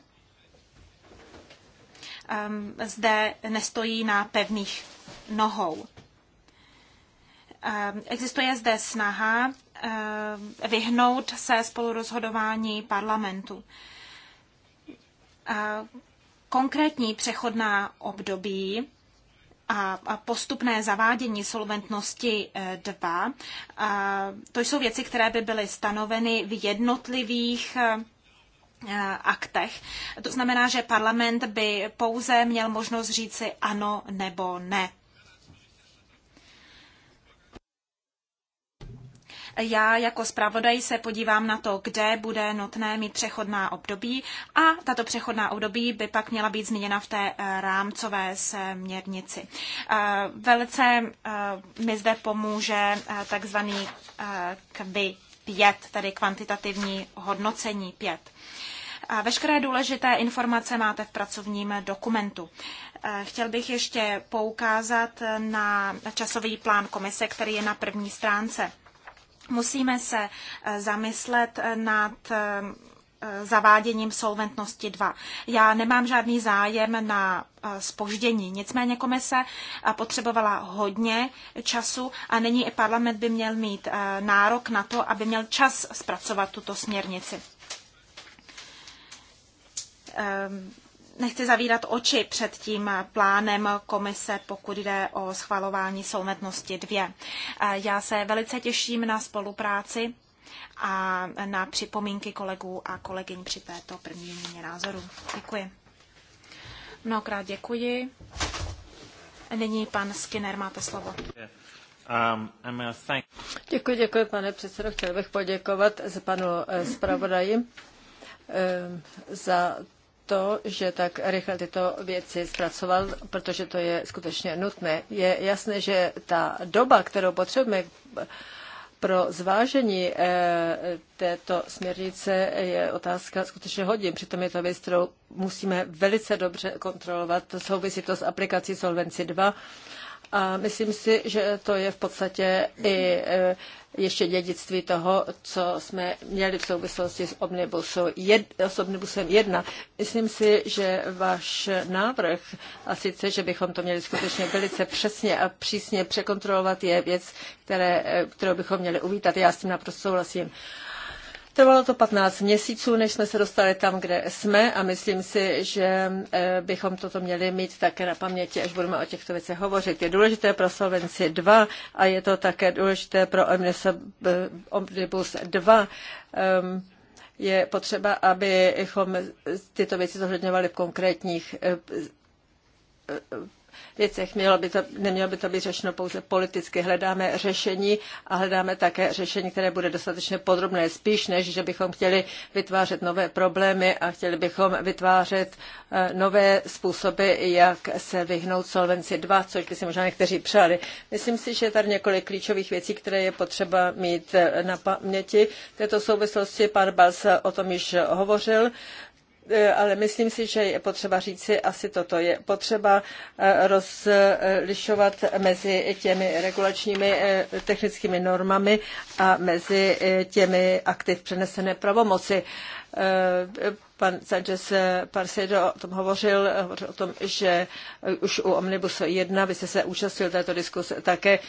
ehm, zde nestojí na pevných nohou. Ehm, existuje zde snaha ehm, vyhnout se spolurozhodování parlamentu konkrétní přechodná období a postupné zavádění solventnosti 2. Eh, to jsou věci, které by byly stanoveny v jednotlivých eh, aktech. To znamená, že parlament by pouze měl možnost říci ano nebo ne. Já jako zpravodaj se podívám na to, kde bude nutné mít přechodná období a tato přechodná období by pak měla být změněna v té eh, rámcové směrnici. Eh, velice eh, mi zde pomůže takzvaný kvy 5, tedy kvantitativní hodnocení 5. A veškeré důležité informace máte v pracovním dokumentu. Chtěl bych ještě poukázat na časový plán komise, který je na první stránce. Musíme se eh, zamyslet eh, nad eh, zaváděním solventnosti 2. Já nemám žádný zájem na spoždění. Nicméně komise potřebovala hodně času a nyní i parlament by měl mít nárok na to, aby měl čas zpracovat tuto směrnici. Ehm, nechci zavírat oči před tím plánem komise, pokud jde o schvalování solventnosti 2. Já se velice těším na spolupráci a na připomínky kolegů a kolegyň při této první měně názoru. Děkuji. Mnohokrát děkuji. Nyní pan Skinner, máte slovo. Um, děkuji, děkuji, pane předsedo. Chtěl bych poděkovat panu eh, zpravodaji eh, za to, že tak rychle tyto věci zpracoval, protože to je skutečně nutné. Je jasné, že ta doba, kterou potřebujeme pro zvážení eh, této směrnice, je otázka skutečně hodin. Přitom je to věc, kterou musíme velice dobře kontrolovat. To souvisí to s aplikací Solvenci 2 a myslím si, že to je v podstatě i eh, ještě dědictví toho, co jsme měli v souvislosti s, jed, omnibusem 1. Myslím si, že váš návrh, a sice, že bychom to měli skutečně velice přesně a přísně překontrolovat, je věc, které, eh, kterou bychom měli uvítat. Já s tím naprosto souhlasím. Trvalo to 15 měsíců, než jsme se dostali tam, kde jsme a myslím si, že eh, bychom toto měli mít také na paměti, až budeme o těchto věcech hovořit. Je důležité pro Solvenci 2 a je to také důležité pro Omnibus 2 eh, ehm, je potřeba, abychom tyto věci zohledňovali v konkrétních eh, věcech. Mělo by to, nemělo by to být řešeno pouze politicky. Hledáme řešení a hledáme také řešení, které bude dostatečně podrobné, spíš než, že bychom chtěli vytvářet nové problémy a chtěli bychom vytvářet eh, nové způsoby, jak se vyhnout Solvenci 2, což by si možná někteří přáli. Myslím si, že je tady několik klíčových věcí, které je potřeba mít eh, na paměti. V této souvislosti pan Bals o tom již hovořil. E, ale myslím si, že je potřeba říci asi toto. Je potřeba e, rozlišovat mezi těmi regulačními e, technickými normami a mezi těmi v přenesené pravomoci. Pan Sanchez Parcedo o tom hovořil, hovořil o tom, že už u Omnibus 1, vy jste se účastnil této diskuse také,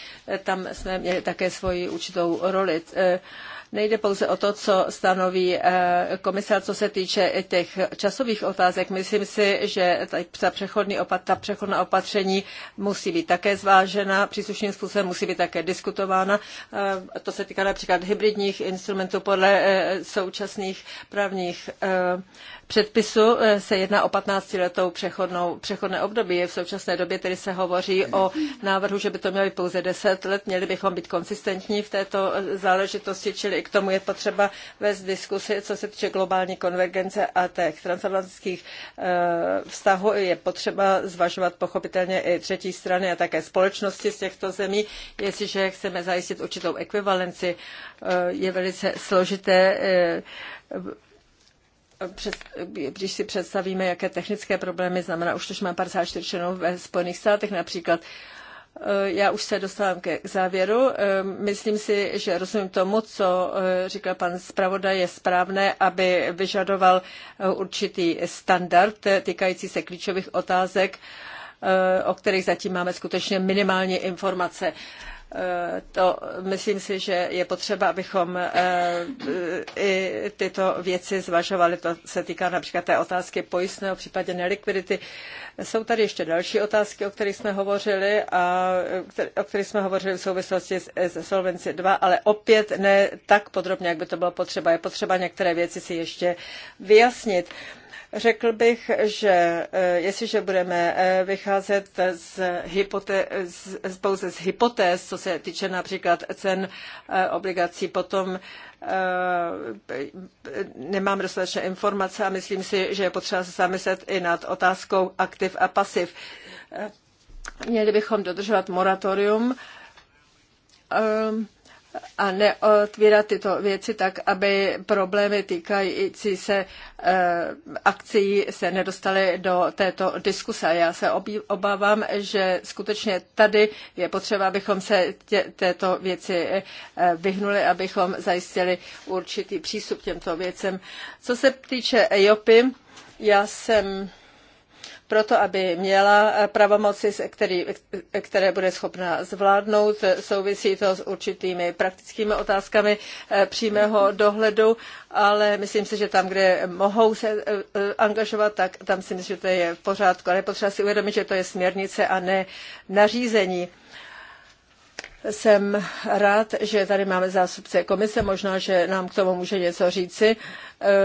tam jsme měli také svoji určitou roli. Nejde pouze o to, co stanoví eh, komisár, co se týče těch časových otázek. Myslím si, že ta, přechodný opat, ta přechodná opatření musí být také zvážena, příslušným způsobem musí být také diskutována. Eh, to se týká například hybridních instrumentů podle eh, současných právních předpisu se jedná o 15-letou přechodnou, přechodné období. V současné době tedy se hovoří o návrhu, že by to mělo být pouze 10 let. Měli bychom být konsistentní v této záležitosti, čili k tomu je potřeba vést diskusy, co se týče globální konvergence a těch transatlantických eh, vztahů. Je potřeba zvažovat pochopitelně i třetí strany a také společnosti z těchto zemí, jestliže chceme zajistit určitou ekvivalenci. Eh, je velice složité eh, když si představíme, jaké technické problémy znamená, už tož má 54 členů ve Spojených státech například, Eh, já už se dostávám k závěru. Eh, myslím si, že rozumím tomu, co eh, říkal pan zpravodaj, je správné, aby vyžadoval určitý standard týkající se klíčových otázek, o kterých zatím máme skutečně minimálně informace. Eh, to myslím si, že je potřeba, abychom eh, i tyto věci zvažovali. To se týká například té otázky pojistného, případně nelikvidity. Jsou tady ještě další otázky, o kterých jsme hovořili a o kterých jsme hovořili v souvislosti se Solvency 2, ale opět ne tak podrobně, jak by to bylo potřeba. Je potřeba některé věci si ještě vyjasnit. Řekl bych, že eh, jestliže budeme eh, vycházet z hypoté- z, pouze z hypotéz, co se týče například cen eh, obligací, potom nemám dostatečné informace a myslím si, že je potřeba se zamyslet i nad otázkou aktiv a pasiv. Měli bychom dodržovat moratorium a neotvírat tyto věci tak, aby problémy týkající se eh, akcí se nedostaly do této diskuse. Já se obávám, že skutečně tady je potřeba, abychom se tě, této věci eh, vyhnuli, abychom zajistili určitý přístup těmto věcem. Co se týče EIOPy, já jsem proto aby měla eh, pravomoci, který, které bude schopna zvládnout. Souvisí to s určitými praktickými otázkami eh, přímého dohledu, ale myslím si, že tam, kde mohou se eh, angažovat, tak tam si myslím, že to je v pořádku. Ale potřeba si uvědomit, že to je směrnice a ne nařízení. Jsem rád, že tady máme zástupce komise, možná, že nám k tomu může něco říci. E,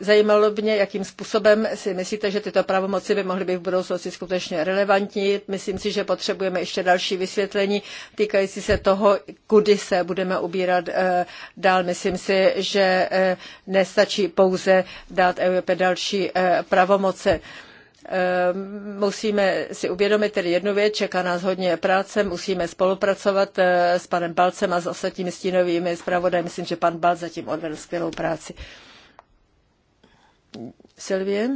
zajímalo by mě, jakým způsobem si myslíte, že tyto pravomoci by mohly být v budoucnosti skutečně relevantní. Myslím si, že potřebujeme ještě další vysvětlení týkající se toho, kudy se budeme ubírat e, dál. Myslím si, že e, nestačí pouze dát Evropě další pravomoce. Ehm, musíme si uvědomit tedy jednu věc, čeká nás hodně práce, musíme spolupracovat eh, s panem Balcem a s ostatními stínovými zpravodaji. Myslím, že pan Balc zatím odvedl skvělou práci. Silvie?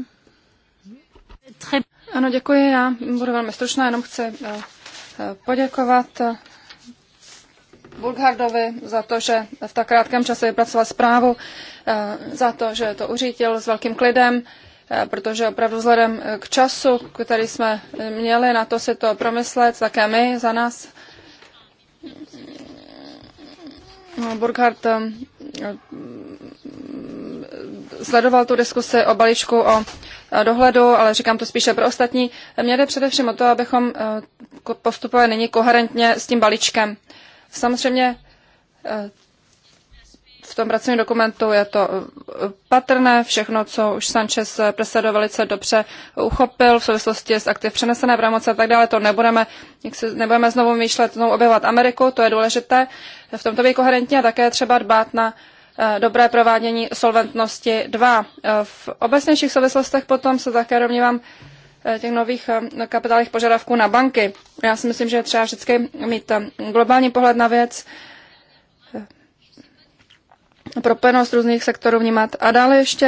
Ano, děkuji. Já budu velmi stručná, jenom chci eh, eh, poděkovat Bulghardovi za to, že v tak krátkém čase vypracoval zprávu, za to, že to uřítil s velkým klidem Eh, protože opravdu vzhledem eh, k času, který jsme eh, měli na to si to promyslet, také my za nás. Burkhardt sledoval tu diskusi o balíčku o dohledu, ale říkám to spíše pro ostatní. Mě jde především o to, abychom postupovali nyní koherentně s tím balíčkem. Samozřejmě v tom pracovním dokumentu je to eh, patrné, všechno, co už Sanchez eh, Presedo velice dobře uchopil v souvislosti s aktiv přenesené pravomoce a tak dále, to nebudeme, se, nebudeme znovu vymýšlet, znovu objevovat Ameriku, to je důležité. V tomto být koherentní a také třeba dbát na eh, dobré provádění solventnosti 2. V obecnějších souvislostech potom se také domnívám těch nových kapitálových požadavků na banky. Já si myslím, že je třeba vždycky mít globální pohled na věc, propojenost různých sektorů vnímat. A dále ještě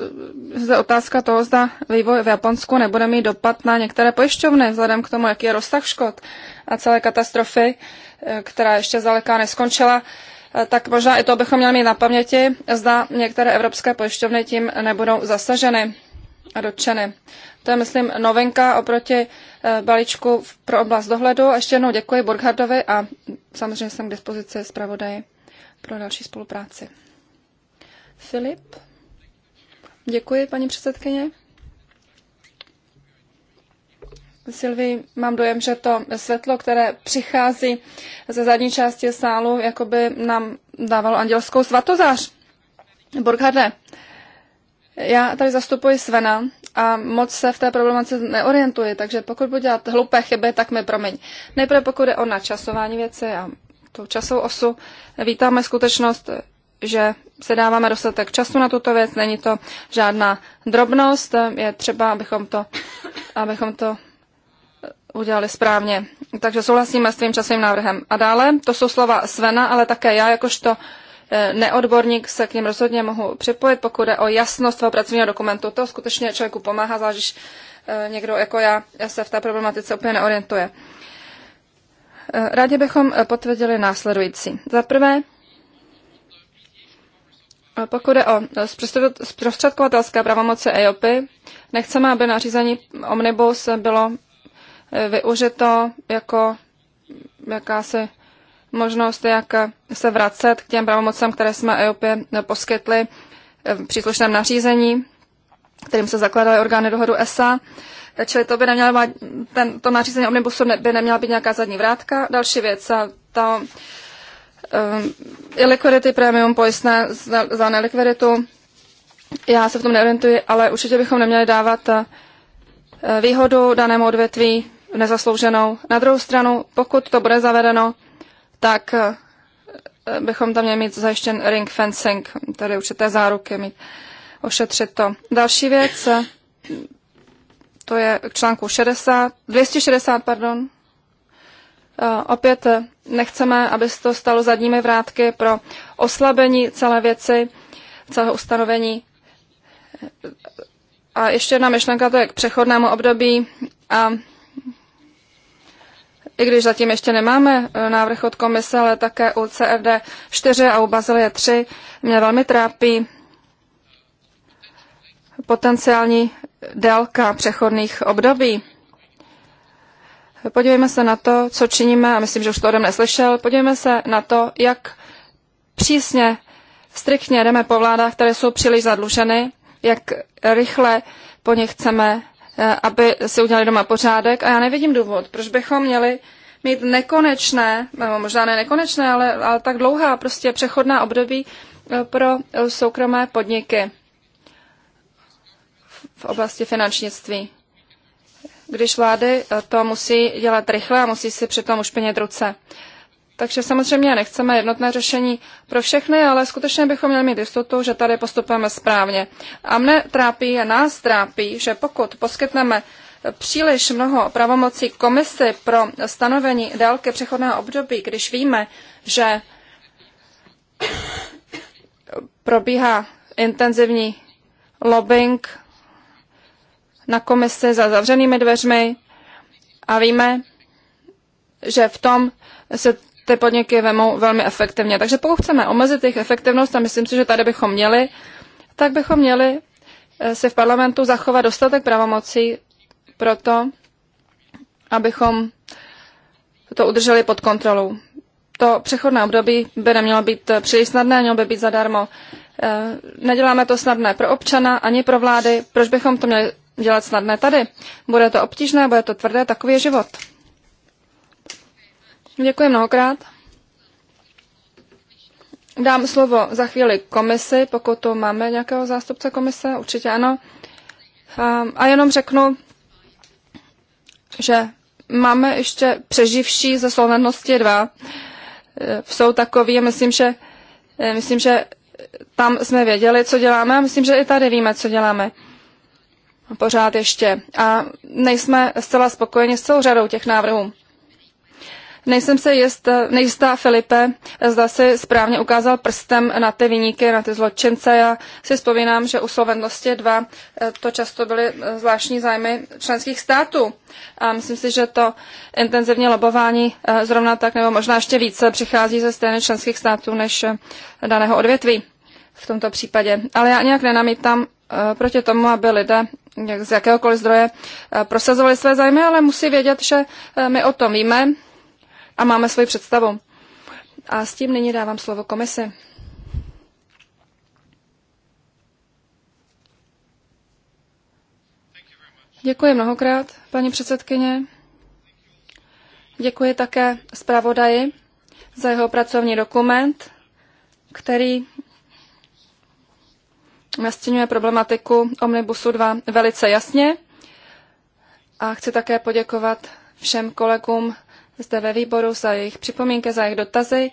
e, zde otázka toho, zda vývoj v Japonsku nebude mít dopad na některé pojišťovny, vzhledem k tomu, jaký je rozsah škod a celé katastrofy, e, která ještě zdaleka neskončila, e, tak možná i to bychom měli mít na paměti, zda některé evropské pojišťovny tím nebudou zasaženy a dotčeny. To je, myslím, novinka oproti eh, balíčku pro oblast dohledu. A ještě jednou děkuji Burkhardovi a samozřejmě jsem k dispozici zpravodaji pro další spolupráci. Filip. Děkuji, paní předsedkyně. Silvi, mám dojem, že to světlo, které přichází ze zadní části sálu, jakoby nám dávalo andělskou svatozář. Burkharde, já tady zastupuji Svena a moc se v té problematice neorientuji, takže pokud budu dělat hlupé chyby, tak mi promiň. Nejprve pokud je o načasování věci a tu časovou osu, vítáme skutečnost, že se dáváme dostatek času na tuto věc, není to žádná drobnost, je třeba, abychom to, abychom to udělali správně. Takže souhlasíme s tvým časovým návrhem. A dále, to jsou slova Svena, ale také já, jakožto E, neodborník se k ním rozhodně mohu připojit, pokud je o jasnost toho pracovního dokumentu. To skutečně člověku pomáhá, zvlášť když e, někdo jako já se v té problematice úplně neorientuje. E, rádi bychom potvrdili následující. Za prvé, pokud je o zprostředkovatelské pravomoci EOPy, nechceme, aby nařízení Omnibus bylo využito jako jakási možnost, jak se vracet k těm pravomocem, které jsme EOPě poskytli eh, v příslušném nařízení, kterým se zakládaly orgány dohodu ESA. Čili to by neměla být, ten, to nařízení omnibusu by neměla být nějaká zadní vrátka. Další věc, a to eh, illiquidity premium pojistné za nelikviditu. Já se v tom neorientuji, ale určitě bychom neměli dávat eh, výhodu danému odvětví nezaslouženou. Na druhou stranu, pokud to bude zavedeno, tak eh, eh, bychom tam měli mít zajištěn ring fencing, tedy určité záruky mít, ošetřit to. Další věc, eh, to je k článku 60, 260, pardon. Opět nechceme, aby se to stalo zadními vrátky pro oslabení celé věci, celého ustanovení. A ještě jedna myšlenka, to je k přechodnému období a i když zatím ještě nemáme eh, návrh od komise, ale také u CRD 4 a u Bazilie 3, mě velmi trápí potenciální délka přechodných období. Podívejme se na to, co činíme, a myslím, že už to ode mne slyšel, podívejme se na to, jak přísně, striktně jdeme po vládách, které jsou příliš zadluženy, jak rychle po nich chceme Eh, aby si udělali doma pořádek a já nevidím důvod, proč bychom měli mít nekonečné, nebo možná ne nekonečné, ale, ale tak dlouhá prostě přechodná období eh, pro soukromé podniky v oblasti finančnictví. Když vlády eh, to musí dělat rychle a musí si přitom ušpinit ruce. Takže samozřejmě nechceme jednotné řešení pro všechny, ale skutečně bychom měli mít jistotu, že tady postupujeme správně. A mne trápí a nás trápí, že pokud poskytneme příliš mnoho pravomocí komisi pro stanovení délky přechodného období, když víme, že probíhá intenzivní lobbying na komisi za zavřenými dveřmi a víme, že v tom se ty podniky vemou velmi efektivně. Takže pokud chceme omezit jejich efektivnost, a myslím si, že tady bychom měli, tak bychom měli eh, si v parlamentu zachovat dostatek pravomocí pro to, abychom to udrželi pod kontrolou. To přechodné období by nemělo být příliš snadné, mělo by být zadarmo. Eh, neděláme to snadné pro občana ani pro vlády. Proč bychom to měli dělat snadné tady? Bude to obtížné, bude to tvrdé, takový je život. Děkuji mnohokrát. Dám slovo za chvíli komisi, pokud tu máme nějakého zástupce komise, určitě ano. Ehm, a jenom řeknu, že máme ještě přeživší ze slovenosti dva. Ehm, jsou takový myslím, že, ehm, myslím, že tam jsme věděli, co děláme a myslím, že i tady víme, co děláme. Pořád ještě. A nejsme zcela spokojeni s celou řadou těch návrhů. Nejsem se jist, nejistá, Filipe, zda si správně ukázal prstem na ty vyníky, na ty zločince. Já si vzpomínám, že u Slovenlosti 2 eh, to často byly eh, zvláštní zájmy členských států. A myslím si, že to intenzivní lobování eh, zrovna tak, nebo možná ještě více, přichází ze strany členských států než daného odvětví v tomto případě. Ale já nějak nenamítám proti tomu, aby lidé z jakéhokoliv zdroje prosazovali své zájmy, ale musí vědět, že my o tom víme, a máme svoji představu. A s tím nyní dávám slovo komisi. Děkuji mnohokrát, paní předsedkyně. Děkuji také zpravodaji za jeho pracovní dokument, který nastěňuje problematiku Omnibusu 2 velice jasně. A chci také poděkovat všem kolegům zde ve výboru za jejich připomínky, za jejich dotazy.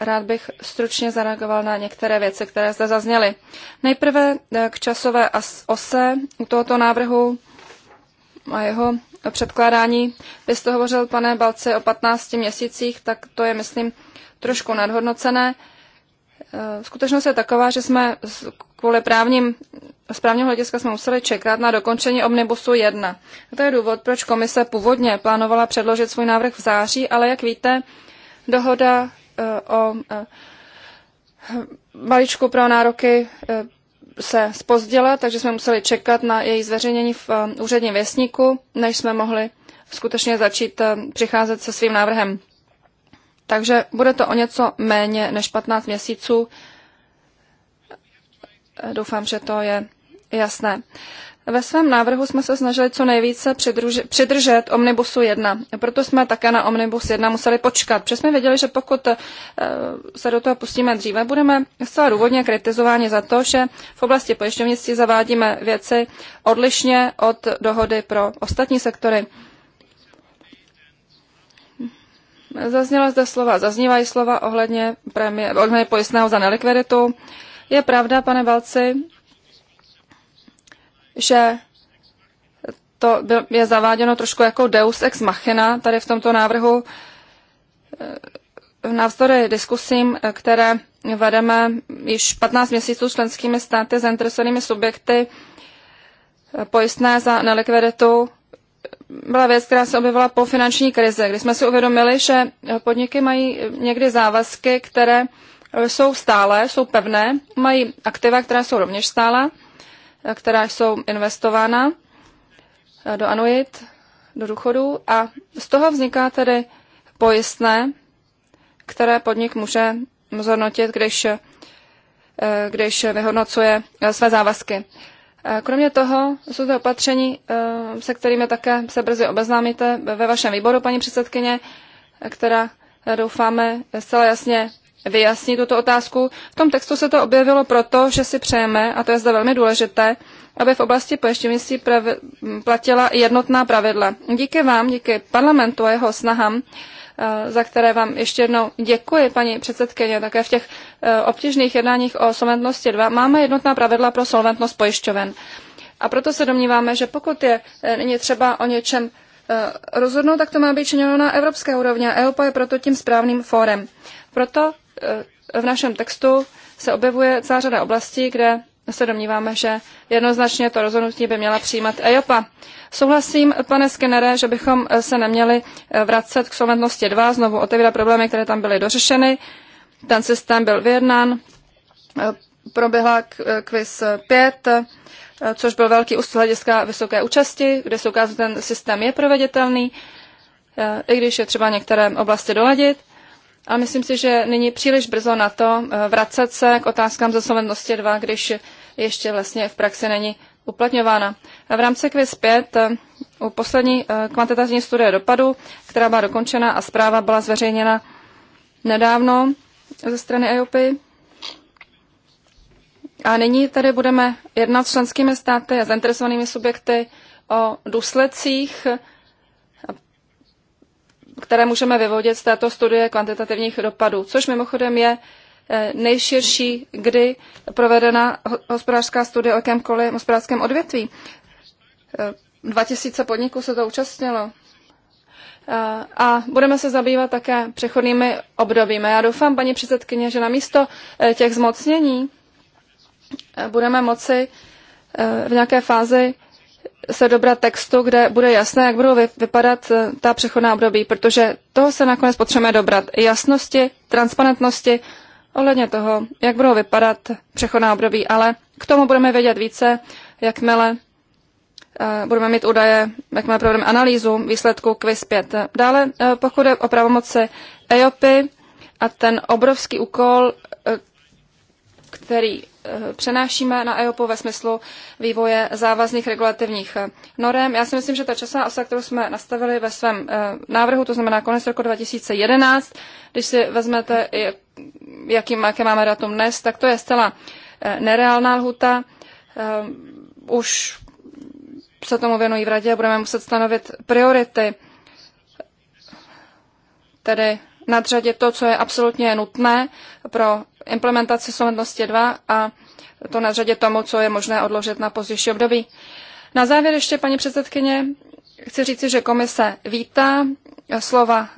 Rád bych stručně zareagoval na některé věci, které zde zazněly. Nejprve eh, k časové ose u tohoto návrhu a jeho předkládání. Vy jste hovořil, pane Balce, o 15 měsících, tak to je, myslím, trošku nadhodnocené. Eh, skutečnost je taková, že jsme kvůli právním, z právního hlediska jsme museli čekat na dokončení Omnibusu 1. A to je důvod, proč komise původně plánovala předložit svůj návrh v září, ale jak víte, dohoda eh, o eh, balíčku pro nároky eh, se spozdila, takže jsme museli čekat na její zveřejnění v úředním věstníku, než jsme mohli skutečně začít přicházet se svým návrhem. Takže bude to o něco méně než 15 měsíců Doufám, že to je jasné. Ve svém návrhu jsme se snažili co nejvíce přidruži- přidržet Omnibusu 1. Proto jsme také na Omnibus 1 museli počkat, protože jsme věděli, že pokud eh, se do toho pustíme dříve, budeme zcela důvodně kritizováni za to, že v oblasti pojišťovnictví zavádíme věci odlišně od dohody pro ostatní sektory. Zazněla zde slova, zaznívají slova ohledně, premie, ohledně pojistného za nelikviditu. Je pravda, pane Valci, že to je zaváděno trošku jako deus ex machina tady v tomto návrhu. Eh, navzdory diskusím, eh, které vedeme již 15 měsíců členskými státy zainteresovanými subjekty, eh, pojistné za nelikviditu byla věc, která se objevila po finanční krizi, kdy jsme si uvědomili, že podniky mají někdy závazky, které Eh, jsou stále, jsou pevné, mají aktiva, která jsou rovněž stála, eh, která jsou investována eh, do anuit, do důchodu a z toho vzniká tedy pojistné, které podnik může zhodnotit, když, když vyhodnocuje své závazky. Kromě toho jsou to opatření, se kterými také se brzy obeznámíte ve vašem výboru, paní předsedkyně, která doufáme zcela jasně vyjasní tuto otázku. V tom textu se to objevilo proto, že si přejeme, a to je zde velmi důležité, aby v oblasti pojišťovnictví platila jednotná pravidla. Díky vám, díky parlamentu a jeho snahám, eh, za které vám ještě jednou děkuji, paní předsedkyně, také v těch eh, obtížných jednáních o solventnosti 2 máme jednotná pravidla pro solventnost pojišťoven. A proto se domníváme, že pokud je eh, nyní třeba o něčem rozhodnout, tak to má být činěno na evropské úrovni a EOPA je proto tím správným fórem. Proto v našem textu se objevuje celá řada oblastí, kde se domníváme, že jednoznačně to rozhodnutí by měla přijímat EIOPA. Souhlasím, pane Skinnere, že bychom se neměli vracet k solventnosti 2, znovu otevírat problémy, které tam byly dořešeny. Ten systém byl vyjednán, proběhla quiz 5, což byl velký ústup hlediska vysoké účasti, kde se ukázalo, že ten systém je proveditelný, i když je třeba některé oblasti doladit. A myslím si, že není příliš brzo na to eh, vracet se k otázkám ze solventnosti 2, když ještě vlastně v praxi není uplatňována. V rámci quiz 5 eh, u poslední eh, kvantitativní studie dopadu, která byla dokončena a zpráva byla zveřejněna nedávno ze strany EOPy. A nyní tady budeme jednat s členskými státy a zainteresovanými subjekty o důsledcích které můžeme vyvodit z této studie kvantitativních dopadů, což mimochodem je eh, nejširší kdy provedena hospodářská studie o jakémkoliv hospodářském odvětví. 2000 eh, podniků se to účastnilo. Eh, a budeme se zabývat také přechodnými obdobími. Já doufám, paní předsedkyně, že na místo těch zmocnění budeme moci v nějaké fázi se dobrat textu, kde bude jasné, jak budou vypadat eh, ta přechodná období, protože toho se nakonec potřebujeme dobrat. Jasnosti, transparentnosti, ohledně toho, jak budou vypadat přechodná období, ale k tomu budeme vědět více, jakmile eh, budeme mít údaje, jakmile provedeme analýzu výsledku quiz 5. Dále, eh, pokud je o pravomoci EOPy a ten obrovský úkol který eh, přenášíme na EOPu ve smyslu vývoje závazných regulativních eh, norem. Já si myslím, že ta časová osa, kterou jsme nastavili ve svém eh, návrhu, to znamená konec roku 2011, když si vezmete, jaký, jaké máme datum dnes, tak to je zcela nereálná lhuta. Už se tomu věnují v radě a budeme muset stanovit priority, tedy nadřadit to, co je absolutně nutné pro implementaci solventnosti 2 a to nadřadit tomu, co je možné odložit na pozdější období. Na závěr ještě, paní předsedkyně, chci říci, že komise vítá slova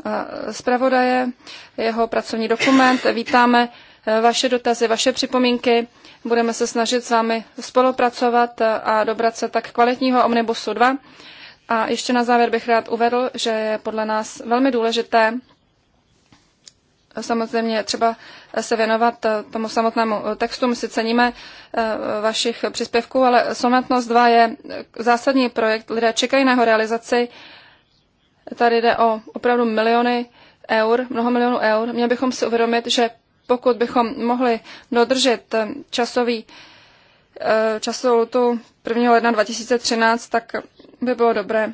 eh, zpravodaje, jeho pracovní dokument. Vítáme eh, vaše dotazy, vaše připomínky. Budeme se snažit s vámi spolupracovat eh, a dobrat se tak kvalitního Omnibusu 2. A ještě na závěr bych rád uvedl, že je podle nás velmi důležité, samozřejmě třeba se věnovat eh, tomu samotnému eh, textu. My si ceníme eh, vašich příspěvků, ale Sonatnost 2 je zásadní projekt. Lidé čekají na jeho realizaci. Tady jde o opravdu miliony eur, mnoho milionů eur. Měli bychom si uvědomit, že pokud bychom mohli dodržet časový časovou tu 1. ledna 2013, tak by bylo dobré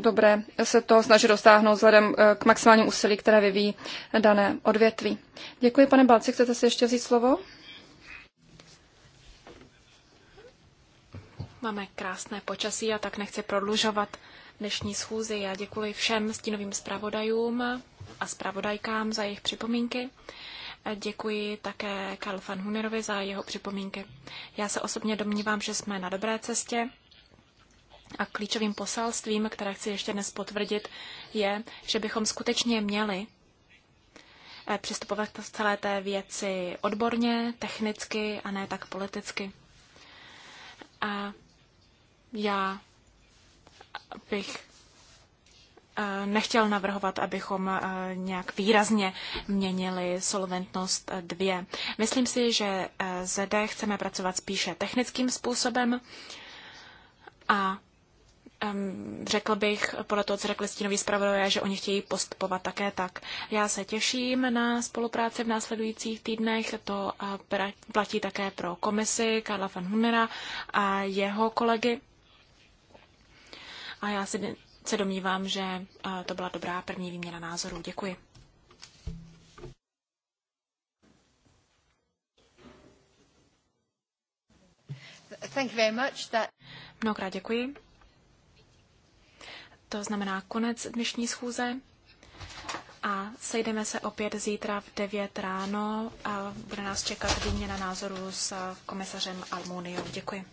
dobré se toho snažit dosáhnout vzhledem eh, k maximálnímu úsilí, které vyvíjí dané odvětví. Děkuji, pane Balci, chcete si ještě vzít slovo? Máme krásné počasí a tak nechci prodlužovat dnešní schůzi. Já děkuji všem stínovým zpravodajům a zpravodajkám za jejich připomínky. Děkuji také Karl van Hunerovi za jeho připomínky. Já se osobně domnívám, že jsme na dobré cestě. A klíčovým poselstvím, které chci ještě dnes potvrdit, je, že bychom skutečně měli eh, přistupovat k celé té věci odborně, technicky a ne tak politicky. A já bych eh, nechtěl navrhovat, abychom eh, nějak výrazně měnili solventnost dvě. Myslím si, že zde chceme pracovat spíše technickým způsobem a řekl bych, podle toho, co řekli stínoví zpravodajové, že oni chtějí postupovat také tak. Já se těším na spolupráci v následujících týdnech. To eh, platí také pro komisi Karla van Hunera a jeho kolegy. A já si se domnívám, že eh, to byla dobrá první výměna názorů. Děkuji. Thank you very much. That... Mnohokrát děkuji. To znamená konec dnešní schůze a sejdeme se opět zítra v 9 ráno a bude nás čekat výměna názoru s komisařem Almuniou. Děkuji.